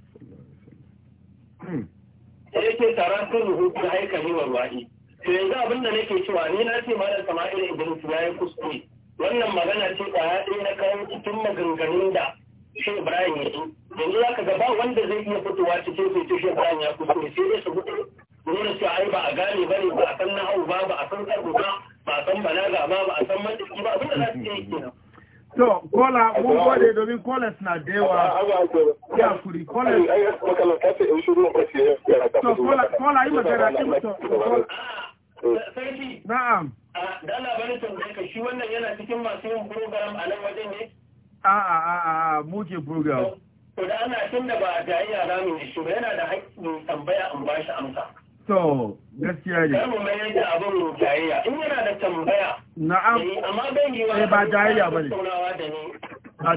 sai ce tara kan rubutu haikali wa ruwa'i to yanzu abin da nake cewa ni na ce da sama'ila idris ya yi kuskure wannan magana ce kwaya ɗaya na kawo cikin maganganun da shi Ibrahim ya yi yanzu za ka ga ba wanda zai iya fitowa cikin fito shi Ibrahim ya ne sai dai su fito nuna cewa ai ba a gane ba ne ba a san na'au ba ba a san tsaro ba ba a san balaga ba ba a san mantiki ba abinda za su iya yi To, kola, mun gode domin kola suna da yawa ya kuri, kola... To, kola, kola, yi magana, to, kola... sarki na'am da Allah bani tambaye ka shi wannan yana cikin masu yin program a nan wajen ne a'a a'a mu ke program to da ana tun da ba da iya ramin shi yana da haƙƙin tambaya in ba shi amsa to gaskiya ne mu mai da abin jayayya in yana da tambaya na'am eh, amma ban yi wani eh, ba jayayya bane ba ba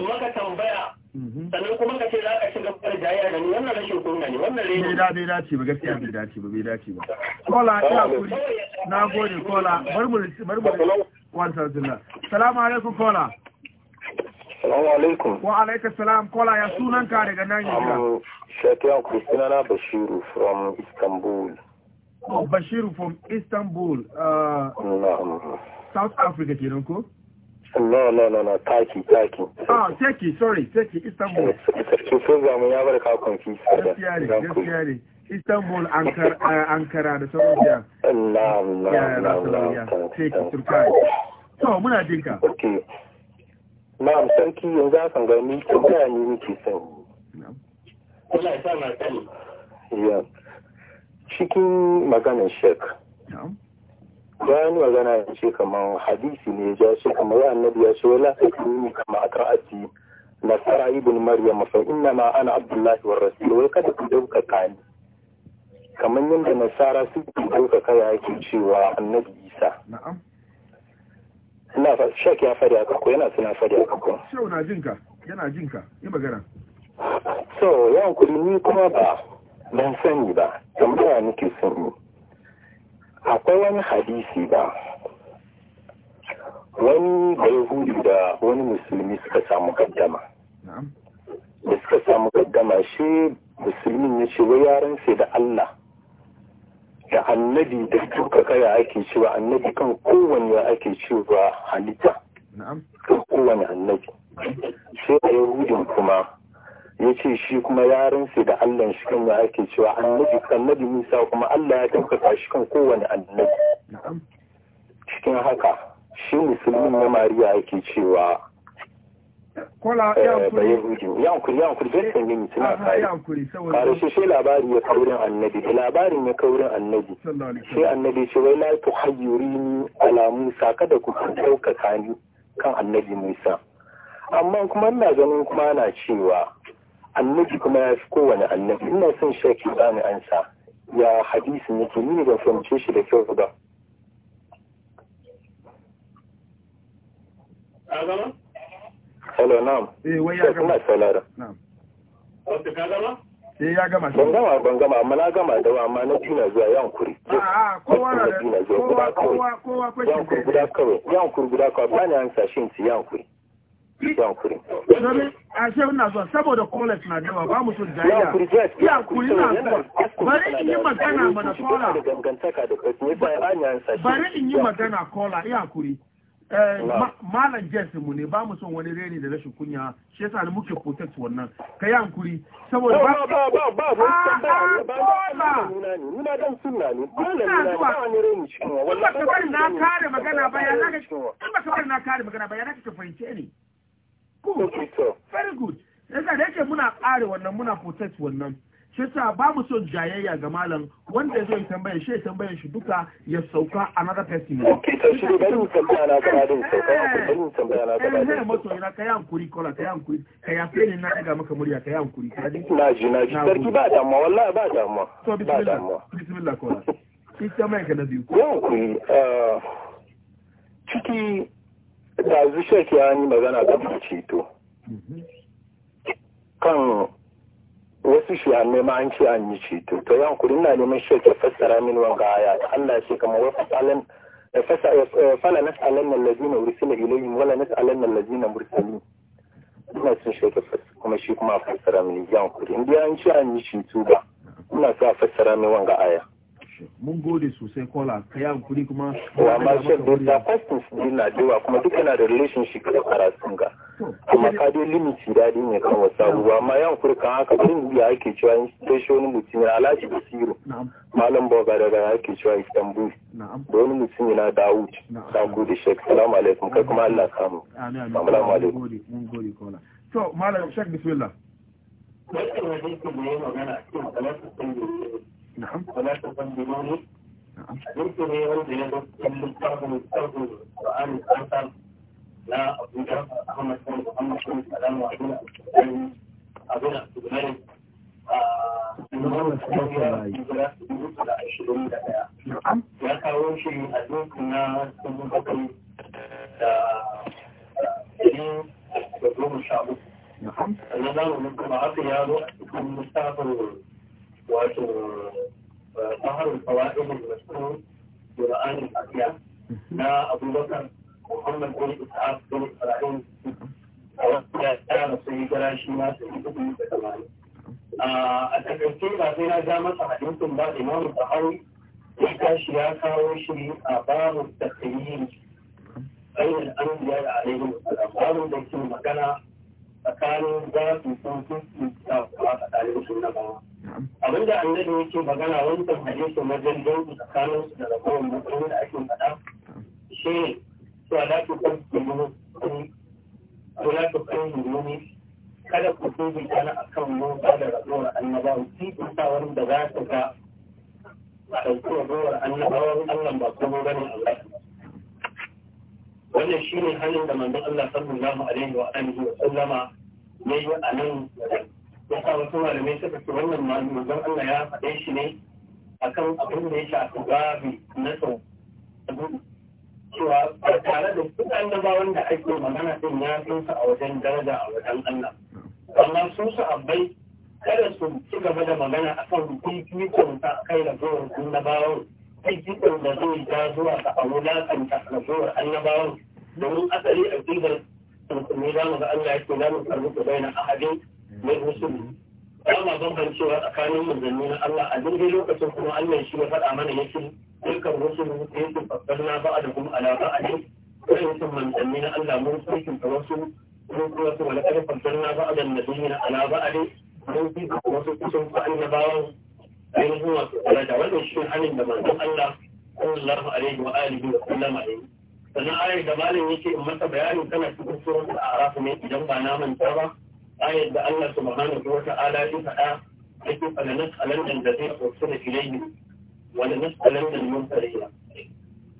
maka tambaya mhm. sannan kuma ka ce za ka shiga fara ni wannan rashin ne wannan ne da bai dace ba gaskiya bai dace ba bai dace ba kola ina kuri na gode kola salamu alaikum kola Salamu alaikum. Wa alaikum salam kola ya sunan ka daga nan ne Kristina na Bashiru from Istanbul. Oh, Bashiru from Istanbul. Uh, South Africa kenan ko? No, no, no, no, Turkey, Turkey. Ah, Turkey, sorry, Turkey, Istanbul. Sufin zamu ya bar ka confusion. Gaskiya ne, Istanbul, Ankara uh, da sauran jiya. Allah, Allah, Allah, Allah. Turkey, Turkey. To, muna jinka. Okay. Na'am, sarki yanzu ga ni ko ga ni nake son. na Yeah. Cikin magana shek. Yeah. ya wa magana ya ce kamar hadisi ne ya ce kamar ya annabi ya ce wala ta kuni kama aka ati na sara ibn maryam fa inna ma ana abdullahi wa rasul wai kada ku dauka kani kamar yadda nasara suke dauka kaya yake cewa annabi isa ina fa shek ya fadi a ko yana suna fadi a ko sai na jinka yana jinka yi magana so yawan kudi ni kuma ba ban sani ba tambaya nake sani akwai wani hadisi ba wani bayahudi da wani musulmi suka samu kaddama da suka samu kaddama shi musulmin ya ce wai yaran sai da Allah da annabi da duka kaya ake cewa annabi kan kowane ake cewa halitta kan kowane annabi sai a yahudin kuma ya ce shi kuma yaran sai da Allah shi kan ake cewa annabi annabi Musa kuma Allah ya tabbata shi kan kowane annabi cikin haka shi musulmin na Mariya ake cewa kola yankuri eh, yankuri zai sanye mi suna kare kare shi sai labari ya kaurin annabi da labarin ya kaurin annabi sai annabi ce wai la tu hayyurini ala musa kada ku ɗaukaka ni kan annabi musa amma kuma ina ganin kuma na cewa annabi kuma ya fi kowane annabi ina son shaki bani ansa ya hadisin yake ni ban fahimce shi da kyau ba Hello, na'am. Eh, wai ya gama. saurara. Na'am. ka gama? Eh, ya gama. Ban gama, ban gama, amma na gama da amma na dina zuwa yan kuri. A'a, ah, ah, kowa na dina zuwa guda kawai. Kowa, kowa, kowa. Yan kuri guda kawai. Yan kuri guda kawai. Bani an sashin ci yan kuri. domin a shehu na zuwa saboda college na dawa ba mu sun jaya ya kuri na bari in yi magana mana kola bari in yi magana kola ya kuri malam jess mu ne ba mu son wani reni da rashin kunya shi yasa muke protect wannan ka yi hankuri saboda ba ba ba ba ba ba ba ba ba bari na kare magana ba ya na ka bari na kare ba fahimce ne Very good. Yasa da yake muna ƙare wannan muna protect wannan. Shi yasa ba mu son jayayya ga malam wanda zai tambaya shi ya tambaya shi duka ya sauka another person. Okay, to shi bari mu tambaya na gaba din sauka bari mu tambaya na gaba. Eh, eh mato ina kai hankuri kola kai hankuri kai ya fere na ga maka murya kai hankuri. Na ji na ji sarki ba damuwa wallahi ba damuwa. To bismillah. Bismillah kola. ki tambaye ka na biyu. eh ciki da shek ya yi magana da ceto kan wasu shi an nema an ce an yi ceto to yan kuri na neman shek ya fassara min wanga aya Allah ce kamar wa fasalan fala nan allazina ursila ilayhim wala nan allazina mursalin ina son shek ya fassara kuma shi kuma fassara min yan kuri in dai an ce an yi ceto ba ina so a fassara min wanga aya mun gode sosai kola ka yi hankuri kuma to amma shan da ta fastin su dina dewa kuma duk yana da relationship da karatun ga amma ka dai limiti daɗi ne kan wasu abubuwa amma yan hankuri kan haka bin biya ake cewa in tashi wani mutum yana alhaji basiru malam boga da da ake cewa istanbul da wani mutum yana dawud ta gode shek salamu alaikum kai kuma allah samu salamu alaikum mun gode kola to malam shek bismillah نعم ولا تقبلوني نعم يمكن يرد يده كم الطرد الطرد القرآن الآثر لا أبو جعفر أحمد بن محمد بن سلام وأبونا أبونا عبد الملك آه، نعم. نعم يا كاو نعم. أدوك الناس من قبل جديد بدون شعبه نعم النظام من قبعته يا روح من مستعفر wato eh, baharul fawaidul mas'ud qur'anin afiya na abubakar muhammad bin isa'af bin ibrahim a wasu ya tsara su yi gara shi ma su yi kudu da tamanin a takaice ba sai na ja masa hadisin ba imamu bahari ya tashi ya kawo shi a babu tafsirin bayan anbiya da alaihi wasallam babu da ke magana tsakanin za su sun sun su a tsakanin sunna ba abin da annabi yake magana wancan hadisin wajen dangi tsakanin su da ragowar matsayin da ake faɗa shi ne cewa la tu qaddimu ko la tu qaddimu kada ku dubi kana akan mun ba da ragowar annabawa ki tsawar da za ta ga a ɗauki ragowar annabawan Allah ba kuma bane Allah wannan shi ne halin da manzon Allah sallallahu alaihi wa alihi wa sallama yayi a nan ya sa wasu malamai suka ce wannan manzon Allah ya faɗe shi ne akan abin da ya shafi gabi na sau cewa ba tare da duk annabawan da ake magana din ya sa a wajen daraja a wajen Allah amma su su abbai kada su ci gaba da magana akan fifikon ta kai da zuwan annabawan fifikon da zai ja zuwa ga awulakanta da zuwan annabawan domin asali a ƙidar musulmi za mu ga Allah ya ce za mu karbi ku bai na ahadin mai musulmi ba ma bambancewa tsakanin manzanni na Allah a daidai lokacin kuma Allah shi ya faɗa mana ya yake dukkan wasu da yake babbarna na ba'a da kuma ala ba a ne kai sun manzanni na Allah mun sarkin ta wasu mun kuma su wala kada babbarna na ba'a da nabi na ala ba a ne mun fi wasu kusan ku annabawan ainihin wasu daraja wannan shi hannun da manzon Allah sallallahu alaihi wa alihi wa sallam alaihi sannan ayar da malam yake in masa bayanin kana cikin suratul a'raf ne idan ba na manta ba ayar da Allah subhanahu wa ta'ala ya faɗa yake nas nas'alan da zai da wani ursula ilayhi wa la nas'alan nas mursalina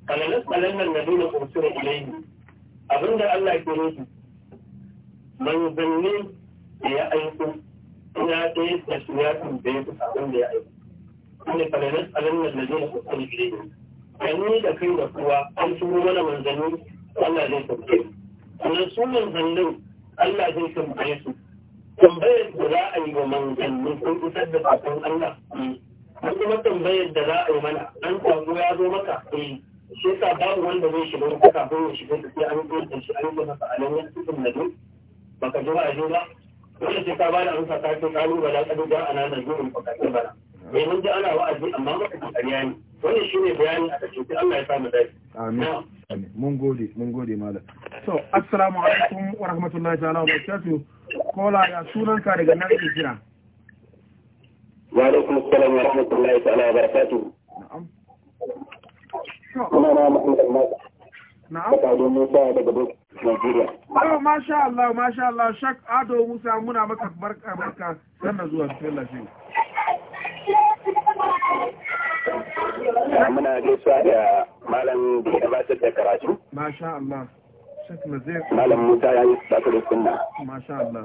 fala nas'alan alladhina da ilayhi abinda Allah ke kire su manzanni da ya aiko ina ɗaya da su ya tambaye su abin da ya aiko ne fala nas alladhina ursula ilayhi kanni da da kai da kuwa an turo mana manzanni Allah zai tambaye su sunan manzannin Allah zai tambaye su tambayar da za a yi wa manzanni ko isar da sakon Allah ko kuma tambayar da za a yi mana an sako ya zo maka eh shi yasa babu wanda zai shiga wata kafin ya shiga sai an zo da shi an yi masa alamun cikin nadu baka ji wa'azi ba wanda ce ka ba da amsa ta ce kalu bala kadu da ana da gurin fakatun bala mai eh, mun ji ana wa'azi amma maka ƙarya ne wannan shine bayani a kace Allah ya samu dace amin mun gode mun gode malam so assalamu alaikum wa rahmatullahi ta'ala wa barakatuh kola ya sunan ka daga nan kira wa alaikum assalam wa rahmatullahi ta'ala wa barakatuh na'am Ana na Muhammad Na'am. Ka don Musa daga Nigeria. Oh masha Allah masha Allah shak Ado Musa muna maka barka barka sannan zuwa cikin lafiya. muna gaisuwa da malam da ya gabatar da karatu masha Allah malam Musa ya yi tafi da sunna masha Allah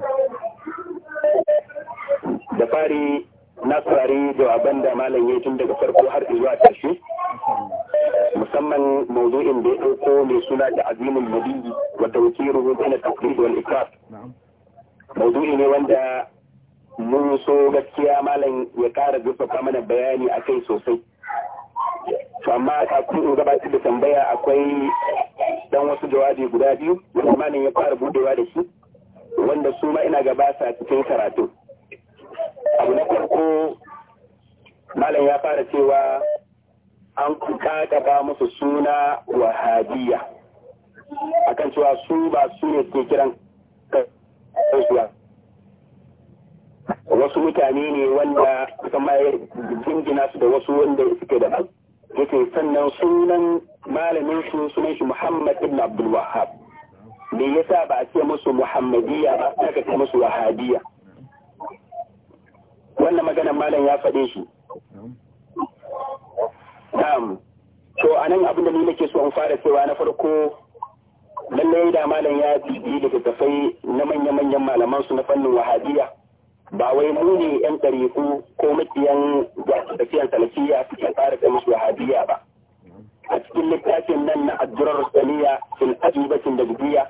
da fari na saurari jawaban da malam ya tun daga farko har zuwa ƙarshe musamman mawdu'in da ya ɗauko mai suna da azimin nabi wa tawkiruhu bayna taqlid wal ikraf mawdu'i ne wanda mun so gaskiya malam ya ƙara zurfafa mana bayani a kai sosai To amma a kun gabatar da tambaya akwai dan wasu jawabi guda biyu wanda malam ya fara budewa da shi wanda su ma ina gaba sa cikin karatu abu na farko malam ya fara cewa an gaba musu suna wahabiya akan cewa su ba su ne ke kiran kansu wasu mutane ne wanda kuma jingina su da wasu wanda suke da yake sannan sunan malamin shi sunan shi Muhammad ibn Abdul Wahhab me yasa ba a ce musu Muhammadiyya ba a ce musu Wahabiyya wannan maganar malam ya faɗe shi na'am to anan abin da ni nake so in fara cewa na farko lallai da malam ya bibi daga tafai na manya-manyan malaman su na fannin Wahabiyya ba wai mu ne yan ɗariku ko makiyan tafiyar salafiya suke fara da musu wahabiya ba a cikin littafin nan na addurar rusaniya fil ajibatin da bibiya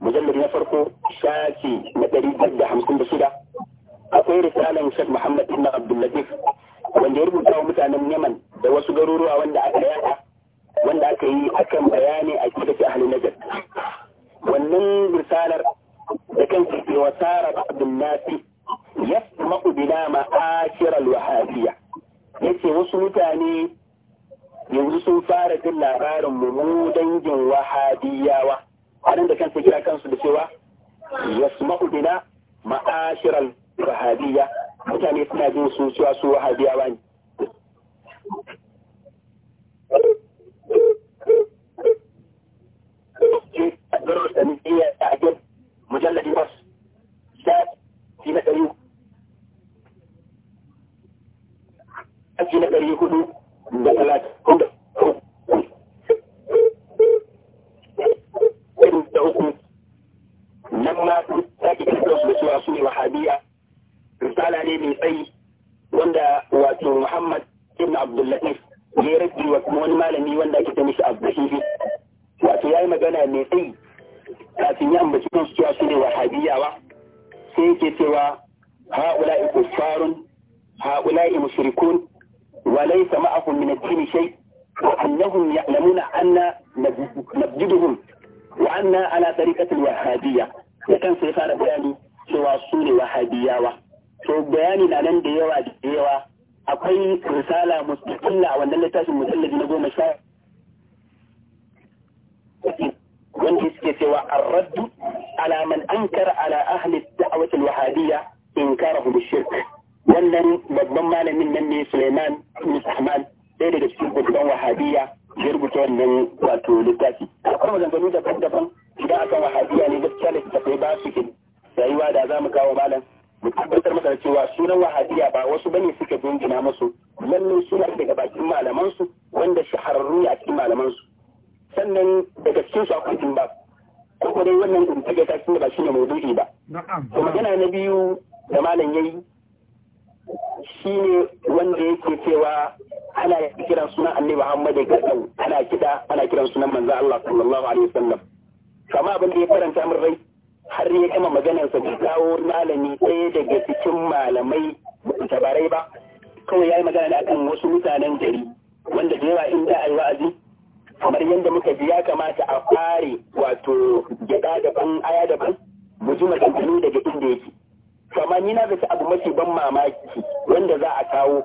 mujallar na farko shafi na ɗari da hamsin da shida akwai risalan shek muhammad ibn abdullatif wanda ya rubuta wa mutanen yaman da wasu garuruwa wanda aka yada wanda aka yi akan bayani a cikin da ahalin najar wannan risalar da kan ke wasara abdullatif asma'u bina ma'ashir al yace wasu mutane yanzu sun fara jin labarin mu mu dangin wahabiyawa hadan da kansu kira kansu da cewa yasma'u bina ma'ashir al mutane suna jin su cewa su wahabiyawa ne مجلد بس في مثل aji na ɗari hudu da talatin da da uku nan ma ta ke kansu da cewa su ne wahabiya risala ne mai tsayi wanda wato muhammad ibn abdullatif ya yi rabbi wa kuma wani malami wanda ake tamishi abdullatif wato ya yi magana mai tsayi kafin ya ambaci kansu cewa su ne wahabiyawa sai yake cewa ha'ula'i kuffarun ha'ula'i mushrikun وليس معهم من الدين شيء وأنهم يعلمون أن نبجدهم وأن على طريقة الوهابية yakan sai fara bayani cewa su ne wahabiyawa to bayani na nan da yawa da yawa akwai risala mustaqilla a wannan littafin mujallabi na goma sha wanda suke cewa ar-raddu ala man ankara ala ahli ad-da'wah al-wahabiyya inkarahum bi shirk wannan babban malamin nan ne Suleiman Ibn Ahmad ɗaya daga cikin kutuban wahabiya ya rubuta wannan wato littafi akwai maganganu daban-daban idan akan wahabiya ne gaskiya da tafai ba su kin rayuwa da za mu kawo malam mu tabbatar masa da cewa sunan wahabiya ba wasu bane suka dingina musu lallai suna daga bakin malaman su wanda shahararru ne a cikin malaman su sannan daga cikin su akwai ba ko dai wannan din ta ta cikin ba shine maudu'i ba to magana na biyu da malam yayi shi ne wanda yake cewa ana kiran sunan annabi Muhammad gadan ana kida ana kiran sunan manzo Allah sallallahu alaihi wasallam kama abin da ya karanta min rai har ya kama maganar sa dawo malami ɗaya daga cikin malamai tabarai ba kawai yayi magana ne akan wasu mutanen gari wanda da yawa in da ayi wa'azi kamar yadda muka ji ya kamata a fare wato gida daban aya daban mu ji maganganu daga inda yake kama ni na zaci abu mafi ban mamaki wanda za a kawo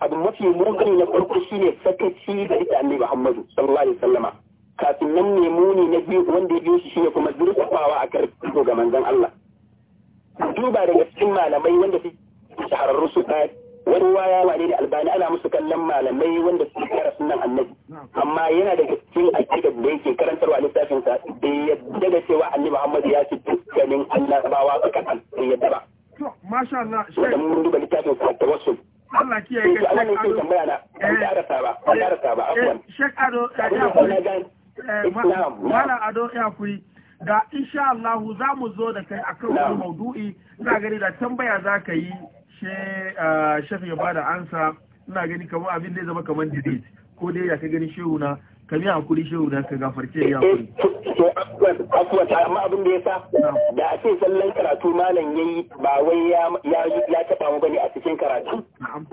abu mafi mugani na farko shine sakaci da ita annabi Muhammadu sallallahu alaihi wasallama kafin nan ne muni na biyu wanda ya biyo shi shine kuma zurfafawa a karfi ga manzon Allah duba daga cikin malamai wanda su shahararru su kai wani waya wane da albani ana musu kallon malamai wanda su kara sunan annabi amma yana daga cikin aƙida da yake karantarwa a sa da yadda da cewa annabi Muhammadu ya ci dukkanin annabawa kan yadda ba To, masha Allah. Wanda mun duba littafin tawassul. Allah kiyaye ka Sheikh Ado. tambaya na, ban karasa ba, ban karasa eh, ba, eh, afwan. Sheikh Ado ya kuri. Eh, Mala Ado ya kuri. Da insha Allah za mu zo da kai akan wani maudu'i, ina gani da tambaya za ka yi Sheikh ya bada ansa, ina gani kamar abin da zama kamar debate. Ko dai ya ka gani shehu na ka biya hakuri shehu da ka gafarce ya eh, hakuri to akwai ta amma abin da ya sa da a sallan karatu malam yi ba wai ya taɓa taba mu bane a cikin karatu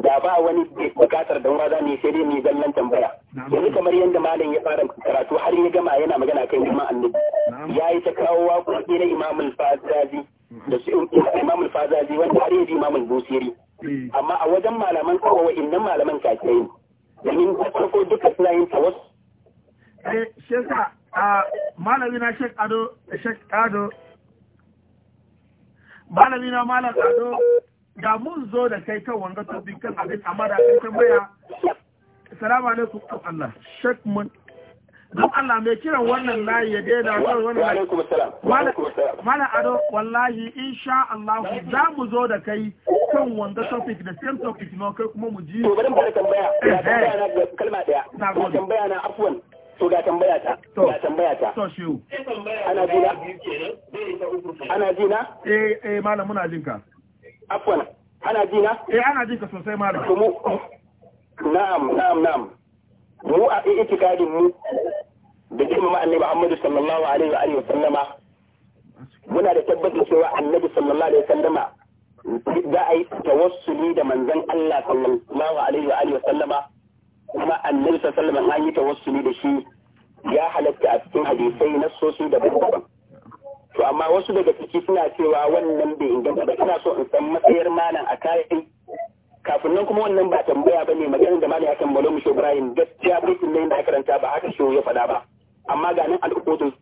da ba wani bukatar da wa zamu sai dai mu zallan tambaya yanzu kamar yadda malam ya fara karatu har ya gama yana magana kan imam ya yi ta kawo waƙoƙi na imamul fazazi da su imamul fazazi wanda har yanzu imamul busiri eh. amma a wajen malaman kawai wa'annan malaman kakiyayi domin farko duka suna yin tawassu eh a malami na shek ado shek ado malami malam ado da mun zo da kai kan wanga tobi kan abin amma da kai tambaya assalamu alaikum to Allah shek mun don Allah mai kiran wannan layi ya daina zuwa wani Malam ado wallahi insha Allah za mu zo da kai kan wanda topic da same topic na kai kuma mu ji to bari mu fara tambaya eh, eh. tambaya na kalma daya tambaya na afwan to ga tambaya ta ga tambaya ta to shi ana jina ana jina eh eh malam muna jin ka afwan ana jina eh ana jin ka sosai malam to mu na'am na'am na'am mu a itikadin mu da girmama annabi Muhammad sallallahu alaihi wa alihi wa sallama muna da tabbatar cewa annabi sallallahu alaihi wa sallama za a yi tawassuli da manzon Allah sallallahu alaihi wa alihi wa sallama kuma annabi sallallahu alaihi wasallam an yi tawassuli da shi ya halatta a cikin hadisai na sosu da daban to amma wasu daga ciki suna cewa wannan bai inganta ba ina so in san matsayar malam a kai kafin nan kuma wannan ba tambaya bane maganar da malam ya kan mu shi Ibrahim gaskiya baitin nan da karanta ba haka shi ya faɗa ba amma ga nan alƙutun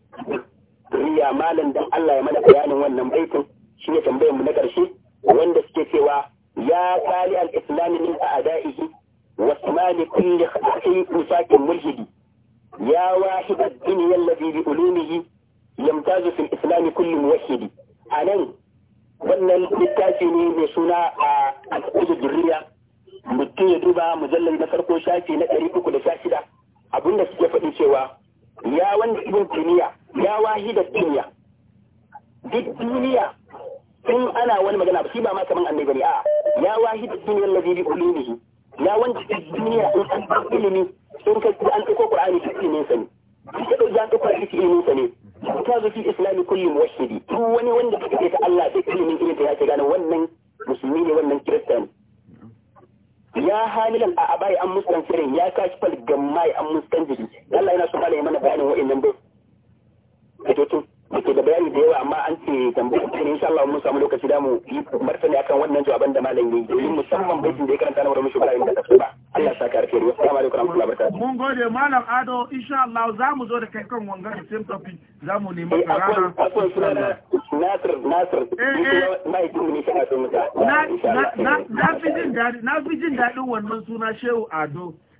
riya malam dan Allah ya mana bayanin wannan baitin shine tambayar mu na karshe wanda suke cewa ya kali al-islam min a'da'ihi وشمال كل أخي مساك ملحد يا واحد الدنيا الذي بعلومه يمتاز في الإسلام كل موحد أنا wannan littafi ne mai suna a al'udu durriya mutum ya duba mujallar na farko shafi na ɗari uku da sha shida da suke faɗi cewa ya wanda ibn duniya ya wahi da duniya duk duniya in ana wani magana shi ba ma kaman annabi bane a ya wahi da duniyar ladhi bi ulumihi ya wanda ke duniya in an ɗauki ilimi sun ka an ɗauko ƙur'ani ta ilimin sa ne in ke ɗauki an ɗauko hadisi ilimin sa ne ta zo fi islami kullum washidi duk wani wanda ka ta Allah da ilimin ilimin ta ya ce gane wannan musulmi ne wannan kirista ne ya hamilan a abai an muskan firin ya kashi fal gammai an muskan jiri Allah yana so malami mana bayanin wa'annan bai a tutun Wato da bayani da yawa amma an ce tambayar ta ne insha Allah mun samu lokaci da mu yi martani akan wannan jawaban da malam yayi domin musamman baitin da ya karanta na murmushi Ibrahim da tsaba. Allah ya saka alheri assalamu alaikum warahmatullahi wabarakatuh mun gode malam Ado insha Allah za mu zo da kai kan wanga da same topic za mu nemi karara eh, akwai sunana Nasir Nasir eh, eh. mai din ne kana so mu na na na fi jin dadi na fi jin dadin wannan suna Shehu Ado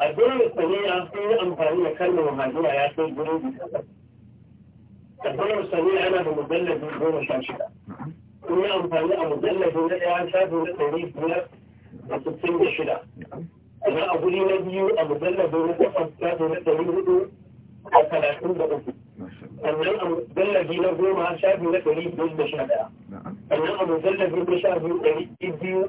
a dole sani'a sun yi amfani da kalmar mahajura ya kai guri biyu a dole sani'a yana da mujallabi goma sha shida sun yi amfani a mujallabi na ɗaya shafi na ɗari biyar da sittin da shida sannan a guri na biyu a mujallabi na takwas shafi na ɗari hudu a talatin da uku sannan a mujallabi na goma shafi na ɗari biyar da sha ɗaya sannan a mujallabi na sha biyu ɗari biyu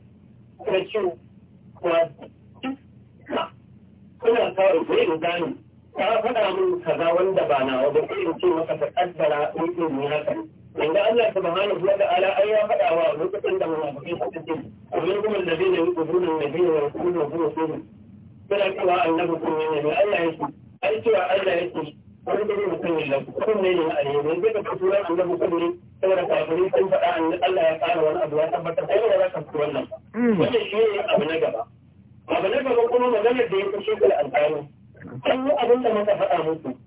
kuna kawo kai da gani ta faɗa min kaza wanda ba na wajen irin ce maka ta kaddara ɗin ne haka yanzu Allah subhanahu wa ta'ala ai ya faɗa wa lokacin da munafikai suka ce kullum kuma da zai yi da zai yi kudun kuma sai suna cewa annabi kun ne Allah yake ai cewa Allah ce. wani da zai mutum ne lafi kudin ne ne a yanzu zai ka fito an da mutum ne saboda kafirin sun faɗa an Allah ya tsara wani abu ya tabbatar ai ba za ka fito wannan hmm. wannan shi ne abu na gaba abu na gaba kuma maganar da ya fi shi kula alƙalu an yi abin da muka faɗa muku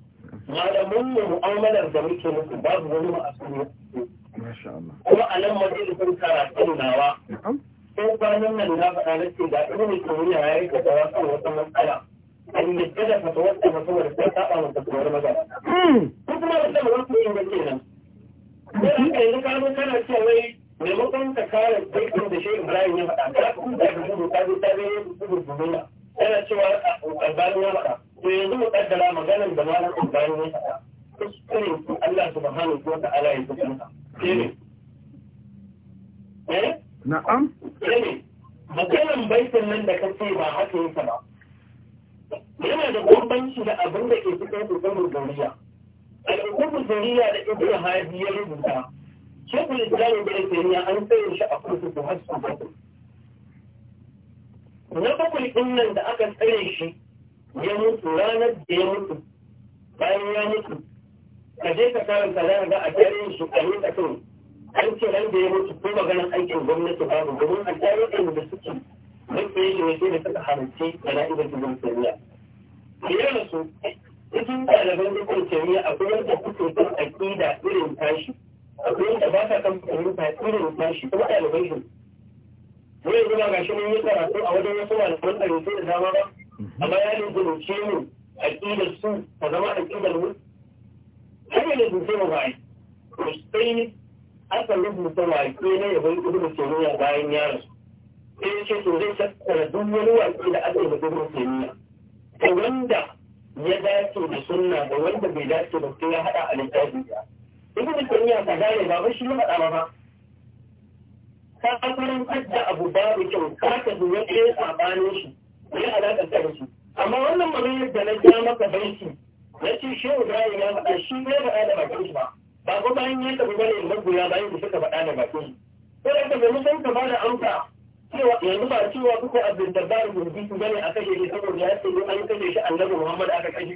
malamin mu mu'amalar da muke muku babu wani ma'asuri kuma a nan sun karatun nawa ko kwanan nan na faɗa na ce ga ilimin kimiyya ya yi ka tsawon kan wata matsala المجددة فتوسط مصور السلطة أو التصور مجال kuma da sama wani kuɗin gaske nan sai haka yanzu ka zo kana cewa wai maimakon ka kare baikin da shi ibrahim ya faɗa ka kuma da gudu ka zo ta zo gudu guduna yana cewa albani ya faɗa to yanzu mu kaddara maganar da malam albani ya faɗa kuskure ku Allah subhanahu wa ta'ala ya kuskura eh na'am eh maganar baitin nan da kace ba haka yake ba yana da bambanci da abin da ke cikin hukumar duniya al'ummar duniya da ibn hadi ya rubuta shekul islamin da ya an tsaye shi a kurkuku har su bakwai na bakwai din da aka tsare shi ya mutu ranar da ya mutu bayan ya mutu ka je ka karanta za ga a tarihin shi a yi an ce ran da ya mutu ko maganar aikin gwamnati babu domin a tarihin da suke duk da yake mai sai da suka halarci da na'izar ibn tsariya. biyar da su cikin ɗaliban ibn tsariya akwai wanda kuke kan aƙida irin tashi akwai wanda ba sa kan fahimta irin tashi kuma ɗaliban shi mu yanzu ba gashi mun yi karatu a wajen wasu malaman ɗalibai da dama ba amma ya ne gudunce mu aƙidar su ta zama aƙidar mu har yanzu sun sai mu bayi sai aka wa ke na yabon ibn taymiya bayan ya rasu sai ce to zai tattara duk wani waƙi da aka yi da gudun kimiyya to wanda ya dace da sunna da wanda bai dace da sai ya haɗa a littafi ya da kimiyya ka gane ba wai shi ya haɗa ba ka kafarin kadda abu babu kyau kaka ka duwa ɗaya saɓanin shi ya alaƙa ta da shi amma wannan maganar da na ja maka banki na ce shehu da ya faɗa shi ne faɗa da bakin shi ba ba ko bayan ya tafi bane magoya bayan da suka faɗa da bakin shi sai da ka zama sai ka ba da amsa cewa yanzu ba cewa kuka abin da ba rubutu ku gane a kashe ne saboda ya ce an kashe shi annabi Muhammad aka kashe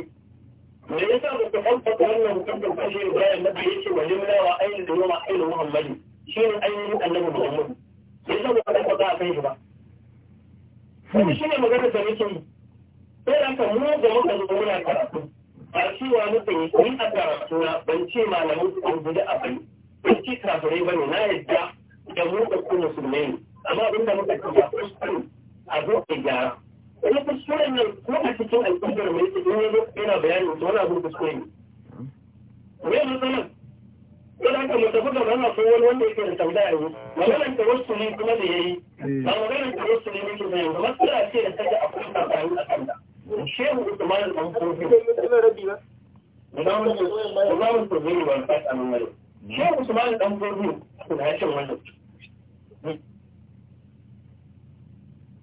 me yasa ba ku tabbata wannan hukuncin kashe Ibrahim da ya ce wa limla wa ainihin da yawa ainihin Muhammad shi ne ainihin annabi Muhammad me yasa ba ku tabbata a kai shi ba kuma shi ne magana da nake yi sai da mu da muka zo muna karatu ba cewa muka yi ni a karatu na ban ce malamin su an gudu a bai ban ce kafirai ba ne na yadda da mu da kuma musulmai ne amma abin da muka ci a zo a gyara wani kuskure nan ko a cikin al'ummar mai cikin wani yana bayani to wani abin kuskure ne wai matsalar yana ka mu tafi ba na wani wanda yake da tambaya ne maganar tawassuli kuma da yayi eh. ba maganar tawassuli ne ke da yanzu matsala ce da take akwai tsakanin a kanta shehu usman al da Imamun Tuzuri wani fasa nan wani. Shehu Usman dan Borno na yashin wannan.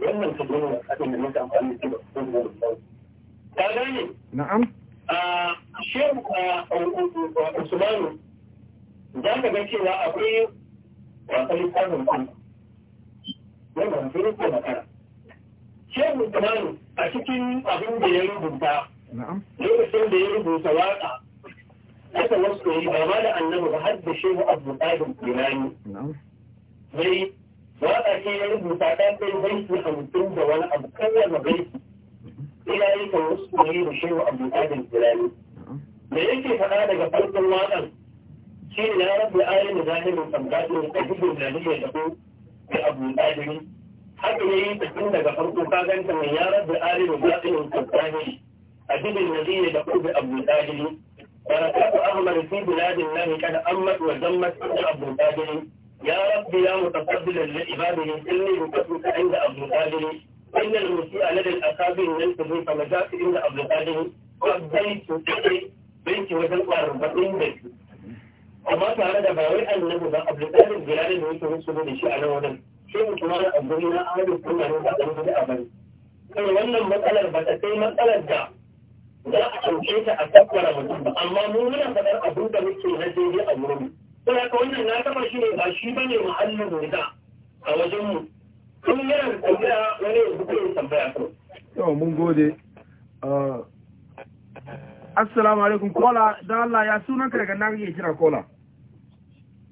wannan amfani da na'am a shehu za ka ga cewa akwai makara shehu a cikin abin da ya rubuta lokacin da ya rubuta waka aka wasu ba ma da annaba ba har da shehu abdul qadir jilani waka shi ya rubuta ta kai baiti hamsin da wani abu kowane baiti ina yi kan wasu kuri da shehu abu adin jirani da yake faɗa daga farkon waƙar shi ne ya rabu ayin da zahirin tsambatin da gudun da nake da ko da abu adin haka ya yi tsakin daga farko ka ganta mai ya rabu ayin da zahirin tsambatin a gudun da nake da ko da abu adin barakatu ahmar fi biladin lahi kada ammat wa zammat da abu adin يا رب يا متقبلا لعباده إني مكبرك عند أبو قادر إن المسيء لدى الأكابر ينتهي فما عند أبو قادر وأبديت بنتي وزن أربعين بيت amma tare da bawai annabi ba abu tsarin birane da yake musu da shi a nan wajen shi mu kuma da abu na ahadu kuma ne ba dan da abari kai wannan matsalar ba ta kai matsalar da za a ɗauke ta a tabbara mutum ba amma mu muna faɗar abin da muke na daidai a wurin Sai ka wannan na taba shi ne ba shi ba ne muhallin rota a wajenmu. Kun yana da tambaya wani yanzu kuma tambaya ko. Yau mun gode. Ah, assalamu alaikum kola da Allah ya sunan ka daga nan yake kira kola.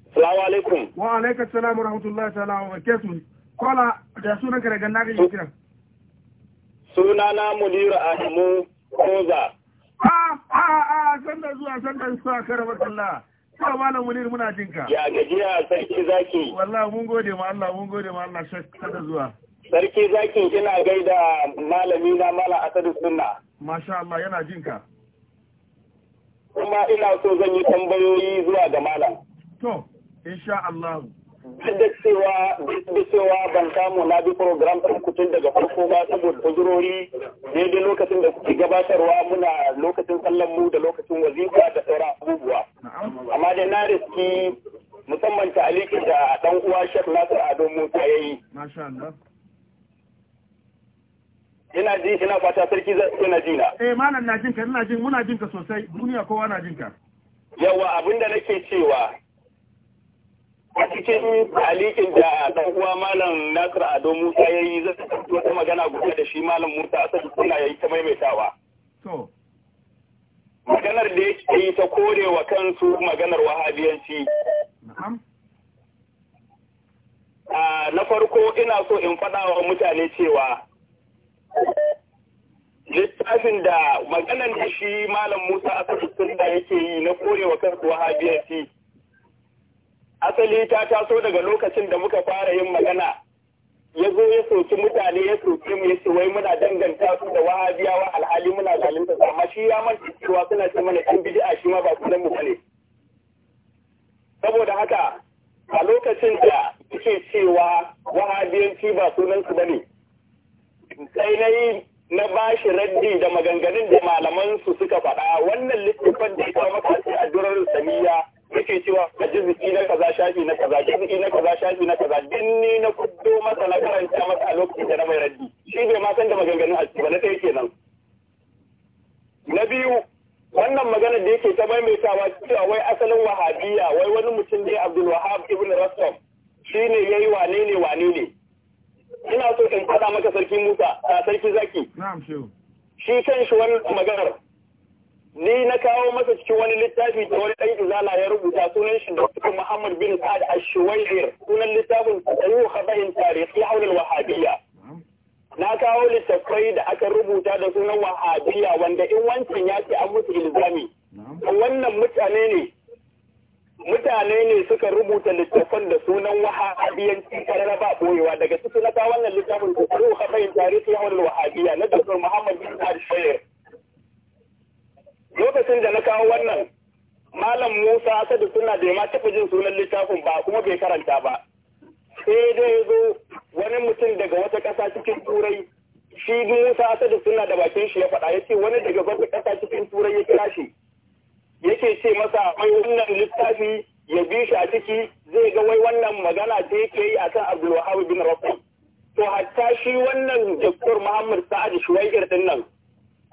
Assalamu alaikum. Wa alaikum assalam wa rahmatullahi ta'ala wa barakatuh. Kola da sunan ka daga nan yake kira. Sunana Munir Adamu Koza. Ah ah ah sanda zuwa sanda zuwa karamar Allah. Ba malam Munir muna jin ka. Ya gajiya sarki zaki. Wallahi mun gode ma Allah mun gode ma Allah ta da zuwa. Sarki zaki kina gaida malami na Malam Asadu Sunna. Masha Allah yana jin ka. Kuma ina so zan yi tambayoyi zuwa ga malam. To, insha Allah. duk cewa duk cewa ban samu na bi program ɗin kucin tun daga farko ba saboda uzurori daidai lokacin da kuke gabatarwa muna lokacin sallan mu da lokacin wazifa da sauran abubuwa amma dai na riski musamman ta alikin da dan uwa Sheikh Nasir Ado Musa yayi masha ina ji ina fata sarki ina ji na eh malam na jinka ina jin muna jinka sosai duniya kowa na jinka yawa abinda nake cewa a cikin alikin da ɗan uwa malam nasir ado musa ya yi zai wata magana guda da shi malam musa asali suna ya yi ta maimaitawa maganar da ya yi ta kore wa kansu maganar wahabiyanci na farko ina so in faɗa wa mutane cewa littafin da maganar da shi malam musa asali suna yake yi na kore wa kansu wahabiyanci asali ta taso daga lokacin da muka fara yin magana ya zo ya soki mutane ya soki mu ya ce wai muna danganta su da wahabiyawa alhali muna zalunta su amma shi ya manta cewa suna ce mana ɗan bid'a shi ma ba sunan mu bane saboda haka a lokacin da suke cewa wahabiyanci ba sunan su bane sai na yi na ba shi raddi da maganganun da malaman su suka faɗa wannan littafin da ya kawo maka a durar samiya yake cewa a jiziki na kaza shafi na kaza jiziki na kaza shafi na kaza din ni na kuddo masa na karanta masa a lokacin da na mai raddi shi bai ma san da maganganun alci ba na ɗaya kenan na biyu wannan maganar da yake ta maimaitawa cewa wai asalin wahabiya wai wani mutum ne abdul wahab ibn rastam shi ne ya yi wane ne wane ne ina so in faɗa maka sarki musa sarki zaki shi kan shi wannan maganar ni na kawo masa cikin wani littafi da wani ɗan izala ya rubuta sunan shi da Muhammad bin Sa'ad Ash-Shuwayr sunan littafin Tsayu Khabain Tarihi Haulul Wahabiyya na kawo littattafai da aka rubuta da sunan wahabiyya wanda in wancan ya ce an musu ilzami wannan mutane ne mutane ne suka rubuta littafin da sunan wahabiyanci karara ba boyewa daga cikin na kawo wannan littafin Tsayu Khabain Tarihi Haulul Wahabiyya na Dr. Muhammad bin Sa'ad Ash-Shuwayr lokacin da na kawo wannan malam musa asadu suna da ma taɓa jin sunan littafin ba kuma bai karanta ba sai dai zo wani mutum daga wata ƙasa cikin turai shi musa asadu suna da bakin shi ya faɗa ya ce wani daga wata ƙasa cikin turai ya kira shi yake ce masa mai wannan littafi ya bi shi a ciki zai ga wai wannan magana da yake yi akan abdulwahab bin rafi to hatta shi wannan jakkur muhammad sa'ad shuwaigir din nan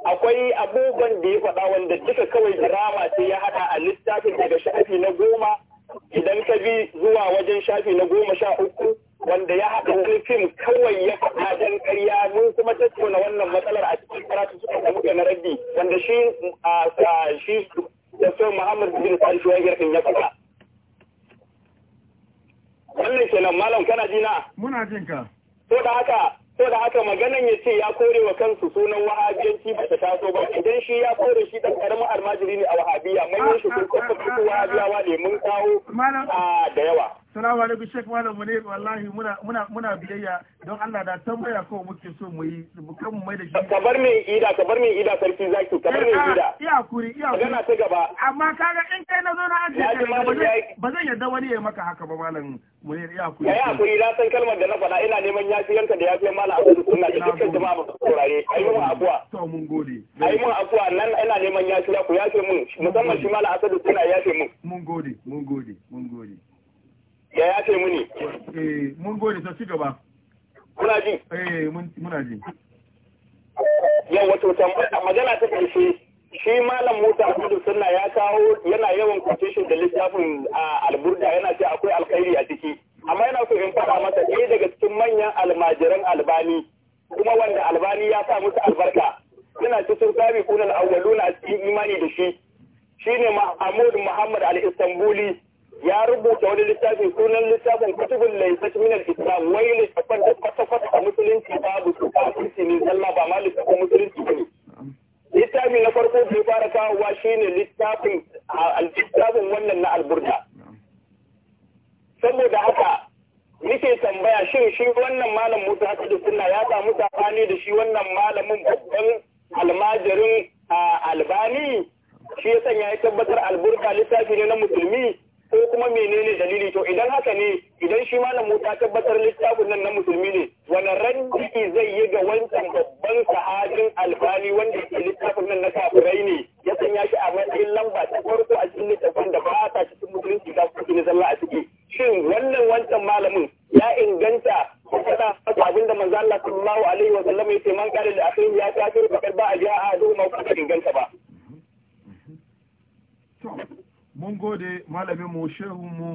akwai abubuwan da ya faɗa wanda duka kawai drama ce ya haɗa a littafin daga shafi na goma idan ka bi zuwa wajen shafi na goma sha uku wanda ya haɗa wani fim kawai ya faɗa don karya mun kuma tattauna wannan matsalar a cikin karatu suka samu da na rabbi wanda shi shi da so muhammad bin salisu ya girkin ya faɗa wannan kenan malam kana jina muna jinka to da haka sai da haka maganan ya ce ya kore wa kansu sunan wahabiyanci ba ta taso ba idan shi ya kore shi dan karamin almajiri ne a wahabiya manyan shi kuma kuma wahabiyawa ne mun kawo da yawa salamu alaikum shek malam munir wallahi muna muna biyayya don Allah da tambaya ko muke so mu yi kan mai da shi ka bar min ida ka bar min ida sarki zaki ka bar min eh, ida ah, iya kuri iya kuri magana ta gaba amma kaga in kai na zo na aje kai ba zan yadda wani ya maka haka ba malam munir iya kuri iya kuri na san kalmar da na faɗa ina neman yafiyanka da yafiyan malam abu Sunna da dukkan jama'a ba saurare ayi mun abuwa to mun gode ayi mun abuwa nan ina neman yafiya ku yafe mun musamman shi malam Abdul Sunna yafe mun mun gode mun gode mun gode ya ya kai muni eh mun gode ta ci gaba kuna ji eh muna ji yau wato tambaya magana ta karshe shi malam mota kudu sunna ya kawo yana yawan quotation da littafin alburda yana ce akwai alkhairi a ciki amma yana so in faɗa masa ɗaya daga cikin manyan almajiran albani kuma wanda albani ya sa musu albarka suna cikin sabi kunan awwaluna a cikin imani da shi shine mahmud muhammad al-istanbuli ya rubuta wani littafin sunan littafin kutubun laifat min al-islam wai littafin da kwata-kwata a musulunci babu su kafirci ne zalla ba ma littafin musulunci ne Littafin na farko da ya fara kawowa shine littafin littafin wannan na alburda saboda haka nike tambaya shin shi wannan malam musa haka da suna ya samu sabani da shi wannan malamin babban almajirin albani shi ya sanya ya tabbatar alburka littafi ne na musulmi ko kuma menene dalili to idan haka ne idan shi malam Musa tabbatar littafin nan na musulmi ne wani ranji zai yi ga wancan babban sahabin albani wanda ke littafin nan na kafirai ne ya sanya shi a matsayin lamba ta farko a cikin littafin da ba ta cikin musulunci ta ne zalla a ciki shin wannan wancan malamin ya inganta ko kada abin da manzo Allah sallallahu alaihi wa sallam ya ce man kare da akhirin ya kafir fa ba a ja'a a ma ko inganta ba mun gode malamin mu shehu mu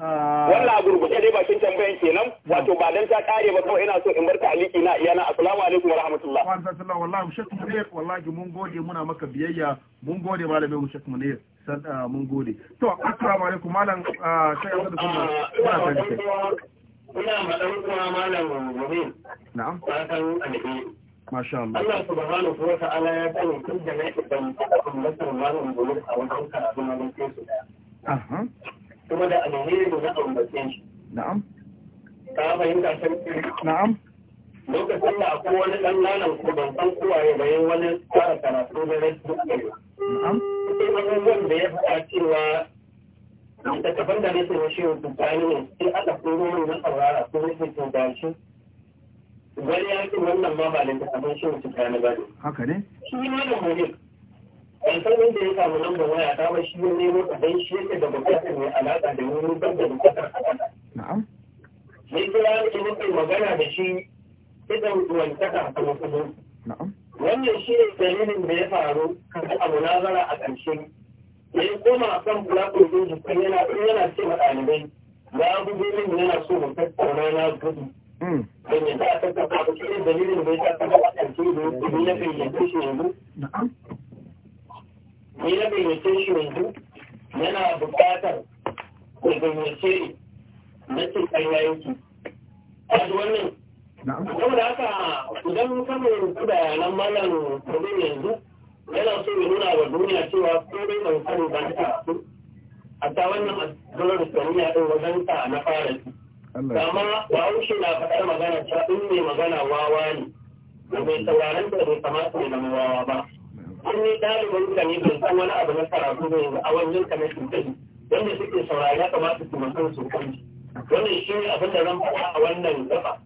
wannan a gurguje dai bakin tambayan kenan wato ba dan ta kare ba kawai ina so in barka aliki na iyana assalamu alaikum warahmatullahi rahmatullah wa rahmatullah wallahi mu shehu ne wallahi mun gode muna maka biyayya mun gode malamin mu shehu ne san mun gode to assalamu alaikum malam sai an da kuma kuna tare ina ma dan kuma malam Muhammad na'am fatan alheri Masha Allah. Allah subhanahu wa ta'ala ya sani tun da na ban taɓa malam Muhammad a wannan karatu na kuma da alheri na ambace shi na'am ka fahimta sarki na'am lokacin da akwai wani ɗan lalan ko ban san kowaye ba yin wani tsara karatu na rai duk da yau sai abubuwan da ya faɗa cewa da kafan da nake da shi wasu tsani ne sai aka koro min na saurara ko nake to da shi wani ya ce wannan ma ba da kafan shi wasu tsani ba ne haka ne shi ne da mu ban san da ya samu lambar waya ta ba shi ne nemo ta dan shi yake da bukatar mai alaƙa da wani ban da bukatar alaƙa. Na'am. Sai kira ne muke magana da shi idan ruwantaka ta musulun. Na'am. Wannan shi ne dalilin da ya faru kan abu nazara a ƙarshe. Ya yi koma kan bulakun din jikin yana yana ce wa ɗalibai. Ya bugu min yana so mu tattauna na gudu. Mm. Ban yadda a tattauna ba shi dalilin da ya sa ta a ƙarshe da ya fi na fayyace shi yanzu. Na'am. ni na gayyace shi yanzu yana buƙatar ku gayyace ni na ce ƙarya yake kaji wannan da haka idan kama yanzu da nan malam kudin yanzu yana so ya nuna wa duniya cewa komai ban sani ban ta su a ta wannan asalar saniya ɗin wajen ta na fara su amma ba haushe na faɗar magana cewa in mai magana wawa ne Ba mai sauraron da bai kamata ya zama wawa ba An ni ɗalibin ka don san wani abu na karatu ne a wajen ka na shugabi wanda suke saurari ya kamata su mutum su kanci wannan shi ne abin da zan faɗa a wannan gaba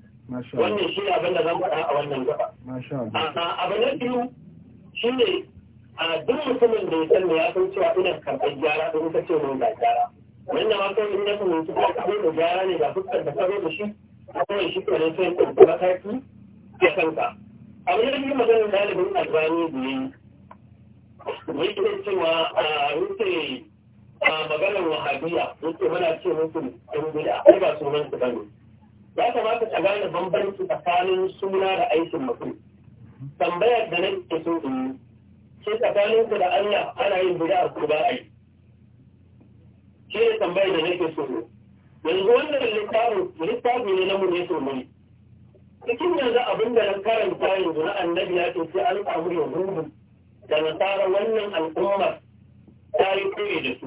wannan shi ne abin da zan faɗa a wannan gaba abu na biyu shi ne a duk mutumin da ya san ya san cewa ina karɓar gyara in ka ce mun ga gyara wanda ma kai in ya fahimci ko ka da gyara ne ga fuskar da ka da shi kawai shi kenan sai ka mataki ya kanka abu na biyu maganar ɗalibin albani da ya yi muke cewa a rufe a maganar wahabiya yake muna ce musu ɗan gida ai ba sunan su bane ya kamata ta gane bambanci tsakanin suna da aikin mutum tambayar da ke so in yi shi tsakanin da Allah ana yin bid'a a ba ai shi ne tambayar da nake so yanzu wannan littafin littafi ne na mu ne so ne cikin yanzu abin da na karanta yanzu na annabi ya ce sai an samu yahudu da nasara wannan al'ummar ta yi kure da su.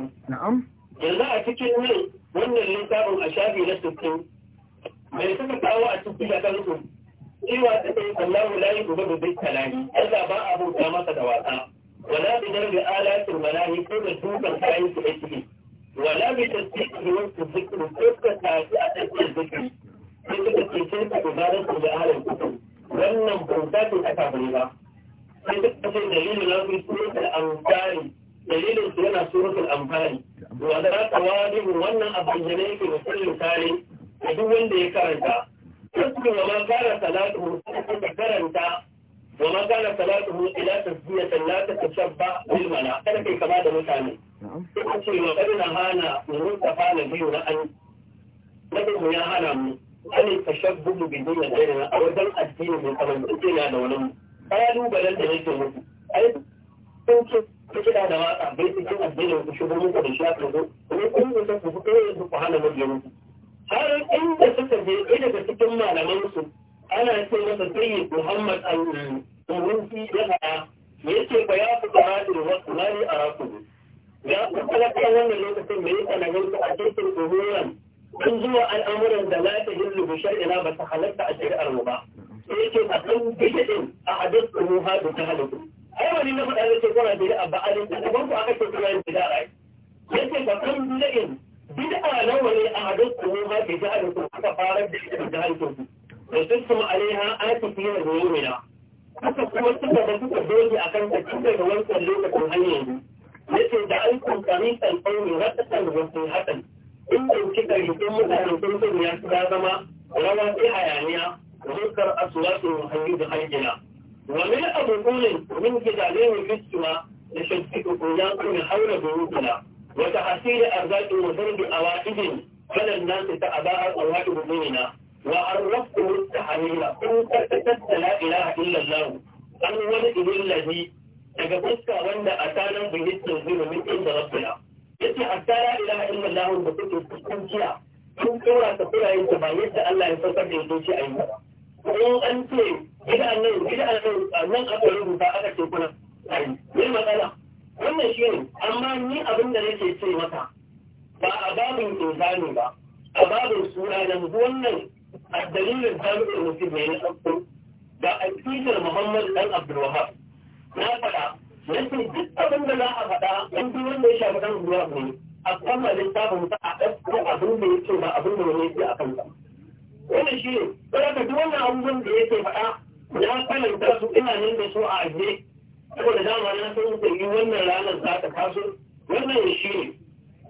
Yanzu a cikin nan wannan littafin a shafi na sittin mai suka kawo a cikin da kansu cewa ta kai Allahu la yuhibbu bi dhikri Allah ba a bauta masa da wasa wala bi darbi alatil malahi ko da dukan kayan su ake wala bi tasdiqi wa tadhikru ko ka tafi a cikin zikri sai suka ce sai ka ibadatu da ahlul kutub wannan bauta ce ta kafira sai duk kasan dalilin ya fi suratul amfani dalilin su yana suratul amfani wa da ka wajibu wannan abin da yake da kullum kare da duk wanda ya karanta yasbi wa ma kana salatuhu sai karanta wa ma kana salatuhu ila tasbiyatan la tashabba bil mana kada kai kama da mutane sai ce wa kana hana mun tafa na biyu na an nabi ya hana mu an tashabbu bi dinin ayyana a wajen addini mun kamar da wani ƙalubalen da yake mutu ai sun ce ta kira da waka bai su kin addinin ku shigo muku da shafi ku ne kun yi ku ku kai ku hana mu mutu har inda suka je ɗaya daga cikin malaman su ana ce masa sayyid muhammad al-murinsi ya haya faɗa yace ba ya fi tsara da wasu nani a rakudu ya ku talaka wannan lokacin da ya tsanagin ku a cikin tsohon in zuwa al'amuran da la ta hillu bishar ina ba ta halatta a shari'ar mu ba yake a kan bida ɗin a hadis da ruha da ta halittu ai wani na faɗa ce kuna bida a ba'alin da ban ku aka ce kuna yin bida ai yake ba ɗan bida din bida nawa ne a hadis da ruha da ta halittu aka fara da ita da halittu da su kuma alaiha aka fiye da ruwa haka kuma suka da suka doge a kan ta tun daga wancan lokacin hanyar yake da aikin an kunkami tsalfauni ratsatsan wasu hatsari in da kika rikin mutane sun sun ya zama rawa sai hayaniya ɗaukar asuwatu hanyu da hanjina. Wani abu gulin min gida ne mai fiskuma da shafi uku ya kuma haura da rukuna. Wata hasiri a zaɓi wa zarbi a wa'idin kalan nasu ta a ba'a a wa'i da Wa an rafu ta hanyina kun karfi tattala ila haɗin An wani ilin lazi daga fuska wanda a tanan bayyantar zuwa mutum da rafuna. Yace a tara ila lallahu da kuke kusurciya. Kun tsora ta kurayen ta ba yadda Allah ya saukar da ya zoce a yi in an ce gida nan gida nan a nan aka rubuta aka ce kuna ne matsala wannan shi ne amma ni abin da nake ce maka ba a babin kyauta ne ba a babin suna yanzu wannan a dalilin jami'ar mutum ne na ɗauko da a tijar muhammadu dan abdulwahab na faɗa na ce duk abin da za a faɗa in duk wanda ya shafi ɗan abdulwahab ne a kama littafin sa a ɗauko abin da ya ce ba abin da ne ya ce a kansa wannan shi ne saboda duk wannan abubuwan da yake faɗa ya kwalanta su ina nan da su a ajiye saboda dama na san da yi wannan ranar za ta taso wannan shi ne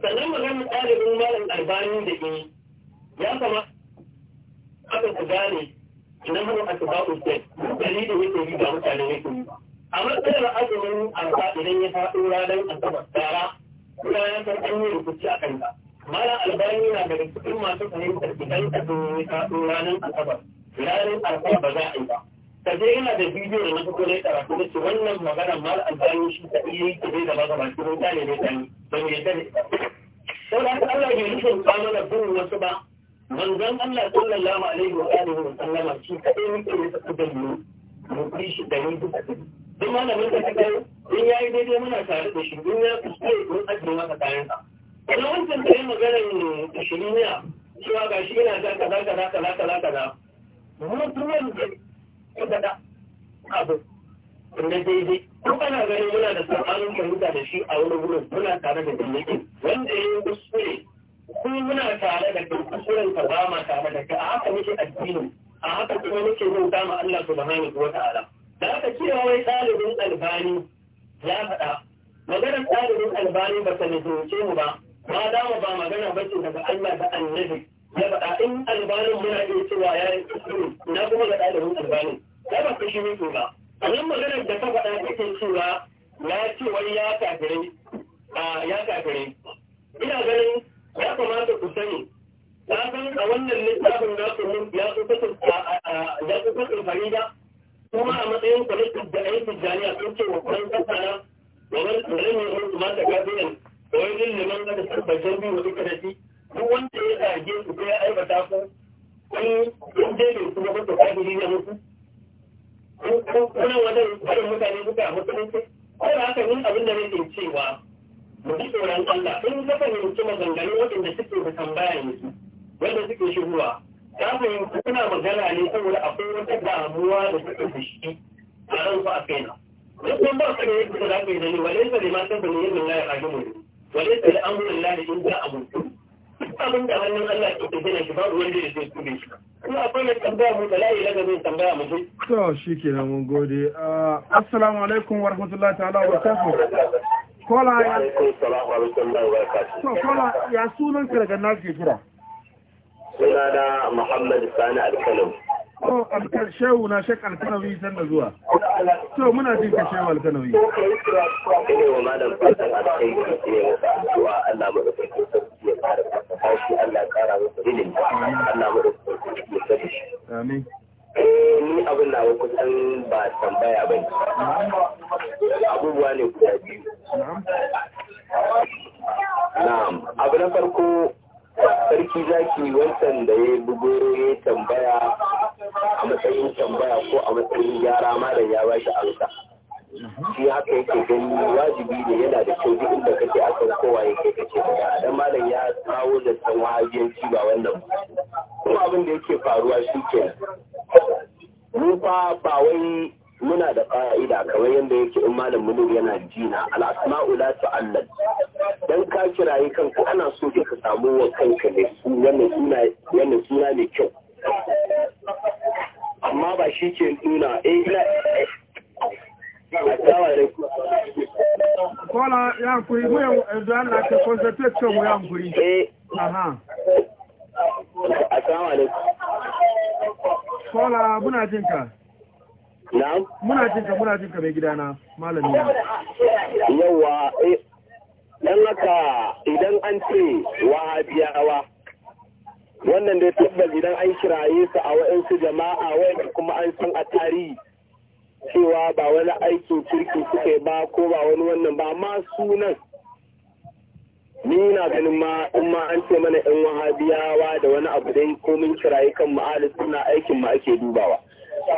sannan magana ɗalibin malam albani da ke ya kama aka ku gane na hau a tuba usai dalilin yake yi ga mutane yake yi a matsayin azumin a idan ya faɗo ranar asabar tara kuma ya san an yi rubuci a kanka mala albani na daga cikin masu fahimtar idan ka domin ka ranar asabar ranar alfa ba za a yi ba kaje yana da bidiyo da masu kone karatu da ce wannan magana mala albani shi ta iya yi ta zai da magabaci mutane ne ta yi don ya ta ne sau da haka Allah bai nufin kwana da burin wasu ba manzon Allah sallallahu alaihi wa alihi wa sallama shi kadai muke ne ta kudin mu mu bi shi da ni duka duk malamin da ta kai in yayi daidai muna tare da shi in ya kuskure mun ajiye maka kayan sa sannan wancan da ya maganar shirimiya cewa ga shi yana ta kaza kaza kaza kaza kaza mun tuwon da kaza abu inda daidai ko ana ganin muna da sabanin fahimta da shi a wani wurin muna tare da dalilin wanda ya yi kuskure ko muna tare da kai kuskuren ka ba ma tare da ka? a haka muke addini a haka kuma muke yin dama Allah subhanahu wa ta'ala da aka cewa wai ɗalibin albani ya faɗa maganar ɗalibin albani ba ta nufince mu ba ba da ba magana bace daga Allah da annabi ya faɗa in albanin muna iya cewa ya yi na kuma ga ɗalibin albanin ya ba kashi ne ba a nan maganar da ka faɗa ita cewa ya ce ya kafire. ya ina ganin ya kamata ku sani na san a wannan littafin na kullum ya su kasan farida kuma a matsayin kwalitin da aiki jami'a sun ce wa kwan kasana wa wani tsarin yin kuma da wai zai ne nan da tabbatar bi wa duka da shi duk wanda ya zage su ko ya aibata ku in dai ne kuma ba ta kafiri ne muku kuna wajen kwarin mutane suka a musulunci ko haka yin abin da nake cewa mu ji tsoron Allah in ka fahimci maganganu waɗanda suke da tambaya ne su wanda suke shigowa ka fahimci kuna magana ne saboda akwai wata damuwa da suke da shi a ranku a kaina. Duk wanda ba su da yadda za ka yi da ni, wale ka ne ma san da ne yadda na yi ƙage mu ne. وليس الأمر الله إن جاء منكم da wannan Allah ke da shi babu to shi mun gode ah, assalamu alaikum wa rahmatullahi ta'ala wa kola ya to kola ya sunan na ke kira sunana muhammad sani alkalam ko alkar shehu na shek alkanawi san da zuwa to muna jin ka shehu alkanawi ne wa malam fatan alkai ne masa addu'a Allah mu rufe ya Allah masa amin eh ni abin da kusan ba tambaya ba ne abubuwa ne guda biyu na'am abu na farko sarki zaki wancan da ya bugo ya tambaya a matsayin tambaya ko a matsayin gyara ma da ya bashi amsa shi haka yake gani wajibi ne yana da kyau duk inda kake a kan kowa yake kake da dan malam ya kawo da san wahabiyanci ba wannan kuma abin da yake faruwa shi ke mu fa ba wai muna da fa'ida kamar yadda yake in malam munir yana jina al'asma'u la ta'allal dan ka kiraye kanka ana so ka samu wa kanka ne wannan suna mai kyau amma ba shi ke nuna eh ina Kola ya kuri mu ya zuwa na ke concentrate kan mu ya kuri. Eh. Aha. Assalamu alaikum. Kola muna jinka. na'am muna jin ka muna jin ka mai gidana malami Yawwa eh, dan haka idan an ce wahabiyawa wannan dai tabbas idan an kiraye su a wa'insu jama'a wa'inda kuma an san a tarihi cewa ba wani aikin kirki suke ba ko ba wani wannan ba ma sunan ni na ganin ma in ma an ce mana yan wahabiyawa da wani abu dai ko mun kiraye kan mu suna aikin mu ake dubawa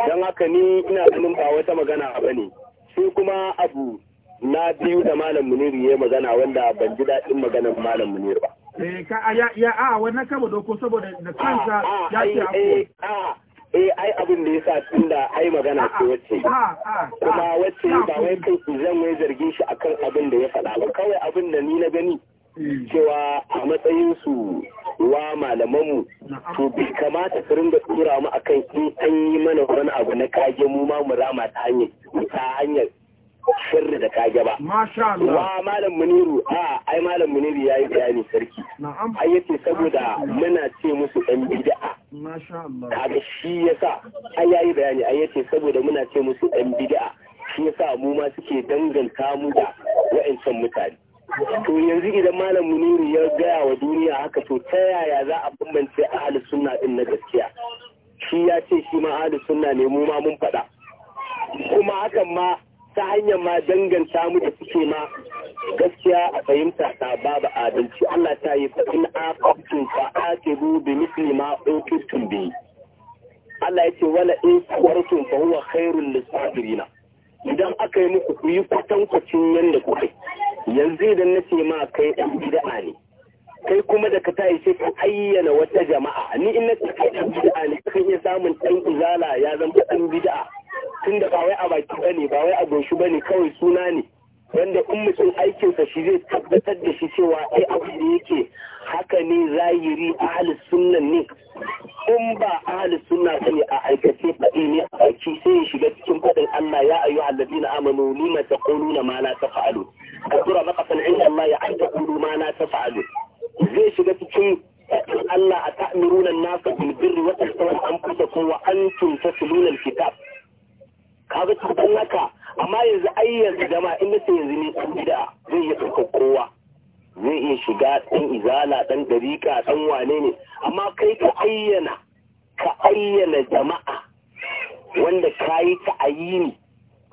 don haka ni ina ganin ba wata magana ba ne sai kuma abu na biyu da malam munir ya magana wanda ban ji daɗin maganar malam munir ba eh ka ya ya a wannan doko saboda da kansa ya ce eh, a eh ai abin da tun da ai magana ce wacce kuma wacce ba wai kai zan wai zargin shi akan abin da ya faɗa ba kawai abin da ni na gani eh. cewa a matsayin su wa malamanmu to bai kamata su rinda tura mu akan in an yi mana wani abu na kage mu ma mu rama ta hanyar ta hanyar sirri da kage ba. Masha Allah. Wa Malam Muniru, a ai Malam Muniru ya yi bayani sarki. Na'am. Ai yace saboda muna ce musu dan bid'a. Masha Allah. Kaga shi yasa ai yayi bayani ai yace saboda muna ce musu dan bid'a. Shi yasa mu ma suke danganta mu da wa'ancan mutane. to yanzu idan malam muniru ya gaya wa duniya haka to ta yaya za a bambance ahalus sunna din na gaskiya shi ya ce shi ma ahalus sunna ne mu ma mun faɗa kuma hakan ma ta hanyar ma danganta mu da suke ma gaskiya a fahimta ta babu adalci Allah ta yi fa in aqtum fa aqibu bi misli ma uqtum bi Allah ya ce wala in sabartum fa huwa khairul lisabirin idan aka yi muku ku yi kwatankwacin yanda kuka yi yanzu idan na ce ma kai ɗan bid'a ne kai kuma da ka tayi sai ka ayyana wata jama'a ni in na ce kai ɗan bid'a ne kan iya samun ɗan uzala ya zama ɗan bid'a tunda ba wai a baki bane ba wai a goshi bane kawai suna ne wanda in mutum aikinsa shi zai tabbatar da shi cewa ai abu da yake haka ne zahiri ahli sunnan ne in ba ahli sunna bane a aikace faɗi ne a baki sai ya shiga cikin faɗin Allah ya ayyuhal ladina amanu lima taquluna ma la taf'alun maka san inda Allah ya anta qulu ma ta taf'alu zai shiga cikin Allah a ta'miruna an-nasa bil birri wa tasawwa ko wa antum tatluna al-kitab kaga cutar naka amma yanzu ai yanzu jama'a in nace yanzu ne ɗan zai yi ɗaukar kowa zai iya shiga ɗan izala ɗan dariƙa dan wane ne amma kai ka ayyana ka ayyana jama'a wanda ka yi ta ayini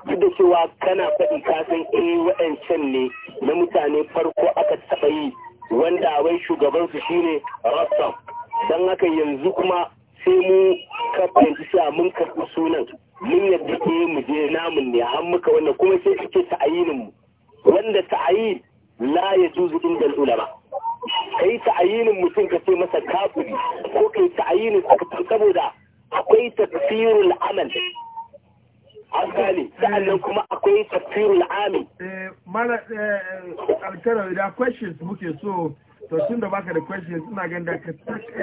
duk da cewa kana faɗi kasan eh waɗancan ne na mutane farko aka taɓa yi wanda wai shugabansu shine Rostam don haka yanzu kuma sai mu ka fahimci cewa mun karɓi sunan mun yadda ke eh, mu je namun ne har muka wannan kuma sai suke ta'ayinin mu wanda ta'ayin la ya juzu inda ulama kai ta'ayinin mutum ka ce masa kafuri ko kai ta'ayinin saboda akwai tafsirul amal an gane sa'annan kuma akwai tafsirul amin eh, mara eh, eh, alkara da questions muke so to tun da baka da questions ina gan da ka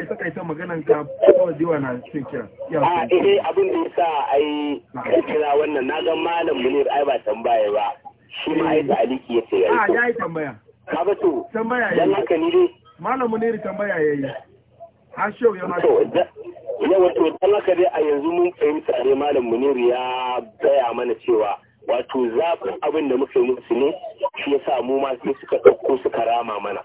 takaita maganan ka ko diwa na cikin kira a ah, eh abin da yasa ai kira wannan na ga malam munir ai ba tambaya ba shi ma ai da aliki yace yayi a ah, yayi tambaya ka ba to tambaya yayi dan haka ni dai malam munir tambaya yayi har show ya ma kuma wato dai a yanzu mun fahimta ne malam munir ya gaya mana cewa wato zaɓin abin da muka yi musu ne shi ya sa mu ma sai suka ɗauko suka rama mana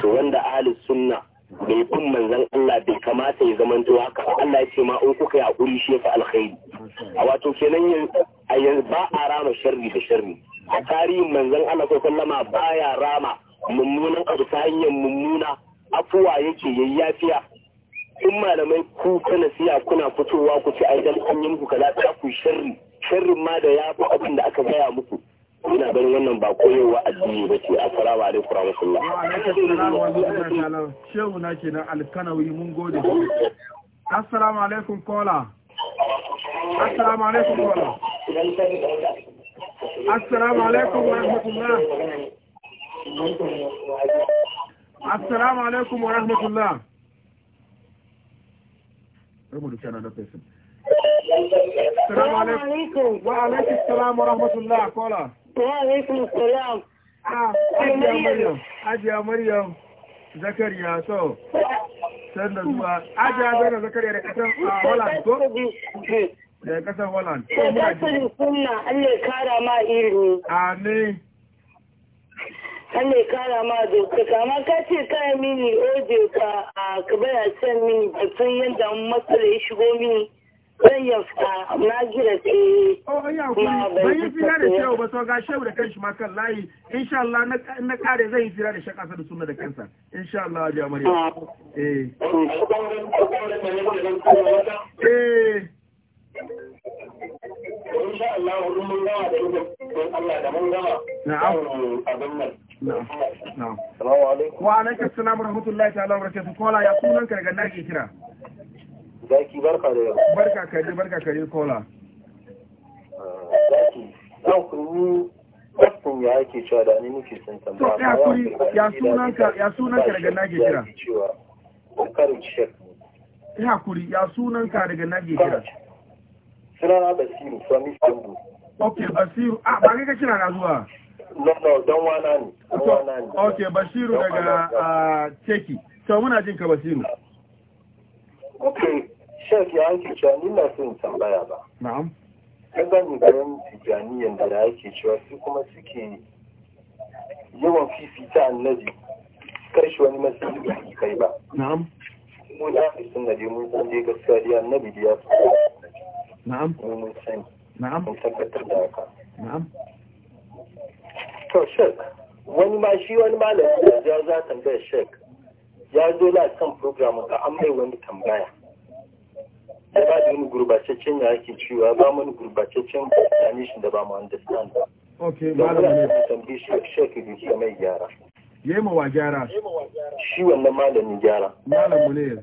to wanda ahli sunna bai kun manzon Allah bai kamata ya zamanto haka Allah ya ce ma in kuka yi shi ya fa alkhairi a wato kenan a yanzu ba a rama sharri da sharri a tarihin manzon Allah sallama baya rama mummunan abu ta hanyar mummuna afuwa yake yayyafiya in malamai ku ta nasiya kuna fitowa ku ce ai dalilin an yi muku ta ku sharri sharrin ma da ya abin da aka gaya muku ina ganin wannan ba koyarwa addini ba ce assalamu alaikum rahmatullah shehu na kenan alkanawi mun gode assalamu alaikum kola assalamu alaikum kola assalamu alaikum rahmatullah assalamu alaikum wa rahmatullah remove na channel person. Assalamu alaikum. Wa alaikum assalam wa rahmatullah. Kola. Wa alaikum Ah, Ajiya Maryam. Ajiya Maryam. Zakariya so. Sannan zuwa Ajiya Zakariya da ah, Holland ko? Da Holland. Da sunna Allah ya kara ma Amin. Allah ya kara ma doka kama ka ce kaya mini oje ka a kaba ya san mini batun yadda masu da ya shigo mini zan ya fita na gira ce oh, ma ban yi fira da shehu ba so ga shehu da kanshi ma kan layi insha Allah na kare zan yi fira da shaka da suna da kansa insha Allah ya mariya eh eh insha Allah mun mun gama da ido Allah da mun gama na'am abin nan wa rahmatullahi ta'ala wa barakatuh kola ya sunan ka daga nake kira zaki barka da yau barka ka ji barka ka kola ah, zaki ya ake cewa da ni tambaya ya kuri ya sunan ka ya sunan ka daga nake kira ya kuri ya sunan ka daga nake kira sunana basiru from east ok basiru a ah, ba ka kira na zuwa no no don wana ne ok basiru daga ceki ah, to muna jin ka basiru ok shek ya ake cewa ni na son tambaya ba na'am kan gani bayan tijaniyan da da ake cewa su kuma suke yawan fifita annabi karshe wani masjidi da kai ba na'am mun ya fi sun naje mun san dai gaskiya annabi ya fi na'am na'am na'am to shek wani ma shi wani malami ya za tambaya shek ya zo la kan program ka an mai wani tambaya ya ba da wani gurbataccen ya ake cewa ba mu gurbataccen definition da ba mu understand ba okay malam ne tambayi shek shek da shi mai gyara yayi ma wa gyara shi wannan malami gyara malam ne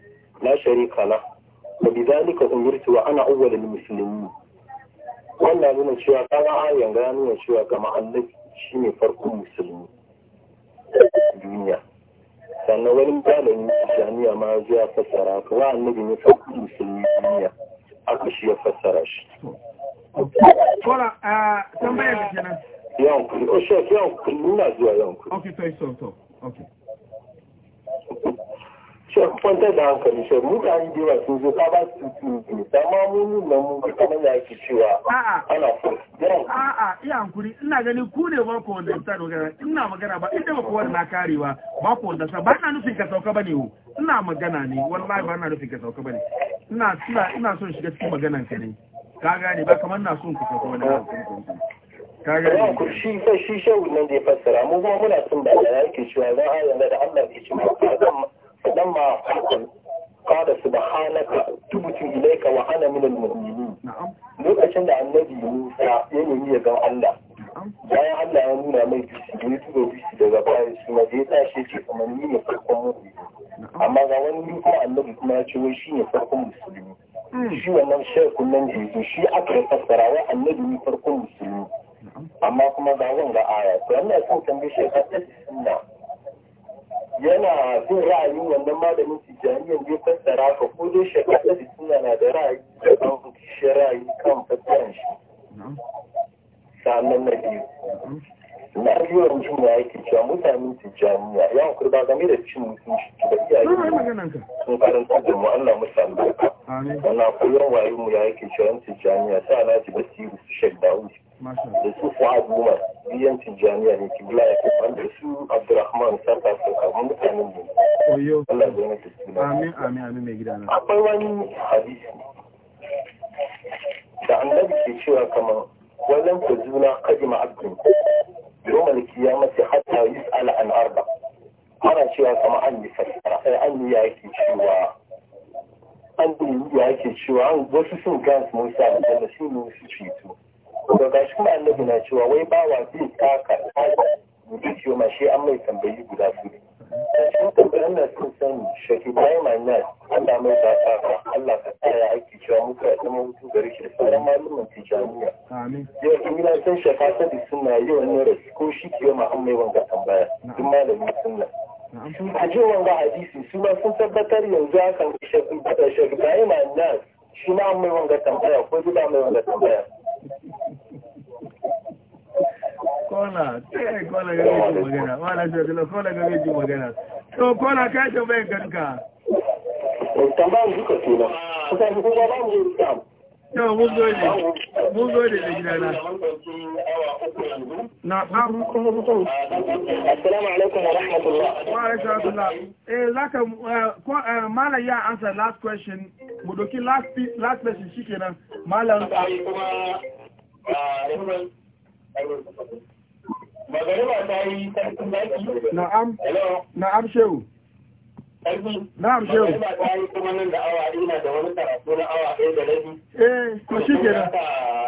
la sharika la wa bidhalika umirtu wa ana awwalul muslimin wannan nuna cewa kaga ayan ga nuna cewa kama annabi ne farkon musulmi duniya sannan wani malamin islamiyya ma zuwa fassara ka wa annabi ne farkon musulmi duniya aka shi ya fassara shi Kora, tambayar da kenan. Yawan kuri, o oh, shek yawan kuri, nuna zuwa yawan kuri. Ok, to, to, to, a kwantar da hankali shi mutane da sun zo ba su mun nuna mun ga kamar cewa ana a'a iya hankuri ina gani ku ne ba ku wanda ta dogara ina magana ba inda ba ku wanda karewa ba ku wanda ba ina nufin ka sauka bane ho ina magana ne wallahi ba ina nufin ka sauka bane ina ina ina son shiga cikin ka ne ka gane ba kamar na son ku sauka wani ka gane ku shi sai shi nan da ya fassara mu kuma muna son da Allah yake cewa zan ayyana da Allah yake cewa kada فعل قال سبحانك wa إليك min من المؤمنين lokacin da annabi Musa ya nemi ya ga Allah bayan Allah ya nuna mai cikin ne tuba bisi daga bayan shi ma ta tashi ce kuma ni ne farkon mu'mini amma ga wani ni kuma annabi kuma ya ce wai shi ne farkon musulmi shi wannan shekun nan da yake shi aka yi fassara wa annabi ni farkon musulmi amma kuma ga wanga aya to Allah ya san tambaye shi ka tsaya yana bin ra'ayin wannan malamin tijjaniyan zai fassara ka ko dai shekara da suna na da ra'ayi da kan shi ra'ayi kan fassaran shi sannan na biyu na biyu wani jin ya yake cewa mutanen tijjaniya ya hankuri ba game da cin mutunci da iyaye sun karanta da mu Allah mu san barka wannan koyon wayo mu ya yake cewa tijjaniya na ji basiru su shek dawud da su fuad goma biyan tijjaniya ne kibla ya kofar da su abdurrahman santa su kamar mutanen mu oyo amin amin amin mai gida gidana akwai wani hadisi da annabi ke cewa kama wallan ku zuna kadima abdin yawmal kiyamati hatta yus'ala an arba ana cewa kama an yi fasara sai eh, an yi yaki cewa an yi yaki cewa wasu sun gans musa da shi ne su ceto to ga shi annabi na cewa wai bawa zai taka taka da ciwo ma shi an mai tambayi guda su ne a cikin tambayan na sun sani shafi bayan na Allah mai ka taka Allah ka tsaya aiki cewa muka yi zama hutu gari shi da sauran malumin jami'a. yau in yi na san shafa ta da suna yi wani rasu ko shi ke ma an mai wanga tambaya duk malamin sunna a jin wanga hadisi su ma sun tabbatar yanzu akan shafi bayan na shi ma an mai wanga tambaya ko zuba mai wanga tambaya kola sai kola ga yi magana wala kola kola ga yake magana to kola ka tambayan kanka tambayan duka tuna ba mu Yau um, um, um, eh, uh, uh, ya answer last question. Mu last last question shikenan. Malam Magariba ta yi Na'am. Na'am Shehu. Na'am shehu. Ba ta yi kuma nan da awa ina da wani karatu na awa ɗaya da rabi. Eh, to shikenan.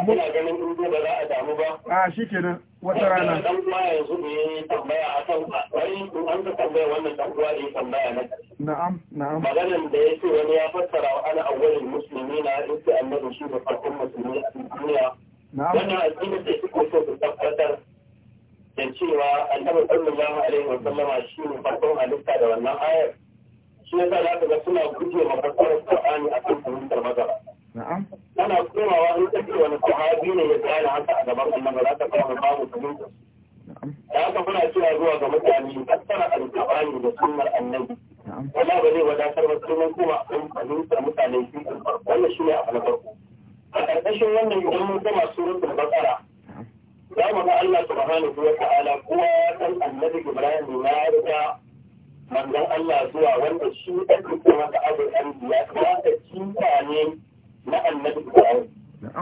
Muna ganin in ba za a damu ba. A shikenan wata rana. Dan kuma yanzu ne tambaya akan bari in an ka tambaya wannan dan uwa ne tambaya na. Na'am, na'am. Maganar da yake wani ya fassara wa ana musulmi awwalul muslimina yace annabi shi da farkon musulmi a duniya. Na'am. Wannan addini da yake so su tabbatar da cewa annabi sallallahu alaihi wa sallama shi ne farkon halitta da wannan ayar. shi yasa za ka ga suna guje ma fassarar Qur'ani a kan fahimtar magana na'am ana komawa in kace wani sahabi ne ya gane haka a gaban annabi za ka samu babu fahimta da haka kuna cewa zuwa ga mutane fassara alƙur'ani da sunnar annabi wala ba zai wadatar ba sai kuma an fahimtar mutane shi wannan shi ne abu na farko a ƙarƙashin wannan idan mun koma suratul baqara za mu ga Allah subhanahu wa ta'ala kowa ya san annabi Ibrahim ya riga manzon Allah zuwa wanda shi ɗan kusa masa abu an ya kamata cinta ne na annabi Ibrahim.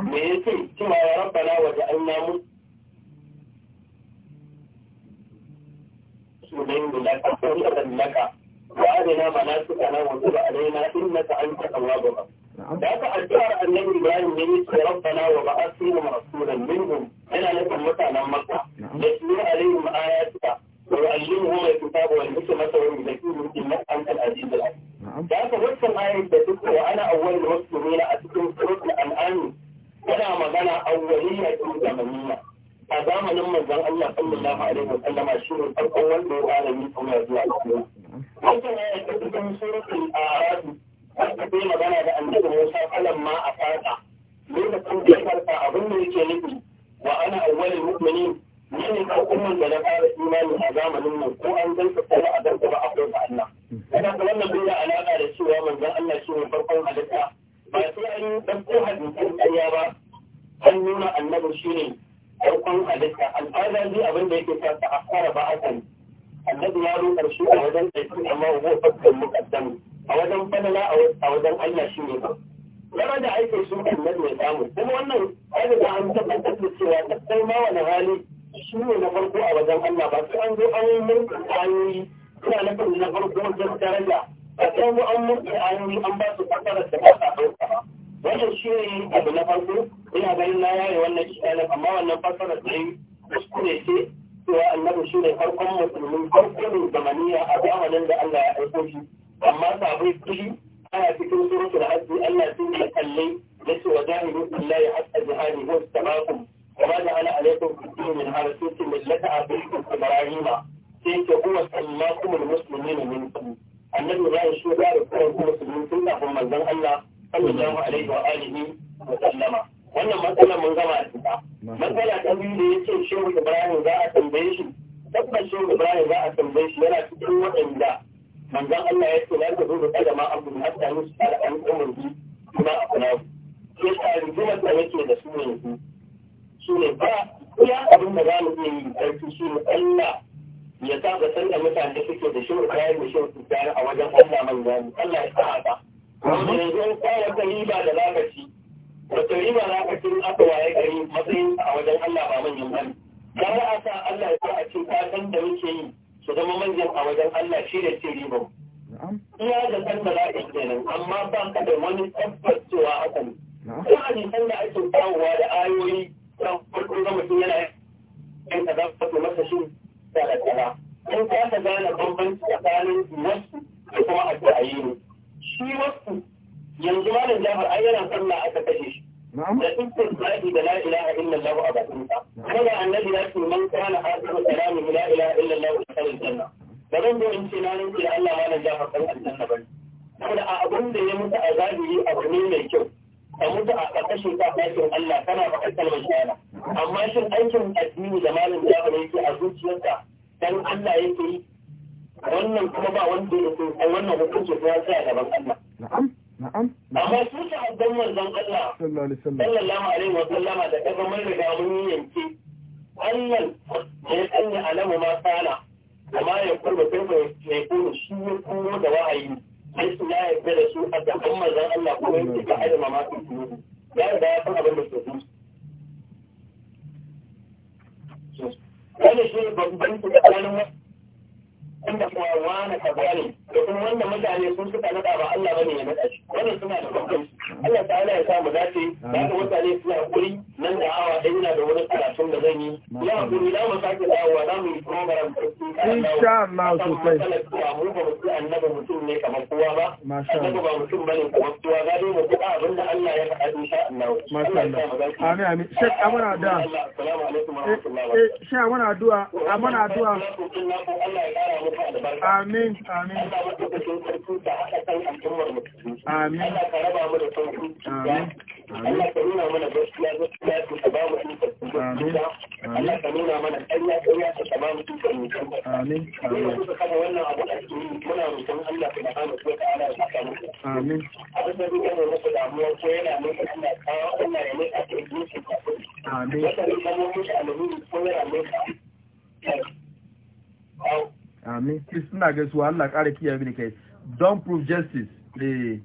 Me yake cewa ya rabbana wa ja'alna mu sunayin laka sariyatan laka wa adina manasikana wa tuba alaina innaka anta tawwabur rahim. ذاك الدار النبي إبراهيم يقول ربنا وبعث فيهم رسولا منهم إلى لكم مثلا مكة يتلو عليهم آياتك ويعلمهم الكتاب والحكمة ويزكيهم إنك أنت العزيز الحكيم. ذاك وصل آية تذكر وأنا أول المسلمين أتكلم سورة الأنعام وأنا مغنى أولية زمنية. a zamanin manzon Allah sallallahu alaihi wa sallam shi ne farkon wanda ya alami kuma ya zuwa magana da annabi Musa kalam ma a fata lokacin da ya abin yake nufi wa ana awwalul mutum ka umman da na fara imani a zamanin nan ko an zai ka a dan ba akwai ba Allah kada ka wannan bai da alaka da cewa manzon Allah shi ne farkon halitta ba sai an dauko hadisin ƙarya ba an nuna annabi shi ne farkon halitta al'ada zai abin da yake sa a akara ba akan annabi ya zo karshe a wajen aiki amma ko fakkan muqaddam a wajen fadala a wajen Allah shi ne ba Yana da aikin shi annabi ya samu kuma wannan ai da an tabbatar da cewa sai ma wani hali shi ne na farko a wajen Allah ba sai an zo an yi mulkin ayoyi suna nufin na farko wajen daraja ba sai an zo an mulkin ayoyi an ba su fasara da ba sa ɗauka wannan shi ne abu na farko ina ganin na yaye wannan kitabin amma wannan fasarar da yi kuskure ce cewa annabi shi ne farkon musulmi farko ne zamaniya a zamanin da Allah ya aiko shi amma sabai kuli ana cikin suratul hajji Allah sun ya kalle cewa wa allah ya hatta jihadi huwa tabakum وما جعل عليكم في الدين من هذا سوء ملة أبيكم إبراهيم سيك هو سماكم المسلمين منكم النبي لا يشهد أن يكون مسلمين كنا هم من الله صلى الله عليه وآله وسلم wannan matsalar mun gama a cika. Matsala ta biyu da ya ce Shehu Ibrahim za a tambaye shi, tabbas Shehu Ibrahim za a tambaye shi yana cikin waɗanda manzan Allah ya ce za ka zo da kada abu na ta musu da an kuma a kula. Sai ta rigimar da yake da su yanzu. su ne ba ya abin da za mu iya yi ƙarfi shi ne Allah ya sa ga sanda mutane suke da shi kayan da shi tsari a wajen Allah man gani Allah ya sa haka wanda yanzu in tsaya ta riba da za ka ci wata riba za ka ci in aka waye gari matsayin a wajen Allah ba manyan ba ne yi a sa Allah ya sa a ce kasan da muke yi su zama manyan a wajen Allah shi da ce riba iya da sanda za ka kenan amma ba ka da wani tabbas cewa haka ne a nisan da ake kawowa da ayoyi farko ga mutum yana yin kaza ka to masa shi da kaza in ka ka gane wasu da kuma ne shi wasu yanzu malam jafar yana aka shi da da a kada annabi ya ce man kana asiru salami Allah malam jafar kan a da ya mutu a zahiri abu ne mai kyau ka mutu a ƙarƙashin ka ɗakin Allah kana faɗar kalmar shahada amma shin aikin addini da malam jafar yake a zuciyarka dan Allah yake yi wannan kuma ba wanda ya so a wannan hukunci ya tsaya gaban Allah amma su ta haddan manzon Allah sallallahu alaihi wa sallama da kaga mun riga mun yanke Allah ya sanya alamu ma sala amma ya kurba kurba ya kuma shi ya kuma da wa'ayi Yesu ya yarda da su a gaban manzon Allah ko ya ce ka ayyama ma su ya yarda ya san abin da ke su. Wani shi babban tsakanin wasu inda kuma wani kabari da kuma wanda mutane sun suka nada ba Allah bane ya nada shi wannan suna da kokari Allah ta Allah ya samu dace da ga mutane suna hakuri nan da hawa ɗaya ina da wani karatun da zan yi ya hakuri da mu sake dawowa da mu yi program insha Allah sosai mu ba mutum annabi mutum ne kamar kowa ba masha annabi ba mutum bane kamar kowa ga dai mu kuka abin da Allah ya faɗa insha Allah masha Allah amin amin shek amana da assalamu alaikum wa rahmatullahi wa barakatuh shek amana addu'a amana addu'a Allah ya kara maka albarka amin amin Allah maka amin amin amin amin abu da ke yi muna roƙon Allah subhanahu wa ta'ala ya amin amin amin suna gaisuwa Allah ƙara kiyaye mini kai don prove justice eh